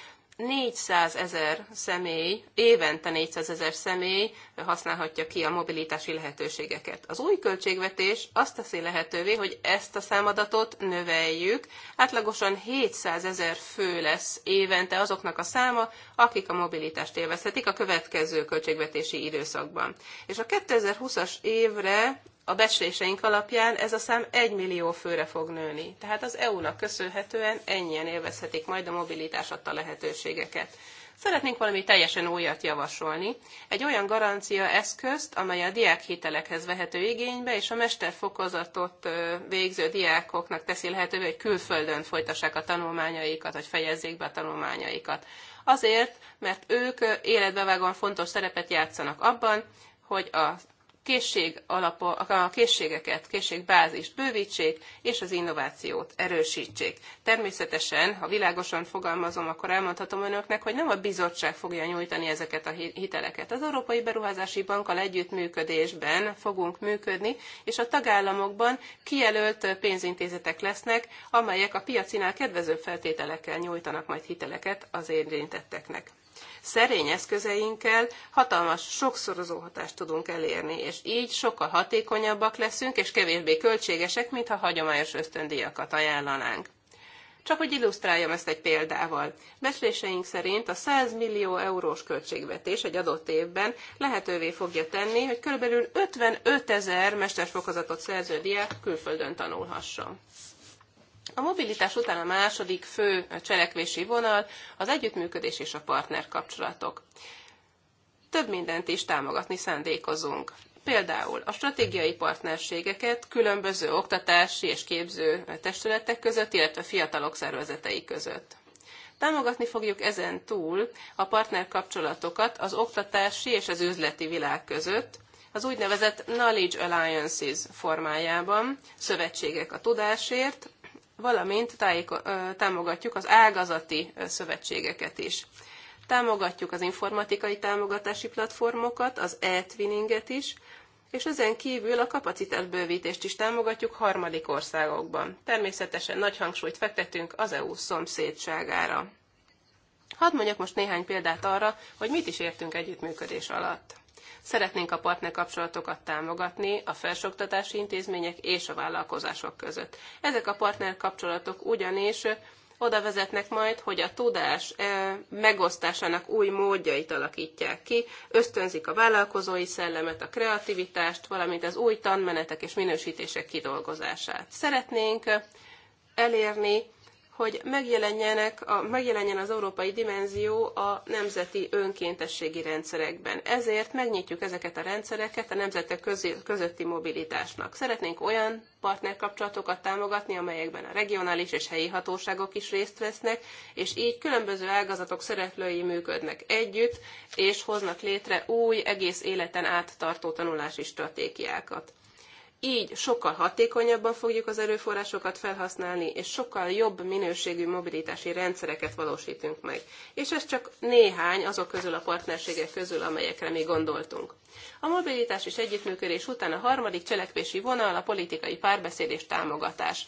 400 ezer személy, évente 400 ezer személy használhatja ki a mobilitási lehetőségeket. Az új költségvetés azt teszi lehetővé, hogy ezt a számadatot növeljük. Átlagosan 700 ezer fő lesz évente azoknak a száma, akik a mobilitást élvezhetik a következő költségvetési időszakban. És a 2020-as évre a becsléseink alapján ez a szám 1 millió főre fog nőni. Tehát az EU-nak köszönhetően ennyien élvezhetik majd a mobilitás adta lehetőségeket. Szeretnénk valami teljesen újat javasolni, egy olyan garancia eszközt, amely a diákhitelekhez vehető igénybe, és a mesterfokozatot végző diákoknak teszi lehetővé, hogy külföldön folytassák a tanulmányaikat, vagy fejezzék be a tanulmányaikat. Azért, mert ők életbevágóan fontos szerepet játszanak abban, hogy a készség alapo, a készségeket, készségbázist bővítsék, és az innovációt erősítsék. Természetesen, ha világosan fogalmazom, akkor elmondhatom önöknek, hogy nem a bizottság fogja nyújtani ezeket a hiteleket. Az Európai Beruházási Bankkal együttműködésben fogunk működni, és a tagállamokban kijelölt pénzintézetek lesznek, amelyek a piacinál kedvezőbb feltételekkel nyújtanak majd hiteleket az érintetteknek szerény eszközeinkkel hatalmas sokszorozó hatást tudunk elérni, és így sokkal hatékonyabbak leszünk, és kevésbé költségesek, mintha hagyományos ösztöndíjakat ajánlanánk. Csak hogy illusztráljam ezt egy példával. Becsléseink szerint a 100 millió eurós költségvetés egy adott évben lehetővé fogja tenni, hogy körülbelül 55 ezer mesterfokozatot szerző diák külföldön tanulhasson. A mobilitás után a második fő cselekvési vonal az együttműködés és a partnerkapcsolatok. Több mindent is támogatni szándékozunk. Például a stratégiai partnerségeket különböző oktatási és képző testületek között, illetve fiatalok szervezetei között. Támogatni fogjuk ezen túl a partnerkapcsolatokat az oktatási és az üzleti világ között, az úgynevezett Knowledge Alliances formájában, szövetségek a tudásért, valamint tájéko- támogatjuk az ágazati szövetségeket is. Támogatjuk az informatikai támogatási platformokat, az e-twinninget is, és ezen kívül a kapacitásbővítést is támogatjuk harmadik országokban. Természetesen nagy hangsúlyt fektetünk az EU szomszédságára. Hadd mondjak most néhány példát arra, hogy mit is értünk együttműködés alatt. Szeretnénk a partnerkapcsolatokat támogatni a felsőoktatási intézmények és a vállalkozások között. Ezek a partnerkapcsolatok ugyanis oda vezetnek majd, hogy a tudás eh, megosztásának új módjait alakítják ki, ösztönzik a vállalkozói szellemet, a kreativitást, valamint az új tanmenetek és minősítések kidolgozását. Szeretnénk eh, elérni hogy megjelenjenek a, megjelenjen az európai dimenzió a nemzeti önkéntességi rendszerekben. Ezért megnyitjuk ezeket a rendszereket a nemzetek közötti mobilitásnak. Szeretnénk olyan partnerkapcsolatokat támogatni, amelyekben a regionális és helyi hatóságok is részt vesznek, és így különböző ágazatok szereplői működnek együtt, és hoznak létre új, egész életen át tartó tanulási stratégiákat így sokkal hatékonyabban fogjuk az erőforrásokat felhasználni, és sokkal jobb minőségű mobilitási rendszereket valósítunk meg. És ez csak néhány azok közül a partnerségek közül, amelyekre mi gondoltunk. A mobilitás és együttműködés után a harmadik cselekvési vonal a politikai párbeszéd és támogatás.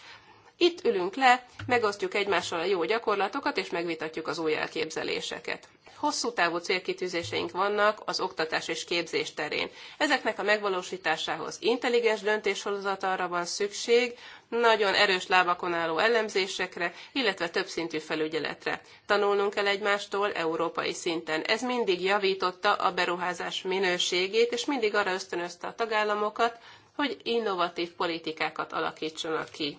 Itt ülünk le, megosztjuk egymással a jó gyakorlatokat, és megvitatjuk az új elképzeléseket hosszú távú célkitűzéseink vannak az oktatás és képzés terén. Ezeknek a megvalósításához intelligens döntéshozatalra van szükség, nagyon erős lábakon álló elemzésekre, illetve többszintű felügyeletre. Tanulnunk kell egymástól európai szinten. Ez mindig javította a beruházás minőségét, és mindig arra ösztönözte a tagállamokat, hogy innovatív politikákat alakítsanak ki.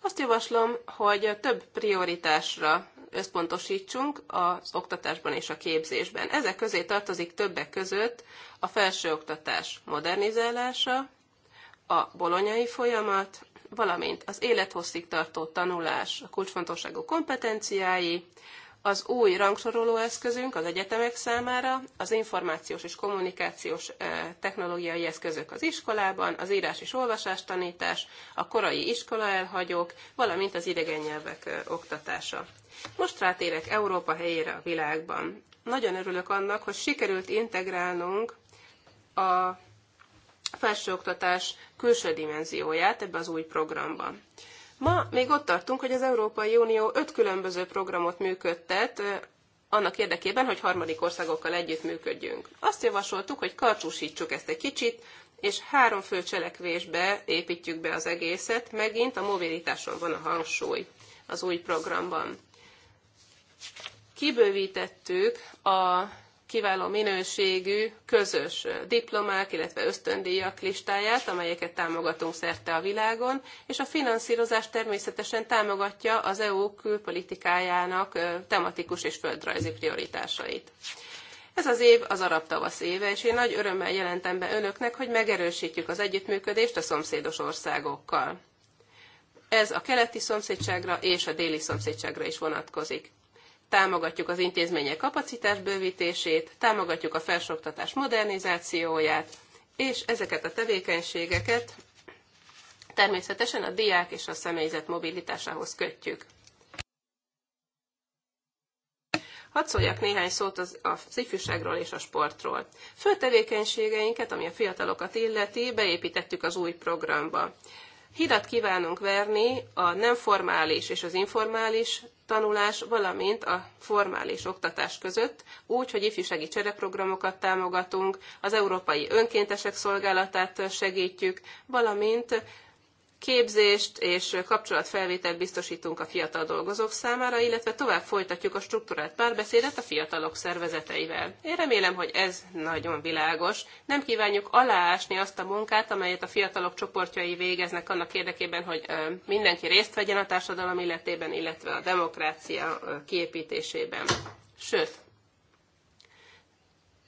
Azt javaslom, hogy több prioritásra összpontosítsunk az oktatásban és a képzésben. Ezek közé tartozik többek között a felsőoktatás modernizálása, a bolonyai folyamat, valamint az élethosszig tartó tanulás, a kulcsfontosságú kompetenciái, az új rangsoroló eszközünk az egyetemek számára, az információs és kommunikációs technológiai eszközök az iskolában, az írás és olvasás tanítás, a korai iskola elhagyók, valamint az idegen nyelvek oktatása. Most rátérek Európa helyére a világban. Nagyon örülök annak, hogy sikerült integrálnunk a felsőoktatás külső dimenzióját ebbe az új programba. Ma még ott tartunk, hogy az Európai Unió öt különböző programot működtet, annak érdekében, hogy harmadik országokkal együttműködjünk. Azt javasoltuk, hogy karcsúsítsuk ezt egy kicsit, és három fő cselekvésbe építjük be az egészet, megint a mobilitáson van a hangsúly az új programban. Kibővítettük a kiváló minőségű közös diplomák, illetve ösztöndíjak listáját, amelyeket támogatunk szerte a világon, és a finanszírozás természetesen támogatja az EU külpolitikájának tematikus és földrajzi prioritásait. Ez az év az arab tavasz éve, és én nagy örömmel jelentem be önöknek, hogy megerősítjük az együttműködést a szomszédos országokkal. Ez a keleti szomszédságra és a déli szomszédságra is vonatkozik támogatjuk az intézmények kapacitás bővítését, támogatjuk a felsőoktatás modernizációját, és ezeket a tevékenységeket természetesen a diák és a személyzet mobilitásához kötjük. Hadd szóljak néhány szót az, az ifjúságról és a sportról. Fő tevékenységeinket, ami a fiatalokat illeti, beépítettük az új programba. Hidat kívánunk verni a nem formális és az informális tanulás, valamint a formális oktatás között, úgy, hogy ifjúsági csereprogramokat támogatunk, az európai önkéntesek szolgálatát segítjük, valamint Képzést és kapcsolatfelvételt biztosítunk a fiatal dolgozók számára, illetve tovább folytatjuk a struktúrált párbeszédet a fiatalok szervezeteivel. Én remélem, hogy ez nagyon világos. Nem kívánjuk aláásni azt a munkát, amelyet a fiatalok csoportjai végeznek annak érdekében, hogy mindenki részt vegyen a társadalom életében, illetve a demokrácia kiépítésében. Sőt,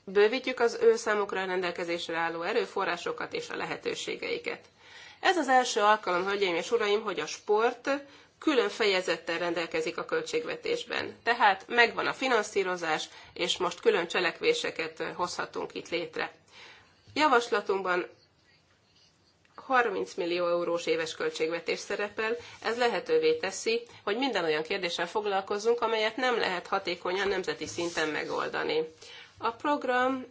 bővítjük az ő számukra rendelkezésre álló erőforrásokat és a lehetőségeiket. Ez az első alkalom, hölgyeim és uraim, hogy a sport külön fejezettel rendelkezik a költségvetésben. Tehát megvan a finanszírozás, és most külön cselekvéseket hozhatunk itt létre. Javaslatunkban 30 millió eurós éves költségvetés szerepel, ez lehetővé teszi, hogy minden olyan kérdéssel foglalkozzunk, amelyet nem lehet hatékonyan nemzeti szinten megoldani. A program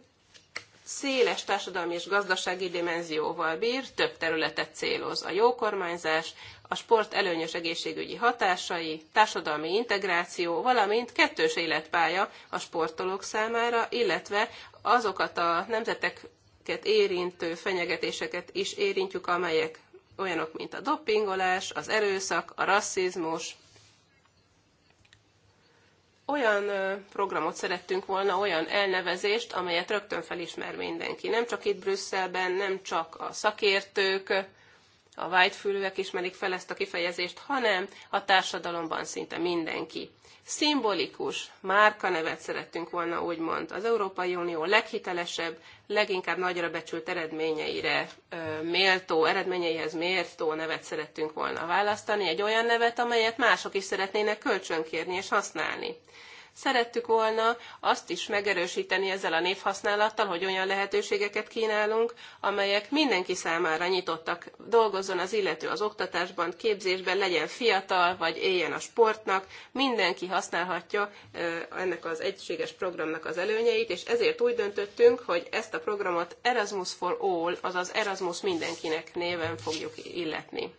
széles társadalmi és gazdasági dimenzióval bír, több területet céloz. A jó kormányzás, a sport előnyös egészségügyi hatásai, társadalmi integráció, valamint kettős életpálya a sportolók számára, illetve azokat a nemzeteket érintő fenyegetéseket is érintjük, amelyek olyanok, mint a dopingolás, az erőszak, a rasszizmus, olyan programot szerettünk volna, olyan elnevezést, amelyet rögtön felismer mindenki. Nem csak itt Brüsszelben, nem csak a szakértők, a vágyfülőek ismerik fel ezt a kifejezést, hanem a társadalomban szinte mindenki szimbolikus márkanevet szerettünk volna úgymond az Európai Unió leghitelesebb, leginkább nagyra becsült eredményeire méltó, eredményeihez méltó nevet szerettünk volna választani, egy olyan nevet, amelyet mások is szeretnének kölcsönkérni és használni. Szerettük volna azt is megerősíteni ezzel a névhasználattal, hogy olyan lehetőségeket kínálunk, amelyek mindenki számára nyitottak. Dolgozzon az illető az oktatásban, képzésben, legyen fiatal, vagy éljen a sportnak. Mindenki használhatja ennek az egységes programnak az előnyeit, és ezért úgy döntöttünk, hogy ezt a programot Erasmus for All, azaz Erasmus mindenkinek néven fogjuk illetni.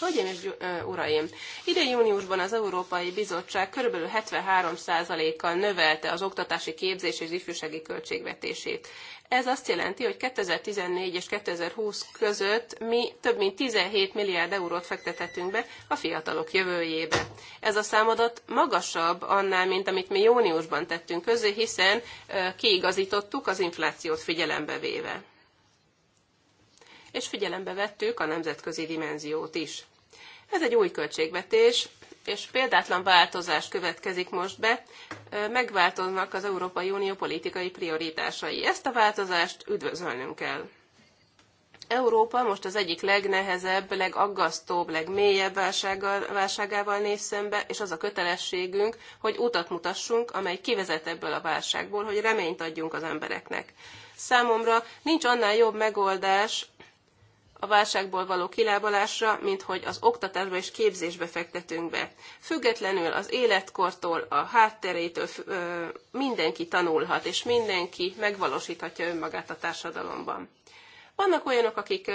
Hölgyeim és uraim, idén júniusban az Európai Bizottság kb. 73%-kal növelte az oktatási képzés és ifjúsági költségvetését. Ez azt jelenti, hogy 2014 és 2020 között mi több mint 17 milliárd eurót fektetettünk be a fiatalok jövőjébe. Ez a számadat magasabb annál, mint amit mi júniusban tettünk közé, hiszen kiigazítottuk az inflációt figyelembe véve és figyelembe vettük a nemzetközi dimenziót is. Ez egy új költségvetés, és példátlan változás következik most be, megváltoznak az Európai Unió politikai prioritásai. Ezt a változást üdvözölnünk kell. Európa most az egyik legnehezebb, legaggasztóbb, legmélyebb válságával néz szembe, és az a kötelességünk, hogy utat mutassunk, amely kivezet ebből a válságból, hogy reményt adjunk az embereknek. Számomra nincs annál jobb megoldás, a válságból való kilábalásra, mint hogy az oktatásba és képzésbe fektetünk be. Függetlenül az életkortól, a hátterétől mindenki tanulhat, és mindenki megvalósíthatja önmagát a társadalomban. Vannak olyanok, akik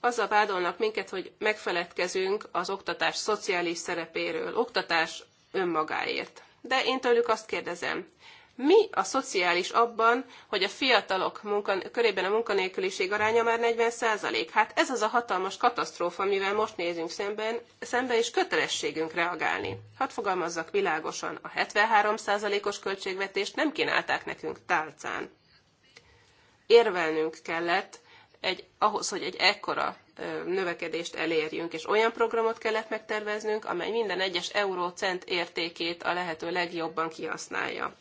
azzal vádolnak minket, hogy megfeledkezünk az oktatás szociális szerepéről, oktatás önmagáért. De én tőlük azt kérdezem, mi a szociális abban, hogy a fiatalok munkan- körében a munkanélküliség aránya már 40%? Hát ez az a hatalmas katasztrófa, amivel most nézünk szemben, szembe, és kötelességünk reagálni. Hadd fogalmazzak világosan, a 73%-os költségvetést nem kínálták nekünk tálcán. Érvelnünk kellett egy, ahhoz, hogy egy ekkora növekedést elérjünk, és olyan programot kellett megterveznünk, amely minden egyes euró cent értékét a lehető legjobban kihasználja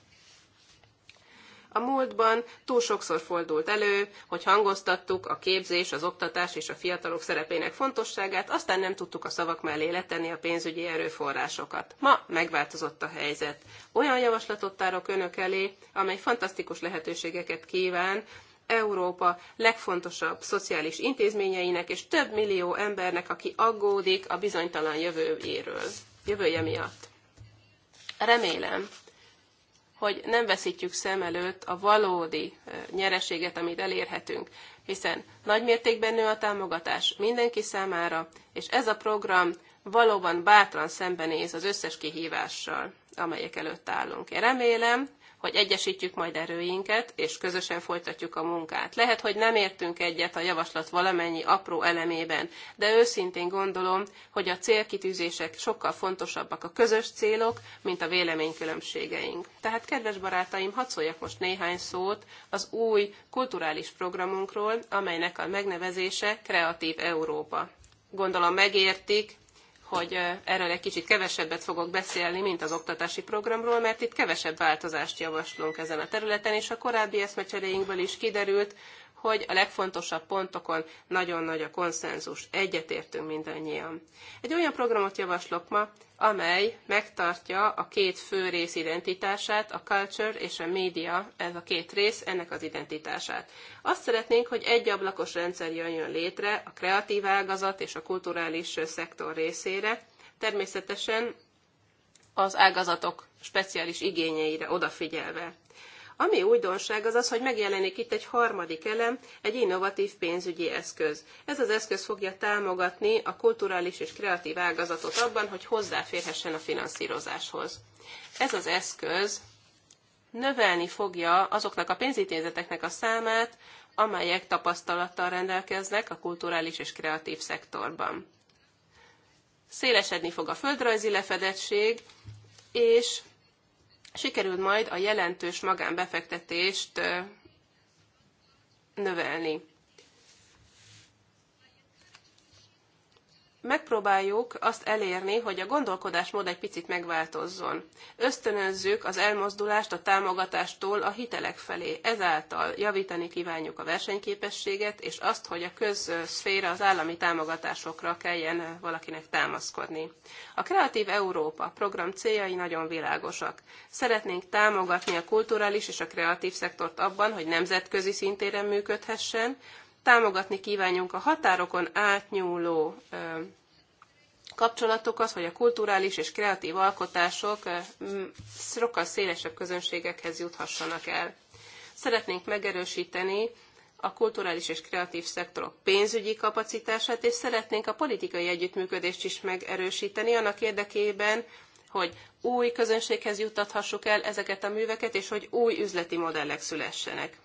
a múltban túl sokszor fordult elő, hogy hangoztattuk a képzés, az oktatás és a fiatalok szerepének fontosságát, aztán nem tudtuk a szavak mellé letenni a pénzügyi erőforrásokat. Ma megváltozott a helyzet. Olyan javaslatot tárok önök elé, amely fantasztikus lehetőségeket kíván, Európa legfontosabb szociális intézményeinek és több millió embernek, aki aggódik a bizonytalan jövőjéről, jövője miatt. Remélem, hogy nem veszítjük szem előtt a valódi nyereséget, amit elérhetünk, hiszen nagymértékben nő a támogatás mindenki számára, és ez a program valóban bátran szembenéz az összes kihívással, amelyek előtt állunk. Én remélem, hogy egyesítjük majd erőinket, és közösen folytatjuk a munkát. Lehet, hogy nem értünk egyet a javaslat valamennyi apró elemében, de őszintén gondolom, hogy a célkitűzések sokkal fontosabbak a közös célok, mint a véleménykülönbségeink. Tehát, kedves barátaim, hadd szóljak most néhány szót az új kulturális programunkról, amelynek a megnevezése Kreatív Európa. Gondolom megértik, hogy erről egy kicsit kevesebbet fogok beszélni, mint az oktatási programról, mert itt kevesebb változást javaslunk ezen a területen, és a korábbi eszmecseréinkből is kiderült, hogy a legfontosabb pontokon nagyon nagy a konszenzus, egyetértünk mindannyian. Egy olyan programot javaslok ma, amely megtartja a két fő rész identitását, a culture és a média, ez a két rész, ennek az identitását. Azt szeretnénk, hogy egy ablakos rendszer jönjön létre a kreatív ágazat és a kulturális szektor részére, természetesen az ágazatok speciális igényeire odafigyelve. Ami újdonság az az, hogy megjelenik itt egy harmadik elem, egy innovatív pénzügyi eszköz. Ez az eszköz fogja támogatni a kulturális és kreatív ágazatot abban, hogy hozzáférhessen a finanszírozáshoz. Ez az eszköz növelni fogja azoknak a pénzintézeteknek a számát, amelyek tapasztalattal rendelkeznek a kulturális és kreatív szektorban. Szélesedni fog a földrajzi lefedettség, és Sikerült majd a jelentős magánbefektetést növelni. megpróbáljuk azt elérni, hogy a gondolkodásmód egy picit megváltozzon. Ösztönözzük az elmozdulást a támogatástól a hitelek felé. Ezáltal javítani kívánjuk a versenyképességet, és azt, hogy a közszféra az állami támogatásokra kelljen valakinek támaszkodni. A Kreatív Európa program céljai nagyon világosak. Szeretnénk támogatni a kulturális és a kreatív szektort abban, hogy nemzetközi szintéren működhessen, támogatni kívánjunk a határokon átnyúló kapcsolatokat, hogy a kulturális és kreatív alkotások sokkal szélesebb közönségekhez juthassanak el. Szeretnénk megerősíteni a kulturális és kreatív szektorok pénzügyi kapacitását, és szeretnénk a politikai együttműködést is megerősíteni annak érdekében, hogy új közönséghez juttathassuk el ezeket a műveket, és hogy új üzleti modellek szülessenek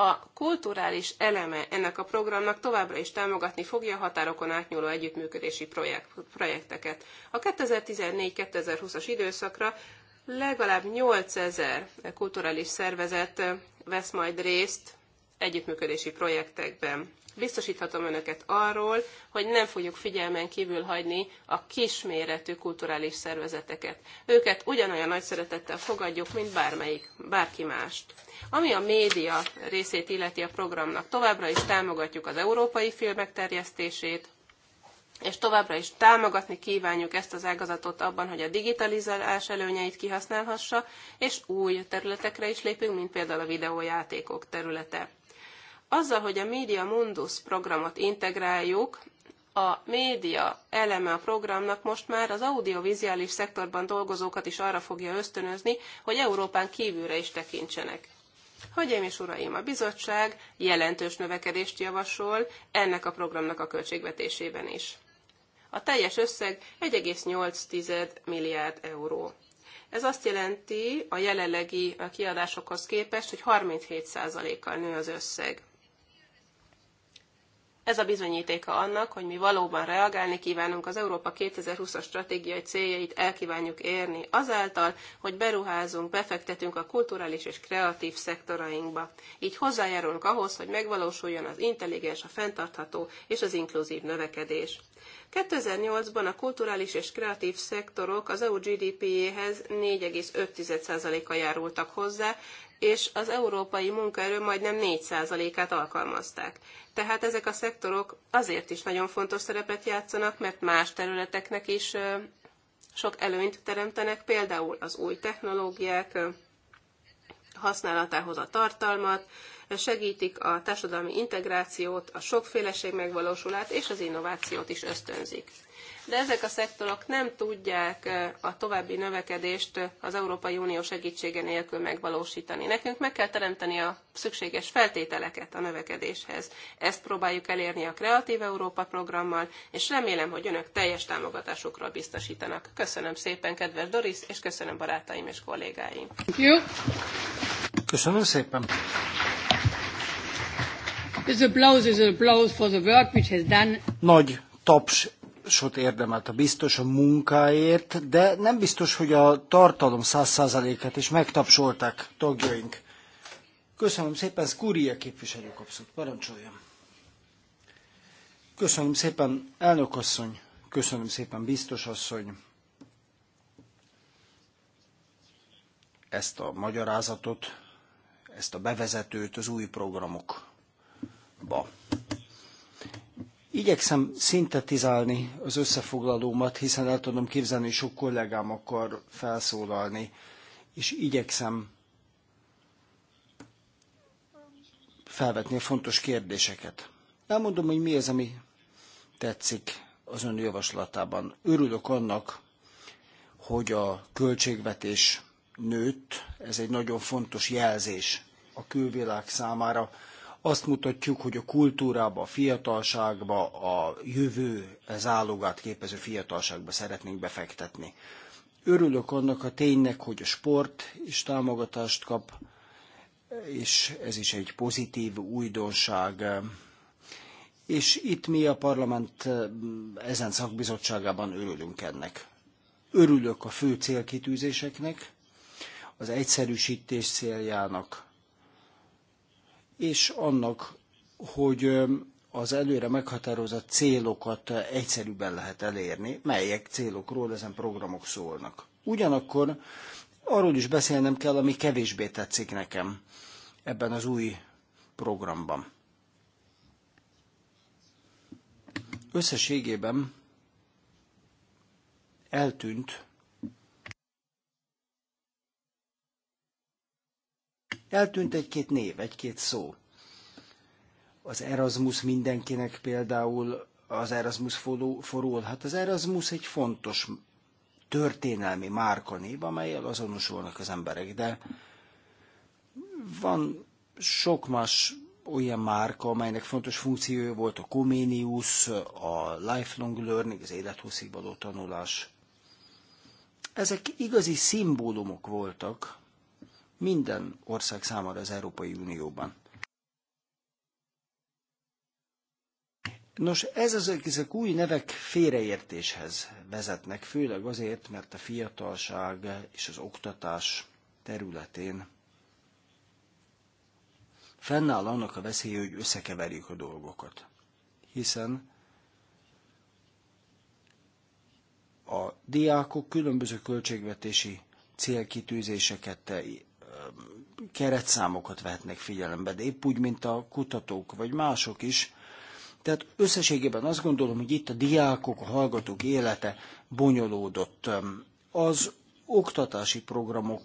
a kulturális eleme ennek a programnak továbbra is támogatni fogja a határokon átnyúló együttműködési projekt, projekteket. A 2014-2020-as időszakra legalább 8000 kulturális szervezet vesz majd részt együttműködési projektekben. Biztosíthatom önöket arról, hogy nem fogjuk figyelmen kívül hagyni a kisméretű kulturális szervezeteket. Őket ugyanolyan nagy szeretettel fogadjuk, mint bármelyik, bárki mást. Ami a média részét illeti a programnak, továbbra is támogatjuk az európai filmek terjesztését, és továbbra is támogatni kívánjuk ezt az ágazatot abban, hogy a digitalizálás előnyeit kihasználhassa, és új területekre is lépünk, mint például a videójátékok területe. Azzal, hogy a Media Mundus programot integráljuk, a média eleme a programnak most már az audiovizuális szektorban dolgozókat is arra fogja ösztönözni, hogy Európán kívülre is tekintsenek. Hölgyeim és uraim, a bizottság jelentős növekedést javasol ennek a programnak a költségvetésében is. A teljes összeg 1,8 milliárd euró. Ez azt jelenti a jelenlegi kiadásokhoz képest, hogy 37%-kal nő az összeg. Ez a bizonyítéka annak, hogy mi valóban reagálni kívánunk az Európa 2020-as stratégiai céljait, elkívánjuk érni azáltal, hogy beruházunk, befektetünk a kulturális és kreatív szektorainkba. Így hozzájárulunk ahhoz, hogy megvalósuljon az intelligens, a fenntartható és az inkluzív növekedés. 2008-ban a kulturális és kreatív szektorok az EU GDP-jéhez 4,5%-a járultak hozzá, és az európai munkaerő majdnem 4%-át alkalmazták. Tehát ezek a szektorok azért is nagyon fontos szerepet játszanak, mert más területeknek is sok előnyt teremtenek, például az új technológiák használatához a tartalmat, segítik a társadalmi integrációt, a sokféleség megvalósulát és az innovációt is ösztönzik. De ezek a szektorok nem tudják a további növekedést az Európai Unió segítsége nélkül megvalósítani. Nekünk meg kell teremteni a szükséges feltételeket a növekedéshez. Ezt próbáljuk elérni a Kreatív Európa programmal, és remélem, hogy önök teljes támogatásukra biztosítanak. Köszönöm szépen, kedves Doris, és köszönöm barátaim és kollégáim. Köszönöm szépen. This applause is an applause for the work which has done. Nagy taps sot érdemelt a biztos a munkáért, de nem biztos, hogy a tartalom száz százalékát is megtapsolták tagjaink. Köszönöm szépen, Skúria képviselő kapszott. Parancsoljam. Köszönöm szépen, elnök asszony. Köszönöm szépen, biztos asszony. Ezt a magyarázatot, ezt a bevezetőt az új programok ba. Igyekszem szintetizálni az összefoglalómat, hiszen el tudom képzelni, hogy sok kollégám akar felszólalni, és igyekszem felvetni a fontos kérdéseket. Elmondom, hogy mi az, ami tetszik az ön javaslatában. Örülök annak, hogy a költségvetés nőtt, ez egy nagyon fontos jelzés a külvilág számára, azt mutatjuk, hogy a kultúrába, a fiatalságba, a jövő zálogát képező fiatalságba szeretnénk befektetni. Örülök annak a ténynek, hogy a sport is támogatást kap, és ez is egy pozitív újdonság. És itt mi a parlament ezen szakbizottságában örülünk ennek. Örülök a fő célkitűzéseknek, az egyszerűsítés céljának, és annak, hogy az előre meghatározott célokat egyszerűbben lehet elérni, melyek célokról ezen programok szólnak. Ugyanakkor arról is beszélnem kell, ami kevésbé tetszik nekem ebben az új programban. Összességében eltűnt Eltűnt egy-két név, egy-két szó. Az Erasmus mindenkinek például az Erasmus forul. Hát az Erasmus egy fontos történelmi márkanév, amelyel azonosulnak az emberek, de van sok más olyan márka, amelynek fontos funkciója volt a Comenius, a lifelong learning, az élethosszígvaló tanulás. Ezek igazi szimbólumok voltak, minden ország számára az Európai Unióban. Nos, ez az, ezek új nevek félreértéshez vezetnek, főleg azért, mert a fiatalság és az oktatás területén fennáll annak a veszélye, hogy összekeverjük a dolgokat. Hiszen a diákok különböző költségvetési célkitűzéseket keretszámokat vehetnek figyelembe, de épp úgy, mint a kutatók vagy mások is. Tehát összességében azt gondolom, hogy itt a diákok, a hallgatók élete bonyolódott. Az oktatási programok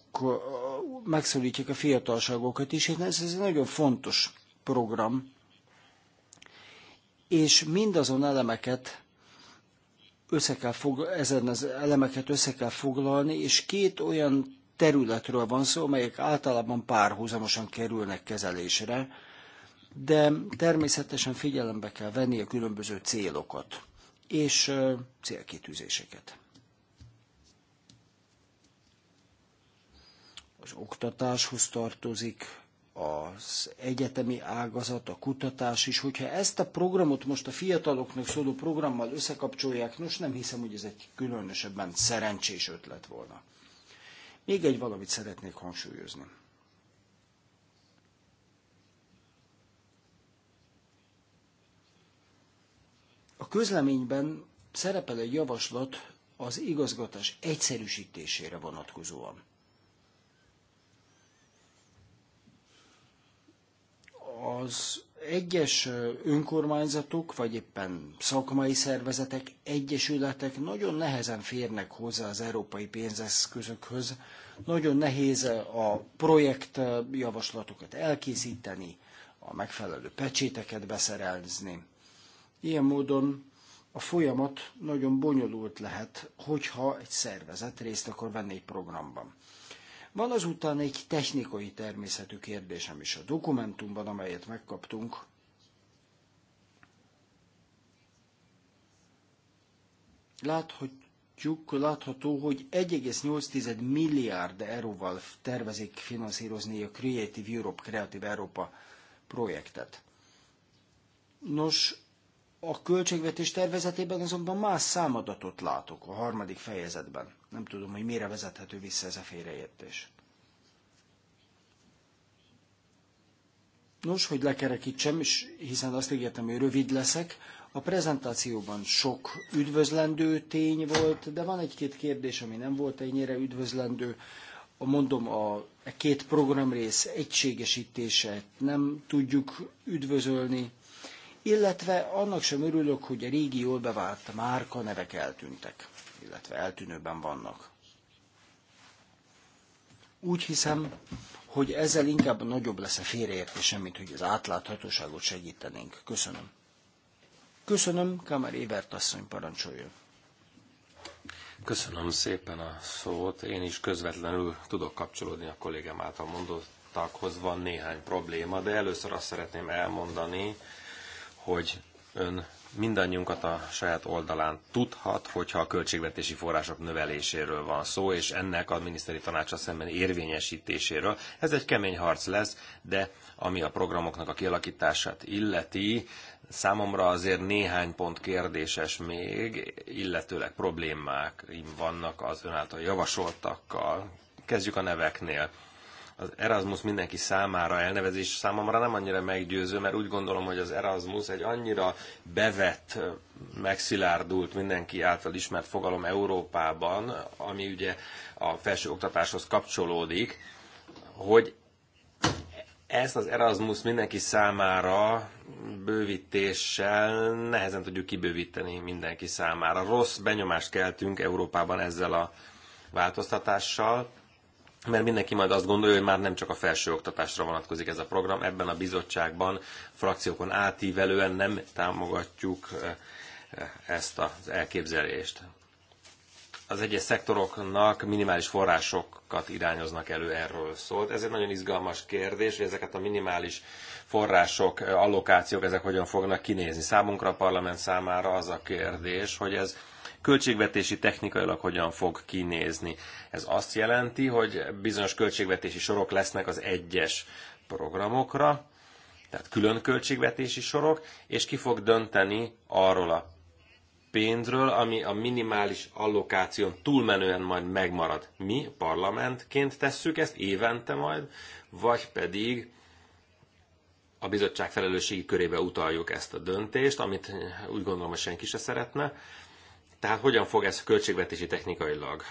megszólítják a fiatalságokat is, ez, ez egy nagyon fontos program, és mindazon elemeket össze kell fog, ezen az elemeket össze kell foglalni, és két olyan területről van szó, amelyek általában párhuzamosan kerülnek kezelésre, de természetesen figyelembe kell venni a különböző célokat és célkitűzéseket. Az oktatáshoz tartozik, az egyetemi ágazat, a kutatás is. Hogyha ezt a programot most a fiataloknak szóló programmal összekapcsolják, nos nem hiszem, hogy ez egy különösebben szerencsés ötlet volna. Még egy valamit szeretnék hangsúlyozni. A közleményben szerepel egy javaslat az igazgatás egyszerűsítésére vonatkozóan. Az egyes önkormányzatok, vagy éppen szakmai szervezetek, egyesületek nagyon nehezen férnek hozzá az európai pénzeszközökhöz. Nagyon nehéz a projekt javaslatokat elkészíteni, a megfelelő pecséteket beszerelni. Ilyen módon a folyamat nagyon bonyolult lehet, hogyha egy szervezet részt akar venni egy programban. Van azután egy technikai természetű kérdésem is a dokumentumban, amelyet megkaptunk. Láthatjuk, látható, hogy 1,8 milliárd euróval tervezik finanszírozni a Creative Europe, Kreatív Európa projektet. Nos, a költségvetés tervezetében azonban más számadatot látok a harmadik fejezetben. Nem tudom, hogy mire vezethető vissza ez a félreértés. Nos, hogy lekerekítsem, és hiszen azt ígértem, hogy rövid leszek, a prezentációban sok üdvözlendő tény volt, de van egy-két kérdés, ami nem volt ennyire üdvözlendő. A mondom, a két programrész egységesítése nem tudjuk üdvözölni illetve annak sem örülök, hogy a régi jól bevált márka nevek eltűntek, illetve eltűnőben vannak. Úgy hiszem, hogy ezzel inkább nagyobb lesz a félreértésem, mint hogy az átláthatóságot segítenénk. Köszönöm. Köszönöm, Kamer Ébert asszony parancsoljon. Köszönöm szépen a szót. Én is közvetlenül tudok kapcsolódni a kollégám által mondottakhoz. Van néhány probléma, de először azt szeretném elmondani, hogy ön mindannyiunkat a saját oldalán tudhat, hogyha a költségvetési források növeléséről van szó, és ennek a miniszteri tanácsa szemben érvényesítéséről. Ez egy kemény harc lesz, de ami a programoknak a kialakítását illeti, számomra azért néhány pont kérdéses még, illetőleg problémák vannak az ön által javasoltakkal. Kezdjük a neveknél. Az Erasmus mindenki számára elnevezés számomra nem annyira meggyőző, mert úgy gondolom, hogy az Erasmus egy annyira bevett, megszilárdult, mindenki által ismert fogalom Európában, ami ugye a felső oktatáshoz kapcsolódik, hogy ezt az Erasmus mindenki számára bővítéssel nehezen tudjuk kibővíteni mindenki számára. Rossz benyomást keltünk Európában ezzel a változtatással, mert mindenki majd azt gondolja, hogy már nem csak a felsőoktatásra vonatkozik ez a program, ebben a bizottságban frakciókon átívelően nem támogatjuk eh, eh, ezt az elképzelést. Az egyes szektoroknak minimális forrásokat irányoznak elő, erről szólt. Ez egy nagyon izgalmas kérdés, hogy ezeket a minimális források, eh, allokációk, ezek hogyan fognak kinézni. Számunkra a parlament számára az a kérdés, hogy ez költségvetési technikailag hogyan fog kinézni. Ez azt jelenti, hogy bizonyos költségvetési sorok lesznek az egyes programokra, tehát külön költségvetési sorok, és ki fog dönteni arról a pénzről, ami a minimális allokáción túlmenően majd megmarad. Mi parlamentként tesszük ezt évente majd, vagy pedig a bizottság felelősségi körébe utaljuk ezt a döntést, amit úgy gondolom, hogy senki se szeretne. Tehát hogyan fog ez költségvetési technikailag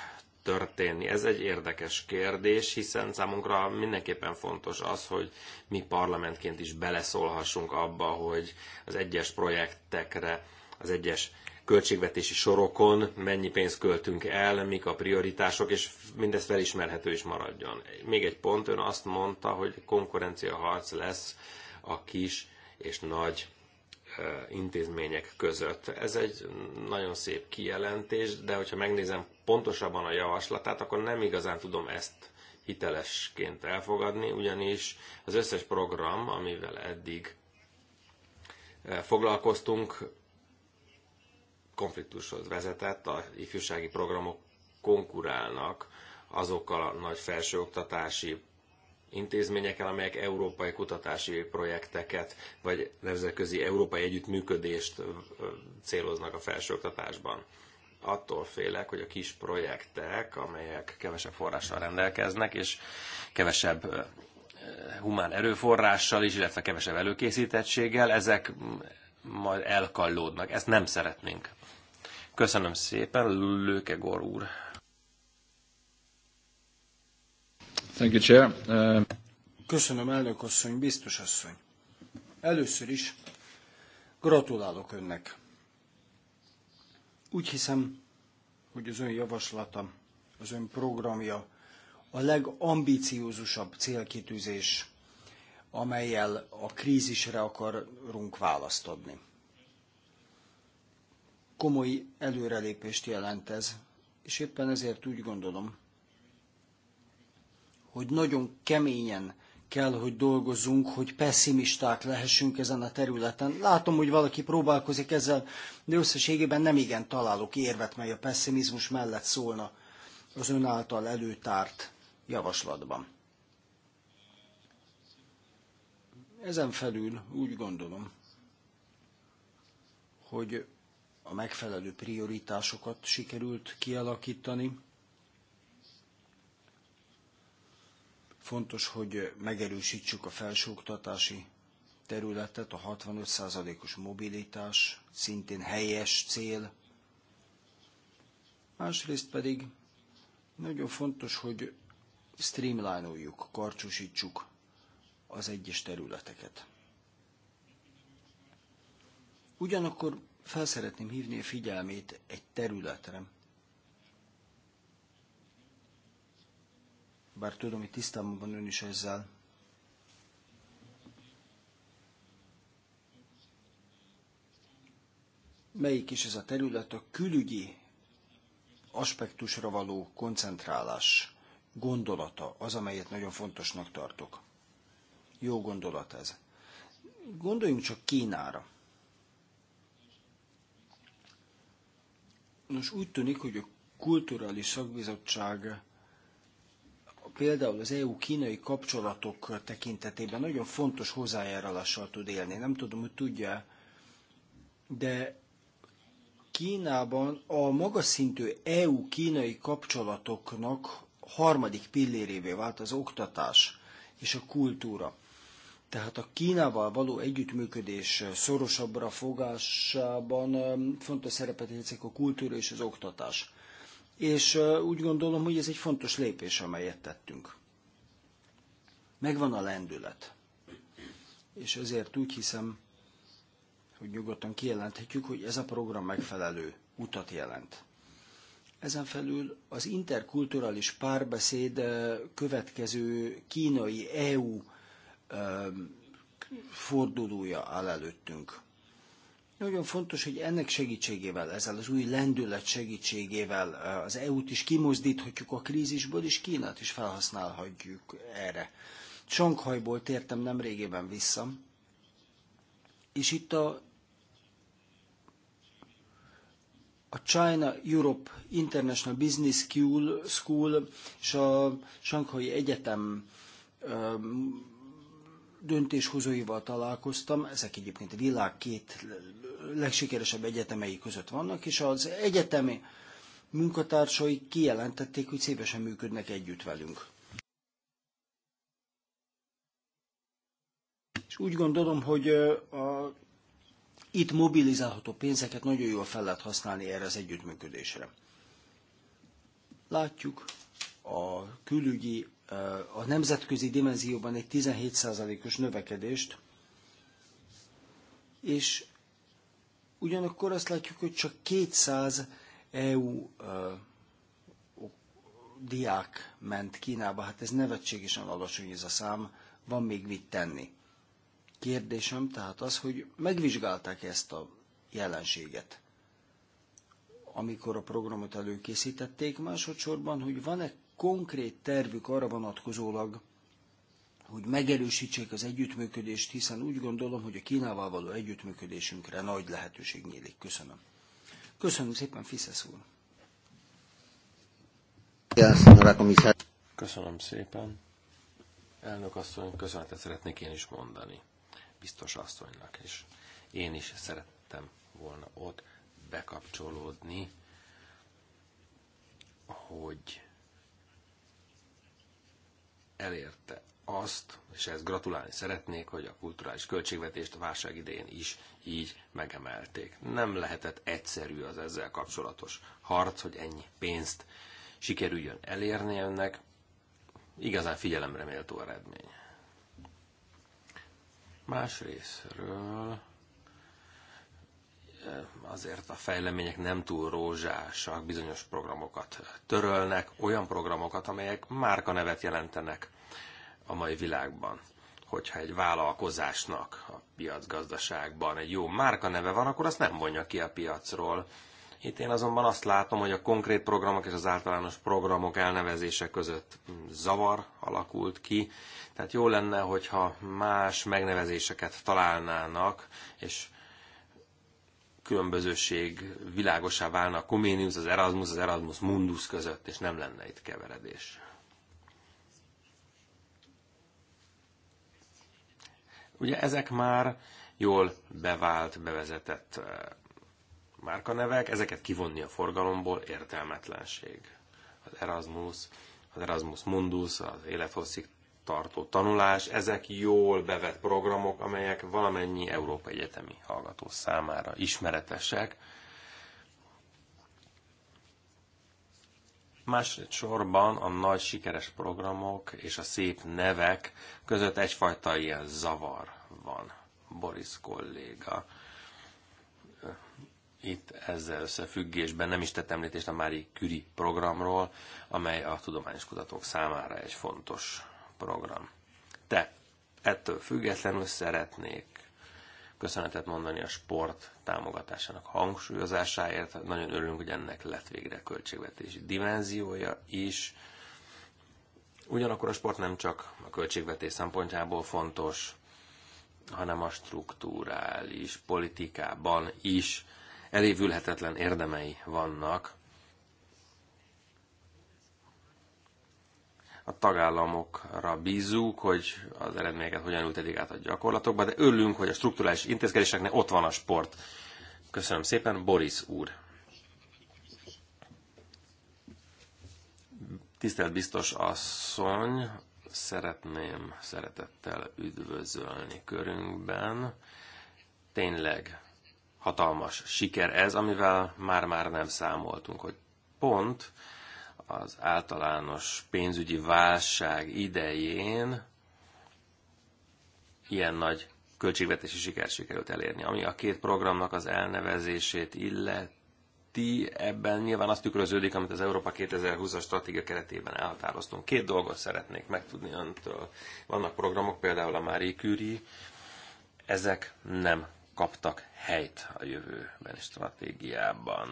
történni? Ez egy érdekes kérdés, hiszen számunkra mindenképpen fontos az, hogy mi parlamentként is beleszólhassunk abba, hogy az egyes projektekre, az egyes költségvetési sorokon mennyi pénzt költünk el, mik a prioritások, és mindez felismerhető is maradjon. Még egy pont, ön azt mondta, hogy konkurencia harc lesz a kis és nagy intézmények között. Ez egy nagyon szép kijelentés, de hogyha megnézem pontosabban a javaslatát, akkor nem igazán tudom ezt hitelesként elfogadni, ugyanis az összes program, amivel eddig foglalkoztunk, konfliktushoz vezetett, a ifjúsági programok konkurálnak azokkal a nagy felsőoktatási intézményekkel, amelyek európai kutatási projekteket vagy nemzetközi európai együttműködést céloznak a felsőoktatásban. Attól félek, hogy a kis projektek, amelyek kevesebb forrással rendelkeznek, és kevesebb humán erőforrással is, illetve kevesebb előkészítettséggel, ezek majd elkallódnak. Ezt nem szeretnénk. Köszönöm szépen, Lőkegor úr Thank you, Chair. Uh... Köszönöm, elnök asszony, biztos asszony. Először is gratulálok önnek. Úgy hiszem, hogy az ön javaslata, az ön programja a legambiciózusabb célkitűzés, amelyel a krízisre akarunk választ adni. Komoly előrelépést jelent ez, és éppen ezért úgy gondolom, hogy nagyon keményen kell, hogy dolgozzunk, hogy pessimisták lehessünk ezen a területen. Látom, hogy valaki próbálkozik ezzel, de összességében nem igen találok érvet, mely a pessimizmus mellett szólna az ön által előtárt javaslatban. Ezen felül úgy gondolom, hogy a megfelelő prioritásokat sikerült kialakítani, Fontos, hogy megerősítsük a felsőoktatási területet, a 65%-os mobilitás szintén helyes cél. Másrészt pedig nagyon fontos, hogy streamlinoljuk, karcsúsítsuk az egyes területeket. Ugyanakkor fel szeretném hívni a figyelmét egy területre, bár tudom, hogy tisztában van ön is ezzel. Melyik is ez a terület a külügyi aspektusra való koncentrálás gondolata, az, amelyet nagyon fontosnak tartok. Jó gondolat ez. Gondoljunk csak Kínára. Nos, úgy tűnik, hogy a Kulturális Szakbizottság például az EU-kínai kapcsolatok tekintetében nagyon fontos hozzájárulással tud élni. Nem tudom, hogy tudja, de Kínában a magas szintű EU-kínai kapcsolatoknak harmadik pillérévé vált az oktatás és a kultúra. Tehát a Kínával való együttműködés szorosabbra fogásában um, fontos szerepet játszik a kultúra és az oktatás és úgy gondolom, hogy ez egy fontos lépés, amelyet tettünk. Megvan a lendület. És ezért úgy hiszem, hogy nyugodtan kijelenthetjük, hogy ez a program megfelelő utat jelent. Ezen felül az interkulturális párbeszéd következő kínai EU fordulója áll előttünk. Nagyon fontos, hogy ennek segítségével, ezzel az új lendület segítségével eh, az EU-t is kimozdíthatjuk a krízisből, és Kínát is felhasználhatjuk erre. Sankhajból tértem nem régében vissza, és itt a a China Europe International Business School és a Sankhai Egyetem eh, döntéshozóival találkoztam, ezek egyébként a világ két legsikeresebb egyetemei között vannak, és az egyetemi munkatársai kijelentették, hogy szívesen működnek együtt velünk. És úgy gondolom, hogy a itt mobilizálható pénzeket nagyon jól fel lehet használni erre az együttműködésre. Látjuk a külügyi, a nemzetközi dimenzióban egy 17%-os növekedést, és Ugyanakkor azt látjuk, hogy csak 200 EU diák ment Kínába, hát ez nevetségesen alacsony ez a szám, van még mit tenni. Kérdésem tehát az, hogy megvizsgálták -e ezt a jelenséget, amikor a programot előkészítették, másodszorban, hogy van-e konkrét tervük arra vonatkozólag, hogy megerősítsék az együttműködést, hiszen úgy gondolom, hogy a Kínával való együttműködésünkre nagy lehetőség nyílik. Köszönöm. Köszönöm szépen, Fiszesz úr. Köszönöm szépen. Elnök asszony, köszönetet szeretnék én is mondani. Biztos asszonynak, is. én is szerettem volna ott bekapcsolódni, hogy elérte azt, és ezt gratulálni szeretnék, hogy a kulturális költségvetést a válság idején is így megemelték. Nem lehetett egyszerű az ezzel kapcsolatos harc, hogy ennyi pénzt sikerüljön elérni ennek. Igazán figyelemre méltó eredmény. Más részről eh, azért a fejlemények nem túl rózsásak, bizonyos programokat törölnek, olyan programokat, amelyek márka nevet jelentenek a mai világban. Hogyha egy vállalkozásnak a piacgazdaságban egy jó márka neve van, akkor azt nem vonja ki a piacról. Itt én azonban azt látom, hogy a konkrét programok és az általános programok elnevezése között zavar alakult ki. Tehát jó lenne, hogyha más megnevezéseket találnának, és különbözőség világosá válna a Comenius, az Erasmus, az Erasmus Mundus között, és nem lenne itt keveredés. Ugye ezek már jól bevált, bevezetett eh, márkanevek, ezeket kivonni a forgalomból értelmetlenség. Az Erasmus, az Erasmus Mundus, az élethosszig tartó tanulás, ezek jól bevett programok, amelyek valamennyi európai egyetemi hallgató számára ismeretesek, Másodszorban a nagy sikeres programok és a szép nevek között egyfajta ilyen zavar van, Boris kolléga. Itt ezzel összefüggésben nem is tett említést a Mári Küri programról, amely a tudományos kutatók számára egy fontos program. te ettől függetlenül szeretnék köszönetet mondani a sport támogatásának hangsúlyozásáért. Nagyon örülünk, hogy ennek lett végre költségvetési dimenziója is. Ugyanakkor a sport nem csak a költségvetés szempontjából fontos, hanem a struktúrális politikában is elévülhetetlen érdemei vannak a tagállamokra bízunk, hogy az eredményeket hogyan ültetik át a gyakorlatokba, de örülünk, hogy a strukturális intézkedéseknek ott van a sport. Köszönöm szépen, Boris úr. Tisztelt biztos asszony, szeretném szeretettel üdvözölni körünkben. Tényleg hatalmas siker ez, amivel már-már nem számoltunk, hogy pont az általános pénzügyi válság idején ilyen nagy költségvetési sikert sikerült elérni. Ami a két programnak az elnevezését illeti, ebben nyilván azt tükröződik, amit az Európa 2020-as stratégia keretében elhatároztunk. Két dolgot szeretnék megtudni öntől. Vannak programok, például a Marie Curie, ezek nem kaptak helyt a jövőbeni stratégiában.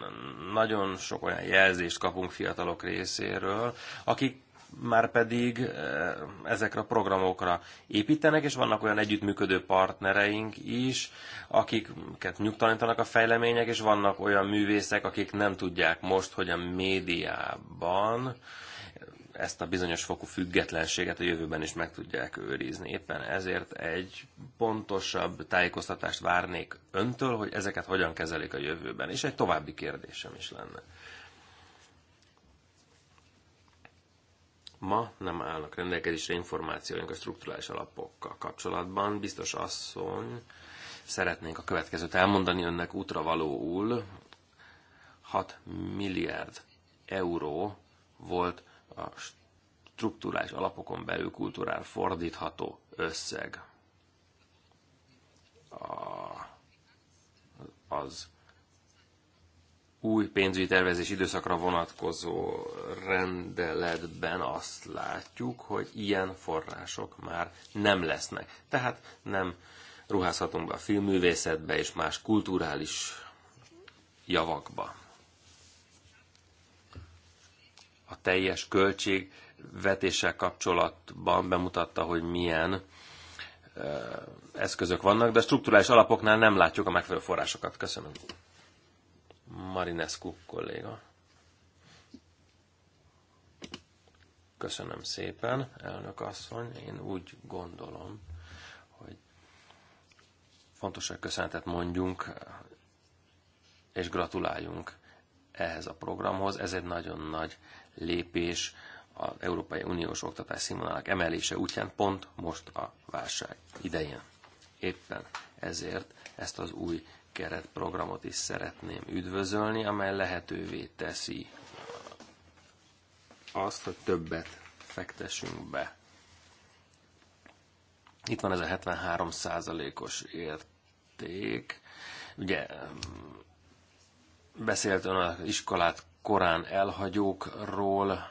Nagyon sok olyan jelzést kapunk fiatalok részéről, akik már pedig eh, ezekre a programokra építenek, és vannak olyan együttműködő partnereink is, akiket nyugtalanítanak a fejlemények, és vannak olyan művészek, akik nem tudják most, hogy a médiában ezt a bizonyos fokú függetlenséget a jövőben is meg tudják őrizni. Éppen ezért egy pontosabb tájékoztatást várnék öntől, hogy ezeket hogyan kezelik a jövőben. És egy további kérdésem is lenne. Ma nem állnak rendelkezésre információink a strukturális alapokkal kapcsolatban. Biztos asszony, szeretnénk a következőt elmondani önnek útra valóul. 6 milliárd euró volt a struktúrális alapokon belül kultúrára fordítható összeg. A, az új pénzügyi tervezés időszakra vonatkozó rendeletben azt látjuk, hogy ilyen források már nem lesznek. Tehát nem ruházhatunk be a filmművészetbe és más kulturális javakba. a teljes költségvetéssel kapcsolatban bemutatta, hogy milyen eszközök vannak, de struktúrális alapoknál nem látjuk a megfelelő forrásokat. Köszönöm. Marinescu kolléga. Köszönöm szépen, elnök asszony. Én úgy gondolom, hogy fontos, hogy köszönetet mondjunk, és gratuláljunk ehhez a programhoz. Ez egy nagyon nagy lépés az Európai Uniós oktatás színvonalak emelése útján pont most a válság idején. Éppen ezért ezt az új keretprogramot is szeretném üdvözölni, amely lehetővé teszi azt, hogy többet fektessünk be. Itt van ez a 73 os érték. Ugye mm, beszélt ön az iskolát korán elhagyókról.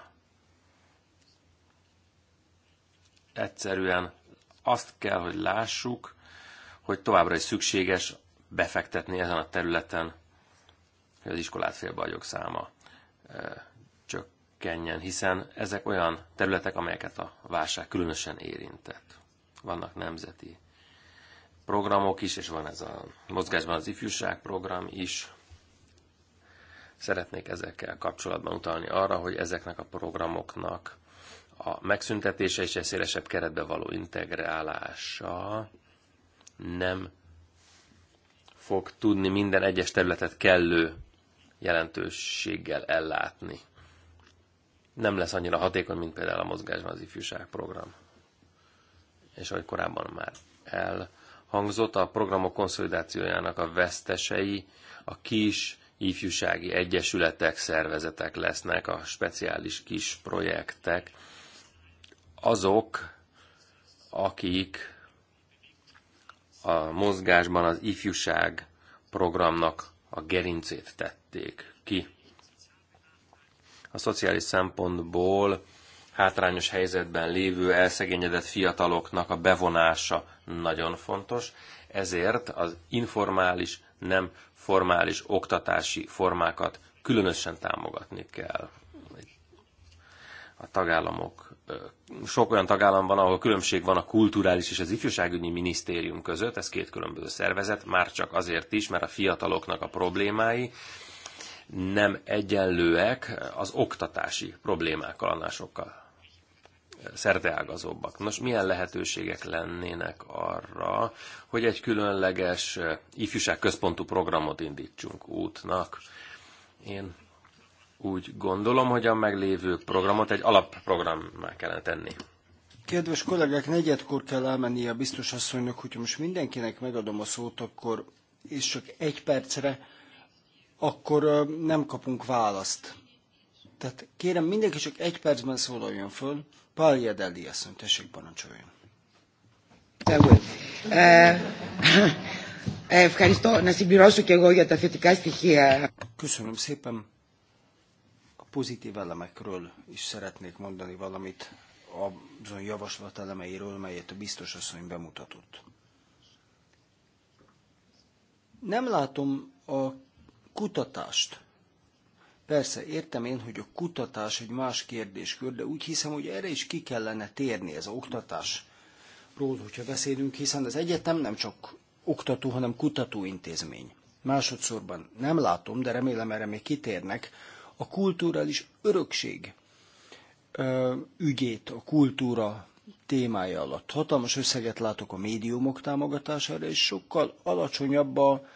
Egyszerűen azt kell, hogy lássuk, hogy továbbra is szükséges befektetni ezen a területen, hogy az iskolát félbehagyók száma csökkenjen, hiszen ezek olyan területek, amelyeket a válság különösen érintett. Vannak nemzeti programok is, és van ez a mozgásban az ifjúság program is. Szeretnék ezekkel kapcsolatban utalni arra, hogy ezeknek a programoknak a megszüntetése és egy szélesebb keretbe való integrálása nem fog tudni minden egyes területet kellő jelentőséggel ellátni. Nem lesz annyira hatékony, mint például a mozgásban az ifjúság program. És ahogy korábban már elhangzott, a programok konszolidációjának a vesztesei a kis ifjúsági egyesületek, szervezetek lesznek, a speciális kis projektek, azok, akik a mozgásban az ifjúság programnak a gerincét tették ki. A szociális szempontból hátrányos helyzetben lévő elszegényedett fiataloknak a bevonása nagyon fontos, ezért az informális, nem formális oktatási formákat különösen támogatni kell. A tagállamok, sok olyan tagállam van, ahol különbség van a kulturális és az ifjúságügyi minisztérium között, ez két különböző szervezet, már csak azért is, mert a fiataloknak a problémái nem egyenlőek az oktatási problémákkal, annál sokkal szerteágazóbbak. Nos, milyen lehetőségek lennének arra, hogy egy különleges eh, ifjúságközpontú programot indítsunk útnak? Én úgy gondolom, hogy a meglévő programot egy alapprogrammá kellene tenni. Kedves kollégák, negyedkor kell elmennie a biztos asszonynak, hogyha most mindenkinek megadom a szót, akkor és csak egy percre, akkor eh, nem kapunk választ. Tehát kérem, mindenki csak egy percben szólaljon föl, Paljadelli asszony, tessék parancsoljon. Ευχαριστώ. Να συμπληρώσω και εγώ για τα θετικά στοιχεία. Köszönöm szépen. A pozitív elemekről is szeretnék mondani valamit azon javaslat elemeiről, melyet a biztos asszony bemutatott. Nem látom a kutatást, Persze, értem én, hogy a kutatás egy más kérdéskör, de úgy hiszem, hogy erre is ki kellene térni ez a oktatás. Ról, hogyha beszélünk, hiszen az egyetem nem csak oktató, hanem kutató intézmény. Másodszorban nem látom, de remélem erre még kitérnek, a kulturális örökség ö, ügyét, a kultúra témája alatt. Hatalmas összeget látok a médiumok támogatására, és sokkal alacsonyabb a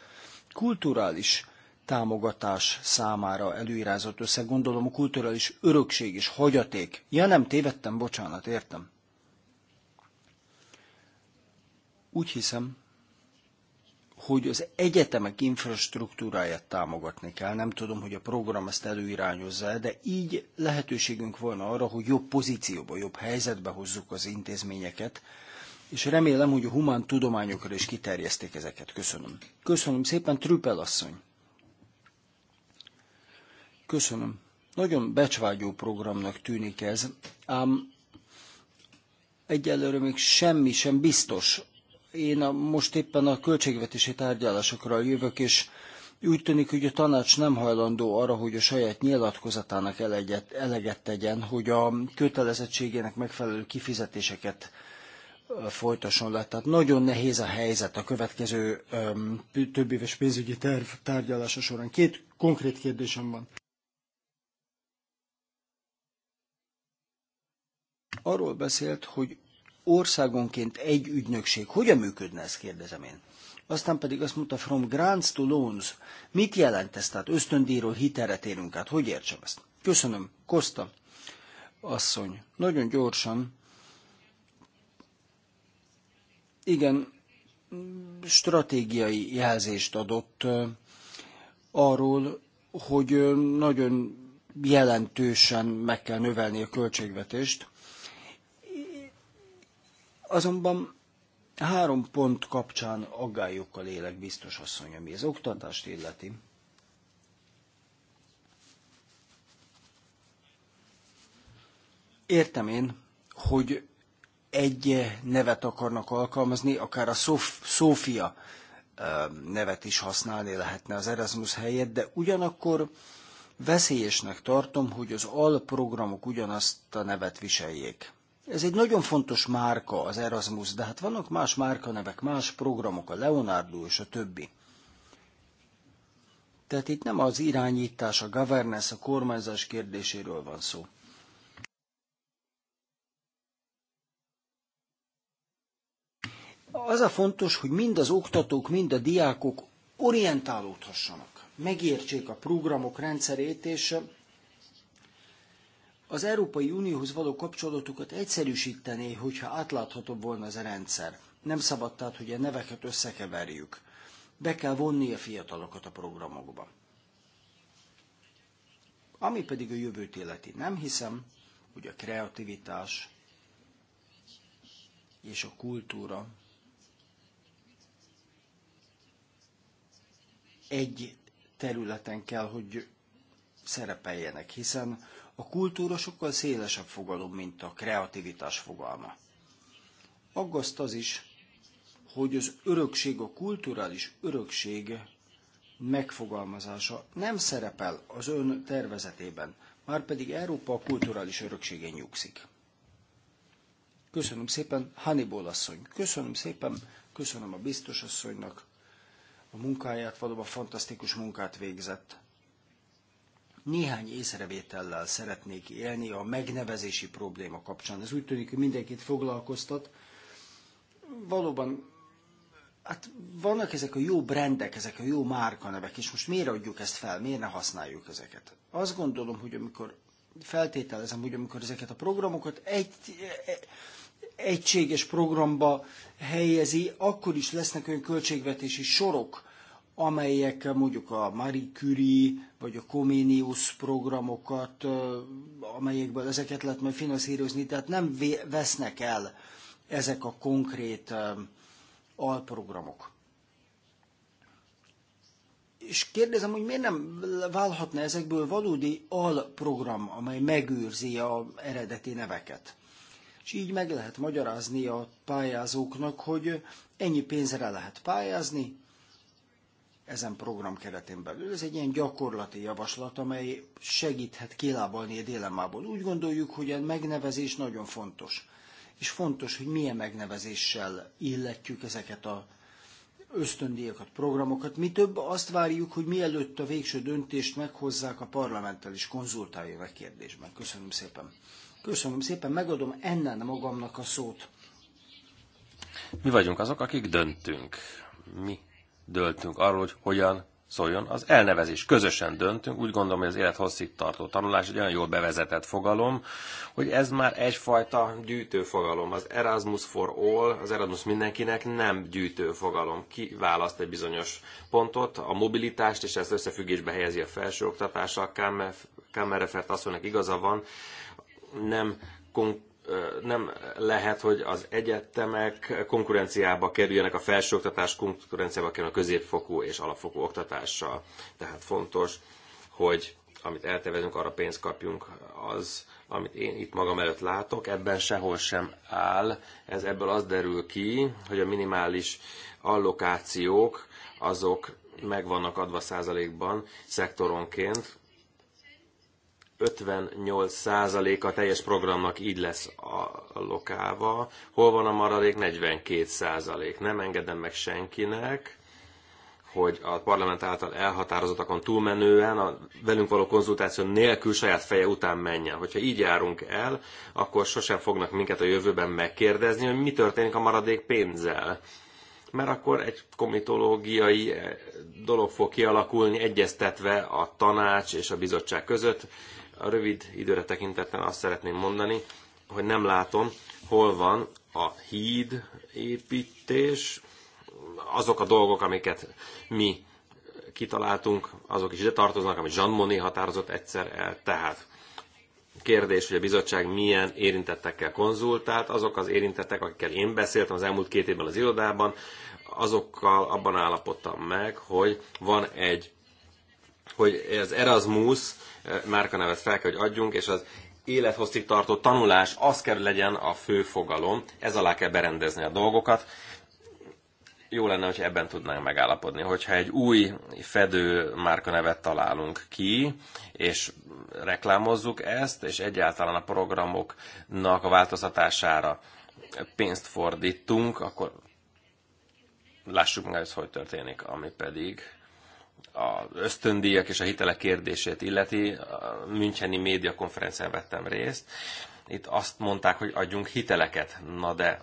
kulturális támogatás számára előirázott összeg. Gondolom a kulturális örökség és hagyaték. Ja, nem tévedtem, bocsánat, értem. Úgy hiszem, hogy az egyetemek infrastruktúráját támogatni kell. Nem tudom, hogy a program ezt előirányozza, de így lehetőségünk volna arra, hogy jobb pozícióba, jobb helyzetbe hozzuk az intézményeket, és remélem, hogy a humán tudományokra is kiterjeszték ezeket. Köszönöm. Köszönöm szépen, Trüppel asszony. Köszönöm. Nagyon becsvágyó programnak tűnik ez, ám egyelőre még semmi sem biztos. Én a, most éppen a költségvetési tárgyalásokra jövök, és úgy tűnik, hogy a tanács nem hajlandó arra, hogy a saját nyilatkozatának eleget, eleget tegyen, hogy a kötelezettségének megfelelő kifizetéseket folytasson le. Tehát nagyon nehéz a helyzet a következő többéves pénzügyi terv tárgyalása során. Két konkrét kérdésem van. Arról beszélt, hogy országonként egy ügynökség. Hogyan működne ez, kérdezem én. Aztán pedig azt mondta, from grants to loans. Mit jelent ez? Tehát ösztöndíjról hitelre térünk át. Hogy értsem ezt? Köszönöm. Kosta asszony, nagyon gyorsan. Igen, stratégiai jelzést adott arról, hogy nagyon jelentősen meg kell növelni a költségvetést. Azonban három pont kapcsán aggályokkal élek, biztos asszony, ami az oktatást illeti. Értem én, hogy egy nevet akarnak alkalmazni, akár a Szófia nevet is használni lehetne az Erasmus helyett, de ugyanakkor veszélyesnek tartom, hogy az alprogramok ugyanazt a nevet viseljék. Ez egy nagyon fontos márka az Erasmus, de hát vannak más márkanevek, más programok, a Leonardo és a többi. Tehát itt nem az irányítás, a governance, a kormányzás kérdéséről van szó. Az a fontos, hogy mind az oktatók, mind a diákok orientálódhassanak, megértsék a programok rendszerét, és az Európai Unióhoz való kapcsolatokat egyszerűsítené, hogyha átláthatóbb volna ez a rendszer. Nem szabad tehát, hogy a neveket összekeverjük. Be kell vonni a fiatalokat a programokba. Ami pedig a jövőt életi, Nem hiszem, hogy a kreativitás és a kultúra egy területen kell, hogy szerepeljenek, hiszen a kultúra sokkal szélesebb fogalom, mint a kreativitás fogalma. Aggaszt az is, hogy az örökség, a kulturális örökség megfogalmazása nem szerepel az ön tervezetében, márpedig Európa a kulturális örökségén nyugszik. Köszönöm szépen, Hannibal asszony. Köszönöm szépen, köszönöm a biztos asszonynak a munkáját, valóban fantasztikus munkát végzett. Néhány észrevétellel szeretnék élni a megnevezési probléma kapcsán. Ez úgy tűnik, hogy mindenkit foglalkoztat. Valóban hát vannak ezek a jó brendek, ezek a jó márkanevek, és most miért adjuk ezt fel, miért ne használjuk ezeket? Azt gondolom, hogy amikor feltételezem, hogy amikor ezeket a programokat egy, egységes programba helyezi, akkor is lesznek olyan költségvetési sorok, amelyek mondjuk a Marie Curie vagy a Comenius programokat, amelyekből ezeket lehet majd finanszírozni, tehát nem vesznek el ezek a konkrét alprogramok. És kérdezem, hogy miért nem válhatna ezekből valódi alprogram, amely megőrzi a eredeti neveket? És így meg lehet magyarázni a pályázóknak, hogy ennyi pénzre lehet pályázni, ezen program keretén belül. Ez egy ilyen gyakorlati javaslat, amely segíthet kilábalni a dilemmából. Úgy gondoljuk, hogy a megnevezés nagyon fontos. És fontos, hogy milyen megnevezéssel illetjük ezeket a ösztöndíjakat, programokat. Mi több azt várjuk, hogy mielőtt a végső döntést meghozzák a parlamenttel is konzultáljon a kérdésben. Köszönöm szépen. Köszönöm szépen, megadom ennen magamnak a szót. Mi vagyunk azok, akik döntünk. Mi döltünk arról, hogy hogyan szóljon az elnevezés. Közösen döntünk, úgy gondolom, hogy az élet hosszig tartó tanulás egy olyan jól bevezetett fogalom, hogy ez már egyfajta gyűjtő fogalom. Az Erasmus for all, az Erasmus mindenkinek nem gyűjtő fogalom. Ki választ egy bizonyos pontot, a mobilitást, és ezt összefüggésbe helyezi a felsőoktatással. Kammerefert azt mondja, igaza van, nem kon- nem lehet, hogy az egyetemek konkurenciába kerüljenek a felsőoktatás, konkurenciába kerül a középfokú és alapfokú oktatással. Tehát fontos, hogy amit eltevezünk, arra pénzt kapjunk, az, amit én itt magam előtt látok, ebben sehol sem áll. Ez ebből az derül ki, hogy a minimális allokációk azok meg vannak adva százalékban szektoronként, 58% a teljes programnak így lesz lokálva. Hol van a maradék 42%? Nem engedem meg senkinek, hogy a parlament által elhatározottakon túlmenően a velünk való konzultáció nélkül saját feje után menjen. Hogyha így járunk el, akkor sosem fognak minket a jövőben megkérdezni, hogy mi történik a maradék pénzzel mert akkor egy komitológiai eh, dolog fog kialakulni, egyeztetve a tanács és a bizottság között a rövid időre tekintettel azt szeretném mondani, hogy nem látom, hol van a híd építés, azok a dolgok, amiket mi kitaláltunk, azok is ide tartoznak, amit Jean Monnet határozott egyszer el. Tehát kérdés, hogy a bizottság milyen érintettekkel konzultált, azok az érintettek, akikkel én beszéltem az elmúlt két évben az irodában, azokkal abban állapodtam meg, hogy van egy, hogy az Erasmus nevet fel kell, hogy adjunk, és az élethosszig tartó tanulás az kell legyen a fő fogalom, ez alá kell berendezni a dolgokat. Jó lenne, hogy ebben tudnánk megállapodni, hogyha egy új fedő nevet találunk ki, és reklámozzuk ezt, és egyáltalán a programoknak a változtatására pénzt fordítunk, akkor lássuk meg, hogy hogy történik, ami pedig az ösztöndíjak és a hitelek kérdését illeti, a Müncheni médiakonferencián vettem részt. Itt azt mondták, hogy adjunk hiteleket. Na de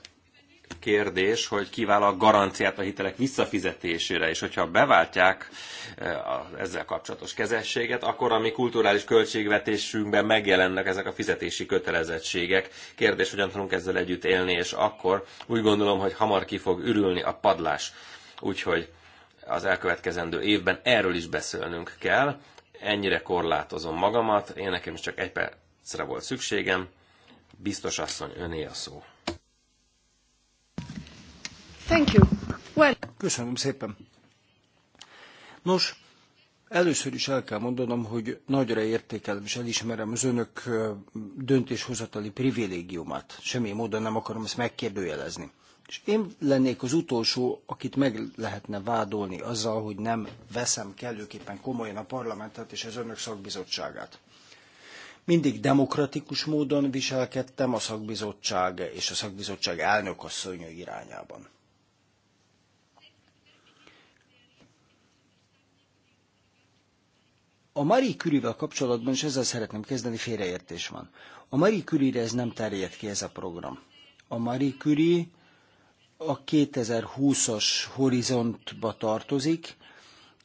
kérdés, hogy kivál a garanciát a hitelek visszafizetésére, és hogyha beváltják e, ezzel kapcsolatos kezességet, akkor a mi kulturális költségvetésünkben megjelennek ezek a fizetési kötelezettségek. Kérdés, hogyan tudunk ezzel együtt élni, és akkor úgy gondolom, hogy hamar ki fog ürülni a padlás. Úgyhogy az elkövetkezendő évben erről is beszélnünk kell. Ennyire korlátozom magamat, én nekem is csak egy percre volt szükségem. Biztos asszony, öné a szó. Thank you. Well... Köszönöm szépen. Nos, Először is el kell mondanom, hogy nagyra értékelem és elismerem az önök döntéshozatali privilégiumát. Semmi módon nem akarom ezt megkérdőjelezni. És én lennék az utolsó, akit meg lehetne vádolni azzal, hogy nem veszem kellőképpen komolyan a parlamentet és az önök szakbizottságát. Mindig demokratikus módon viselkedtem a szakbizottság és a szakbizottság elnökasszonya irányában. A Marie Curie-vel kapcsolatban, és ezzel szeretném kezdeni, félreértés van. A Marie Curie-re ez nem terjed ki ez a program. A Marie Curie a 2020-as horizontba tartozik,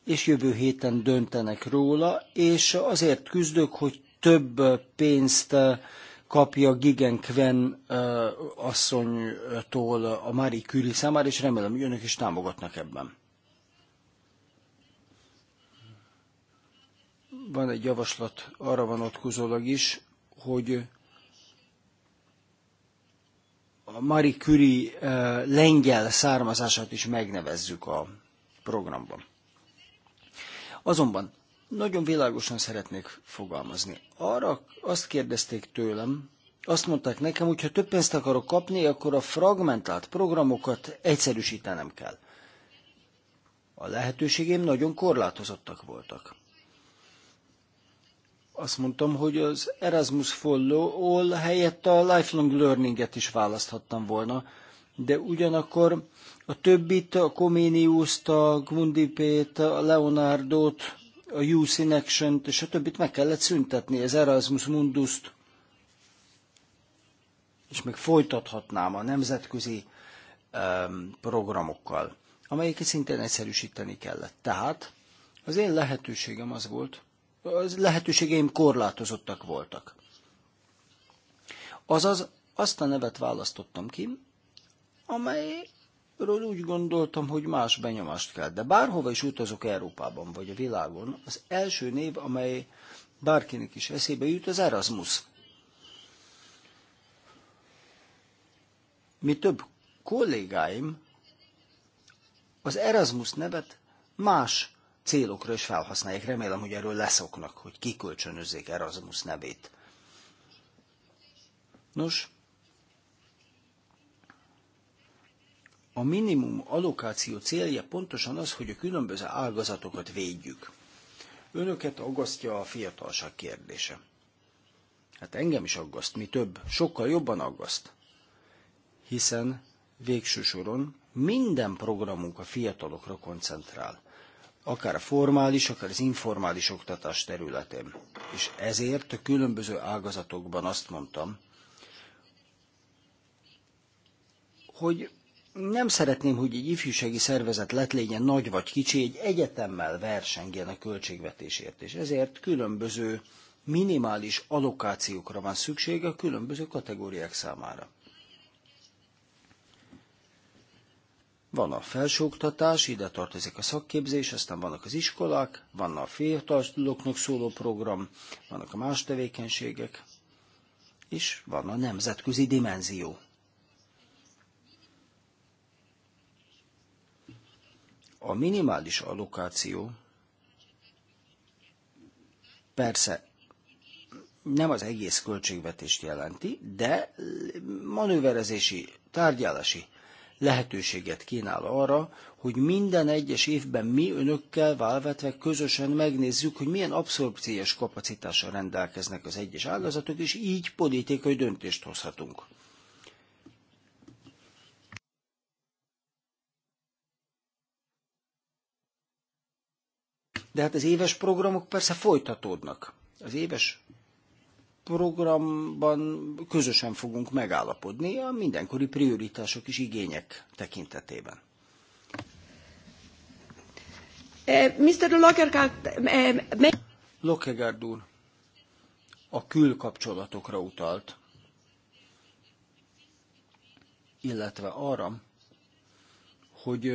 és jövő héten döntenek róla, és azért küzdök, hogy több pénzt eh, kapja Gigen Kven eh, asszonytól a Mári Küri számára, és remélem, hogy önök is támogatnak ebben. Van egy javaslat arra vonatkozólag is, hogy a Marie Curie lengyel származását is megnevezzük a programban. Azonban nagyon világosan szeretnék fogalmazni. Arra azt kérdezték tőlem, azt mondták nekem, hogy ha több pénzt akarok kapni, akkor a fragmentált programokat egyszerűsítenem kell. A lehetőségeim nagyon korlátozottak voltak azt mondtam, hogy az Erasmus Follow All helyett a Lifelong Learning-et is választhattam volna, de ugyanakkor a többit, a Comenius-t, a Gundipét, a Leonardot, a Youth in action és a többit meg kellett szüntetni, az Erasmus Mundust. És még folytathatnám a nemzetközi um, programokkal, amelyeket szintén egyszerűsíteni kellett. Tehát az én lehetőségem az volt, lehetőségeim korlátozottak voltak. Azaz azt a nevet választottam ki, amelyről úgy gondoltam, hogy más benyomást kell. De bárhova is utazok Európában vagy a világon, az első név, amely bárkinek is eszébe jut, az Erasmus. Mi több kollégáim az Erasmus nevet más célokra is felhasználják. Remélem, hogy erről leszoknak, hogy kikölcsönözzék Erasmus nevét. Nos, a minimum allokáció célja pontosan az, hogy a különböző ágazatokat védjük. Önöket aggasztja a fiatalság kérdése. Hát engem is aggaszt, mi több, sokkal jobban aggaszt. Hiszen végső soron minden programunk a fiatalokra koncentrál akár a formális, akár az informális oktatás területén. És ezért a különböző ágazatokban azt mondtam, hogy nem szeretném, hogy egy ifjúsági szervezet lett légyen nagy vagy kicsi, egy egyetemmel versengjen a költségvetésért, és ezért különböző minimális allokációkra van szükség a különböző kategóriák számára. Van a felsőoktatás, ide tartozik a szakképzés, aztán vannak az iskolák, van a fiataloknak szóló program, vannak a más tevékenységek, és van a nemzetközi dimenzió. A minimális allokáció persze nem az egész költségvetést jelenti, de manőverezési, tárgyalási lehetőséget kínál arra, hogy minden egyes évben mi önökkel válvetve közösen megnézzük, hogy milyen abszorpciós kapacitással rendelkeznek az egyes ágazatok, és így politikai döntést hozhatunk. De hát az éves programok persze folytatódnak. Az éves programban közösen fogunk megállapodni a mindenkori prioritások és igények tekintetében. Eh, Mr. Lockegard eh, úr a külkapcsolatokra utalt, illetve arra, hogy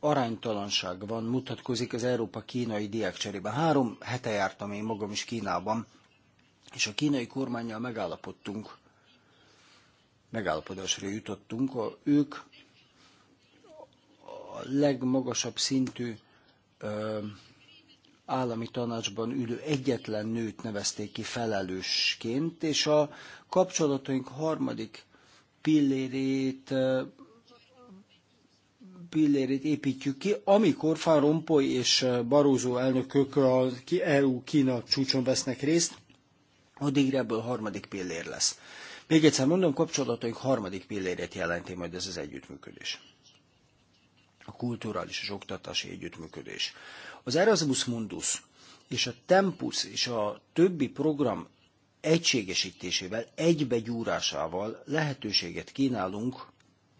aránytalanság van, mutatkozik az Európa-kínai diákcserében. Három hete jártam én magam is Kínában, és a kínai kormányjal megállapodtunk, megállapodásra jutottunk, a, ők a legmagasabb szintű ö, állami tanácsban ülő egyetlen nőt nevezték ki felelősként, és a kapcsolataink harmadik pillérét ö, pillérét építjük ki, amikor Van és Barózó elnökök a EU-Kína csúcson vesznek részt, addigra ebből harmadik pillér lesz. Még egyszer mondom, kapcsolataink harmadik pillérét jelenti majd ez az együttműködés. A kulturális és oktatási együttműködés. Az Erasmus Mundus és a Tempus és a többi program egységesítésével, egybegyúrásával lehetőséget kínálunk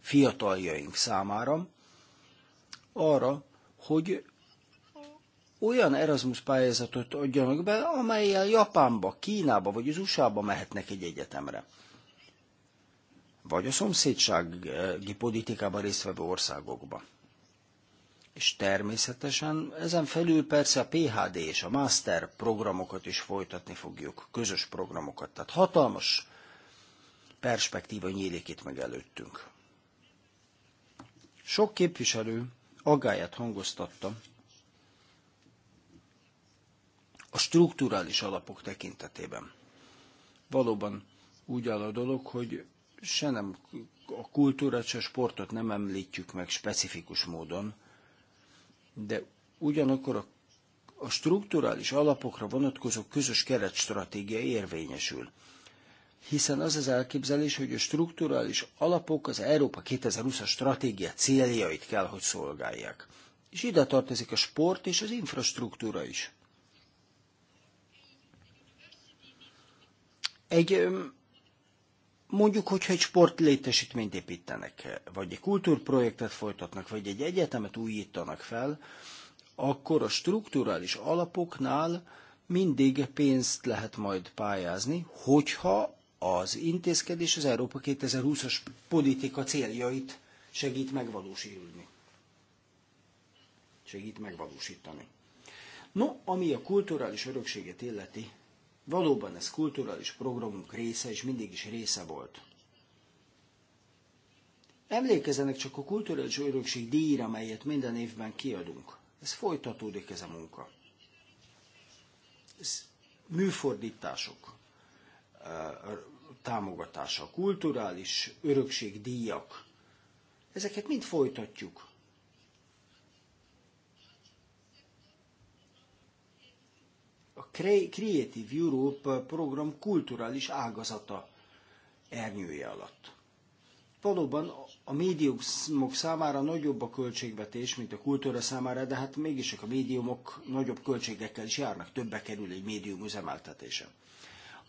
fiataljaink számára arra, hogy olyan Erasmus pályázatot adjanak be, amelyel Japánba, Kínába vagy az USA-ba mehetnek egy egyetemre. Vagy a szomszédsági politikában résztvevő országokba. És természetesen ezen felül persze a PHD és a Master programokat is folytatni fogjuk, közös programokat. Tehát hatalmas perspektíva nyílik itt meg előttünk. Sok képviselő aggáját hangoztatta, a strukturális alapok tekintetében. Valóban úgy áll a dolog, hogy se nem a kultúrát, se a sportot nem említjük meg specifikus módon, de ugyanakkor a, a strukturális alapokra vonatkozó közös keretstratégia érvényesül. Hiszen az az elképzelés, hogy a strukturális alapok az Európa 2020-as stratégia céljait kell, hogy szolgálják. És ide tartozik a sport és az infrastruktúra is. Egy mondjuk, hogyha egy sportlétesítményt építenek, vagy egy kultúrprojektet folytatnak, vagy egy egyetemet újítanak fel, akkor a strukturális alapoknál mindig pénzt lehet majd pályázni, hogyha az intézkedés az Európa 2020-as politika céljait segít megvalósítani. Segít megvalósítani. No, ami a kulturális örökséget illeti, Valóban ez kulturális programunk része, és mindig is része volt. Emlékezzenek csak a kulturális örökség díjra, melyet minden évben kiadunk. Ez folytatódik ez a munka. Ez műfordítások, eh, támogatása, kulturális örökség díjak. Ezeket mind folytatjuk. Creative Europe program kulturális ágazata ernyője alatt. Valóban a médiumok számára nagyobb a költségvetés, mint a kultúra számára, de hát mégis a médiumok nagyobb költségekkel is járnak, többe kerül egy médium üzemeltetése.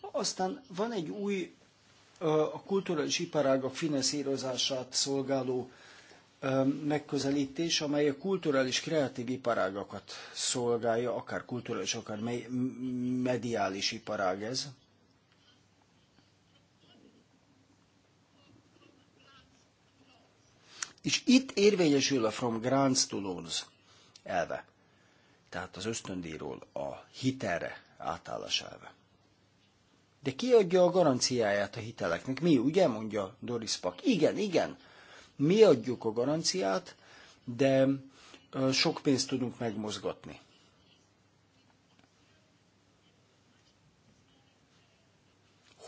Aztán van egy új a kulturális iparágak finanszírozását szolgáló megközelítés, amely a kulturális kreatív iparágakat szolgálja, akár kulturális, akár mediális iparág ez. És itt érvényesül a From Grants to Loans elve, tehát az ösztöndíjról a hitelre átállás elve. De ki adja a garanciáját a hiteleknek? Mi, ugye, mondja Doris Pak. Igen, igen, mi adjuk a garanciát, de sok pénzt tudunk megmozgatni.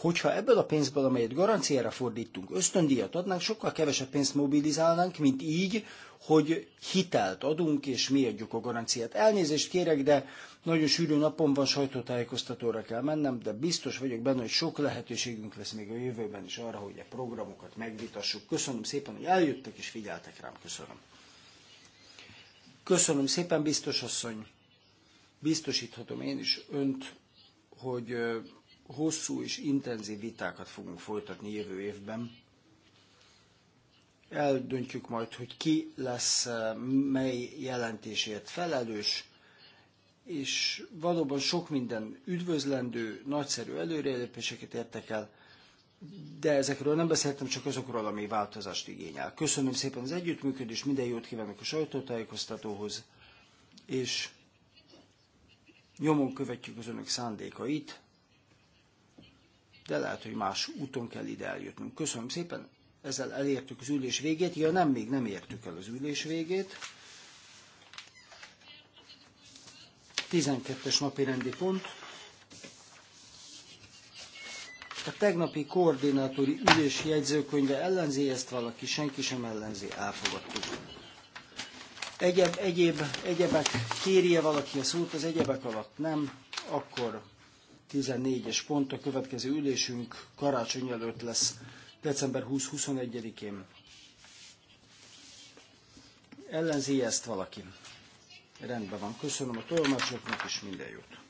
Hogyha ebből a pénzből, amelyet garanciára fordítunk, ösztöndíjat adnánk, sokkal kevesebb pénzt mobilizálnánk, mint így, hogy hitelt adunk, és mi adjuk a garanciát. Elnézést kérek, de nagyon sűrű napom van, sajtótájékoztatóra kell mennem, de biztos vagyok benne, hogy sok lehetőségünk lesz még a jövőben is arra, hogy a programokat megvitassuk. Köszönöm szépen, hogy eljöttek és figyeltek rám. Köszönöm. Köszönöm szépen, biztos asszony. Biztosíthatom én is önt, hogy hosszú és intenzív vitákat fogunk folytatni jövő évben. Eldöntjük majd, hogy ki lesz eh, mely jelentésért felelős, és valóban sok minden üdvözlendő, nagyszerű előrelépéseket értek el, de ezekről nem beszéltem, csak azokról, ami változást igényel. Köszönöm szépen az együttműködést, minden jót kívánok a sajtótájékoztatóhoz, és nyomon követjük az önök szándékait, de lehet, hogy más úton kell ide eljutnunk. Köszönöm szépen, ezzel elértük az ülés végét. Ja nem, még nem értük el az ülés végét. 12-es napi rendi pont. A tegnapi koordinátori ülés jegyzőkönyve ellenzi ezt valaki, senki sem ellenzi, elfogadtuk. Egyeb, egyéb, egyebek, kérje valaki a szót, az egyebek alatt nem, akkor 14-es pont a következő ülésünk karácsony előtt lesz, december 20-21-én. Ellenzi ezt valaki? Rendben van, köszönöm a tolmácsoknak, és minden jót!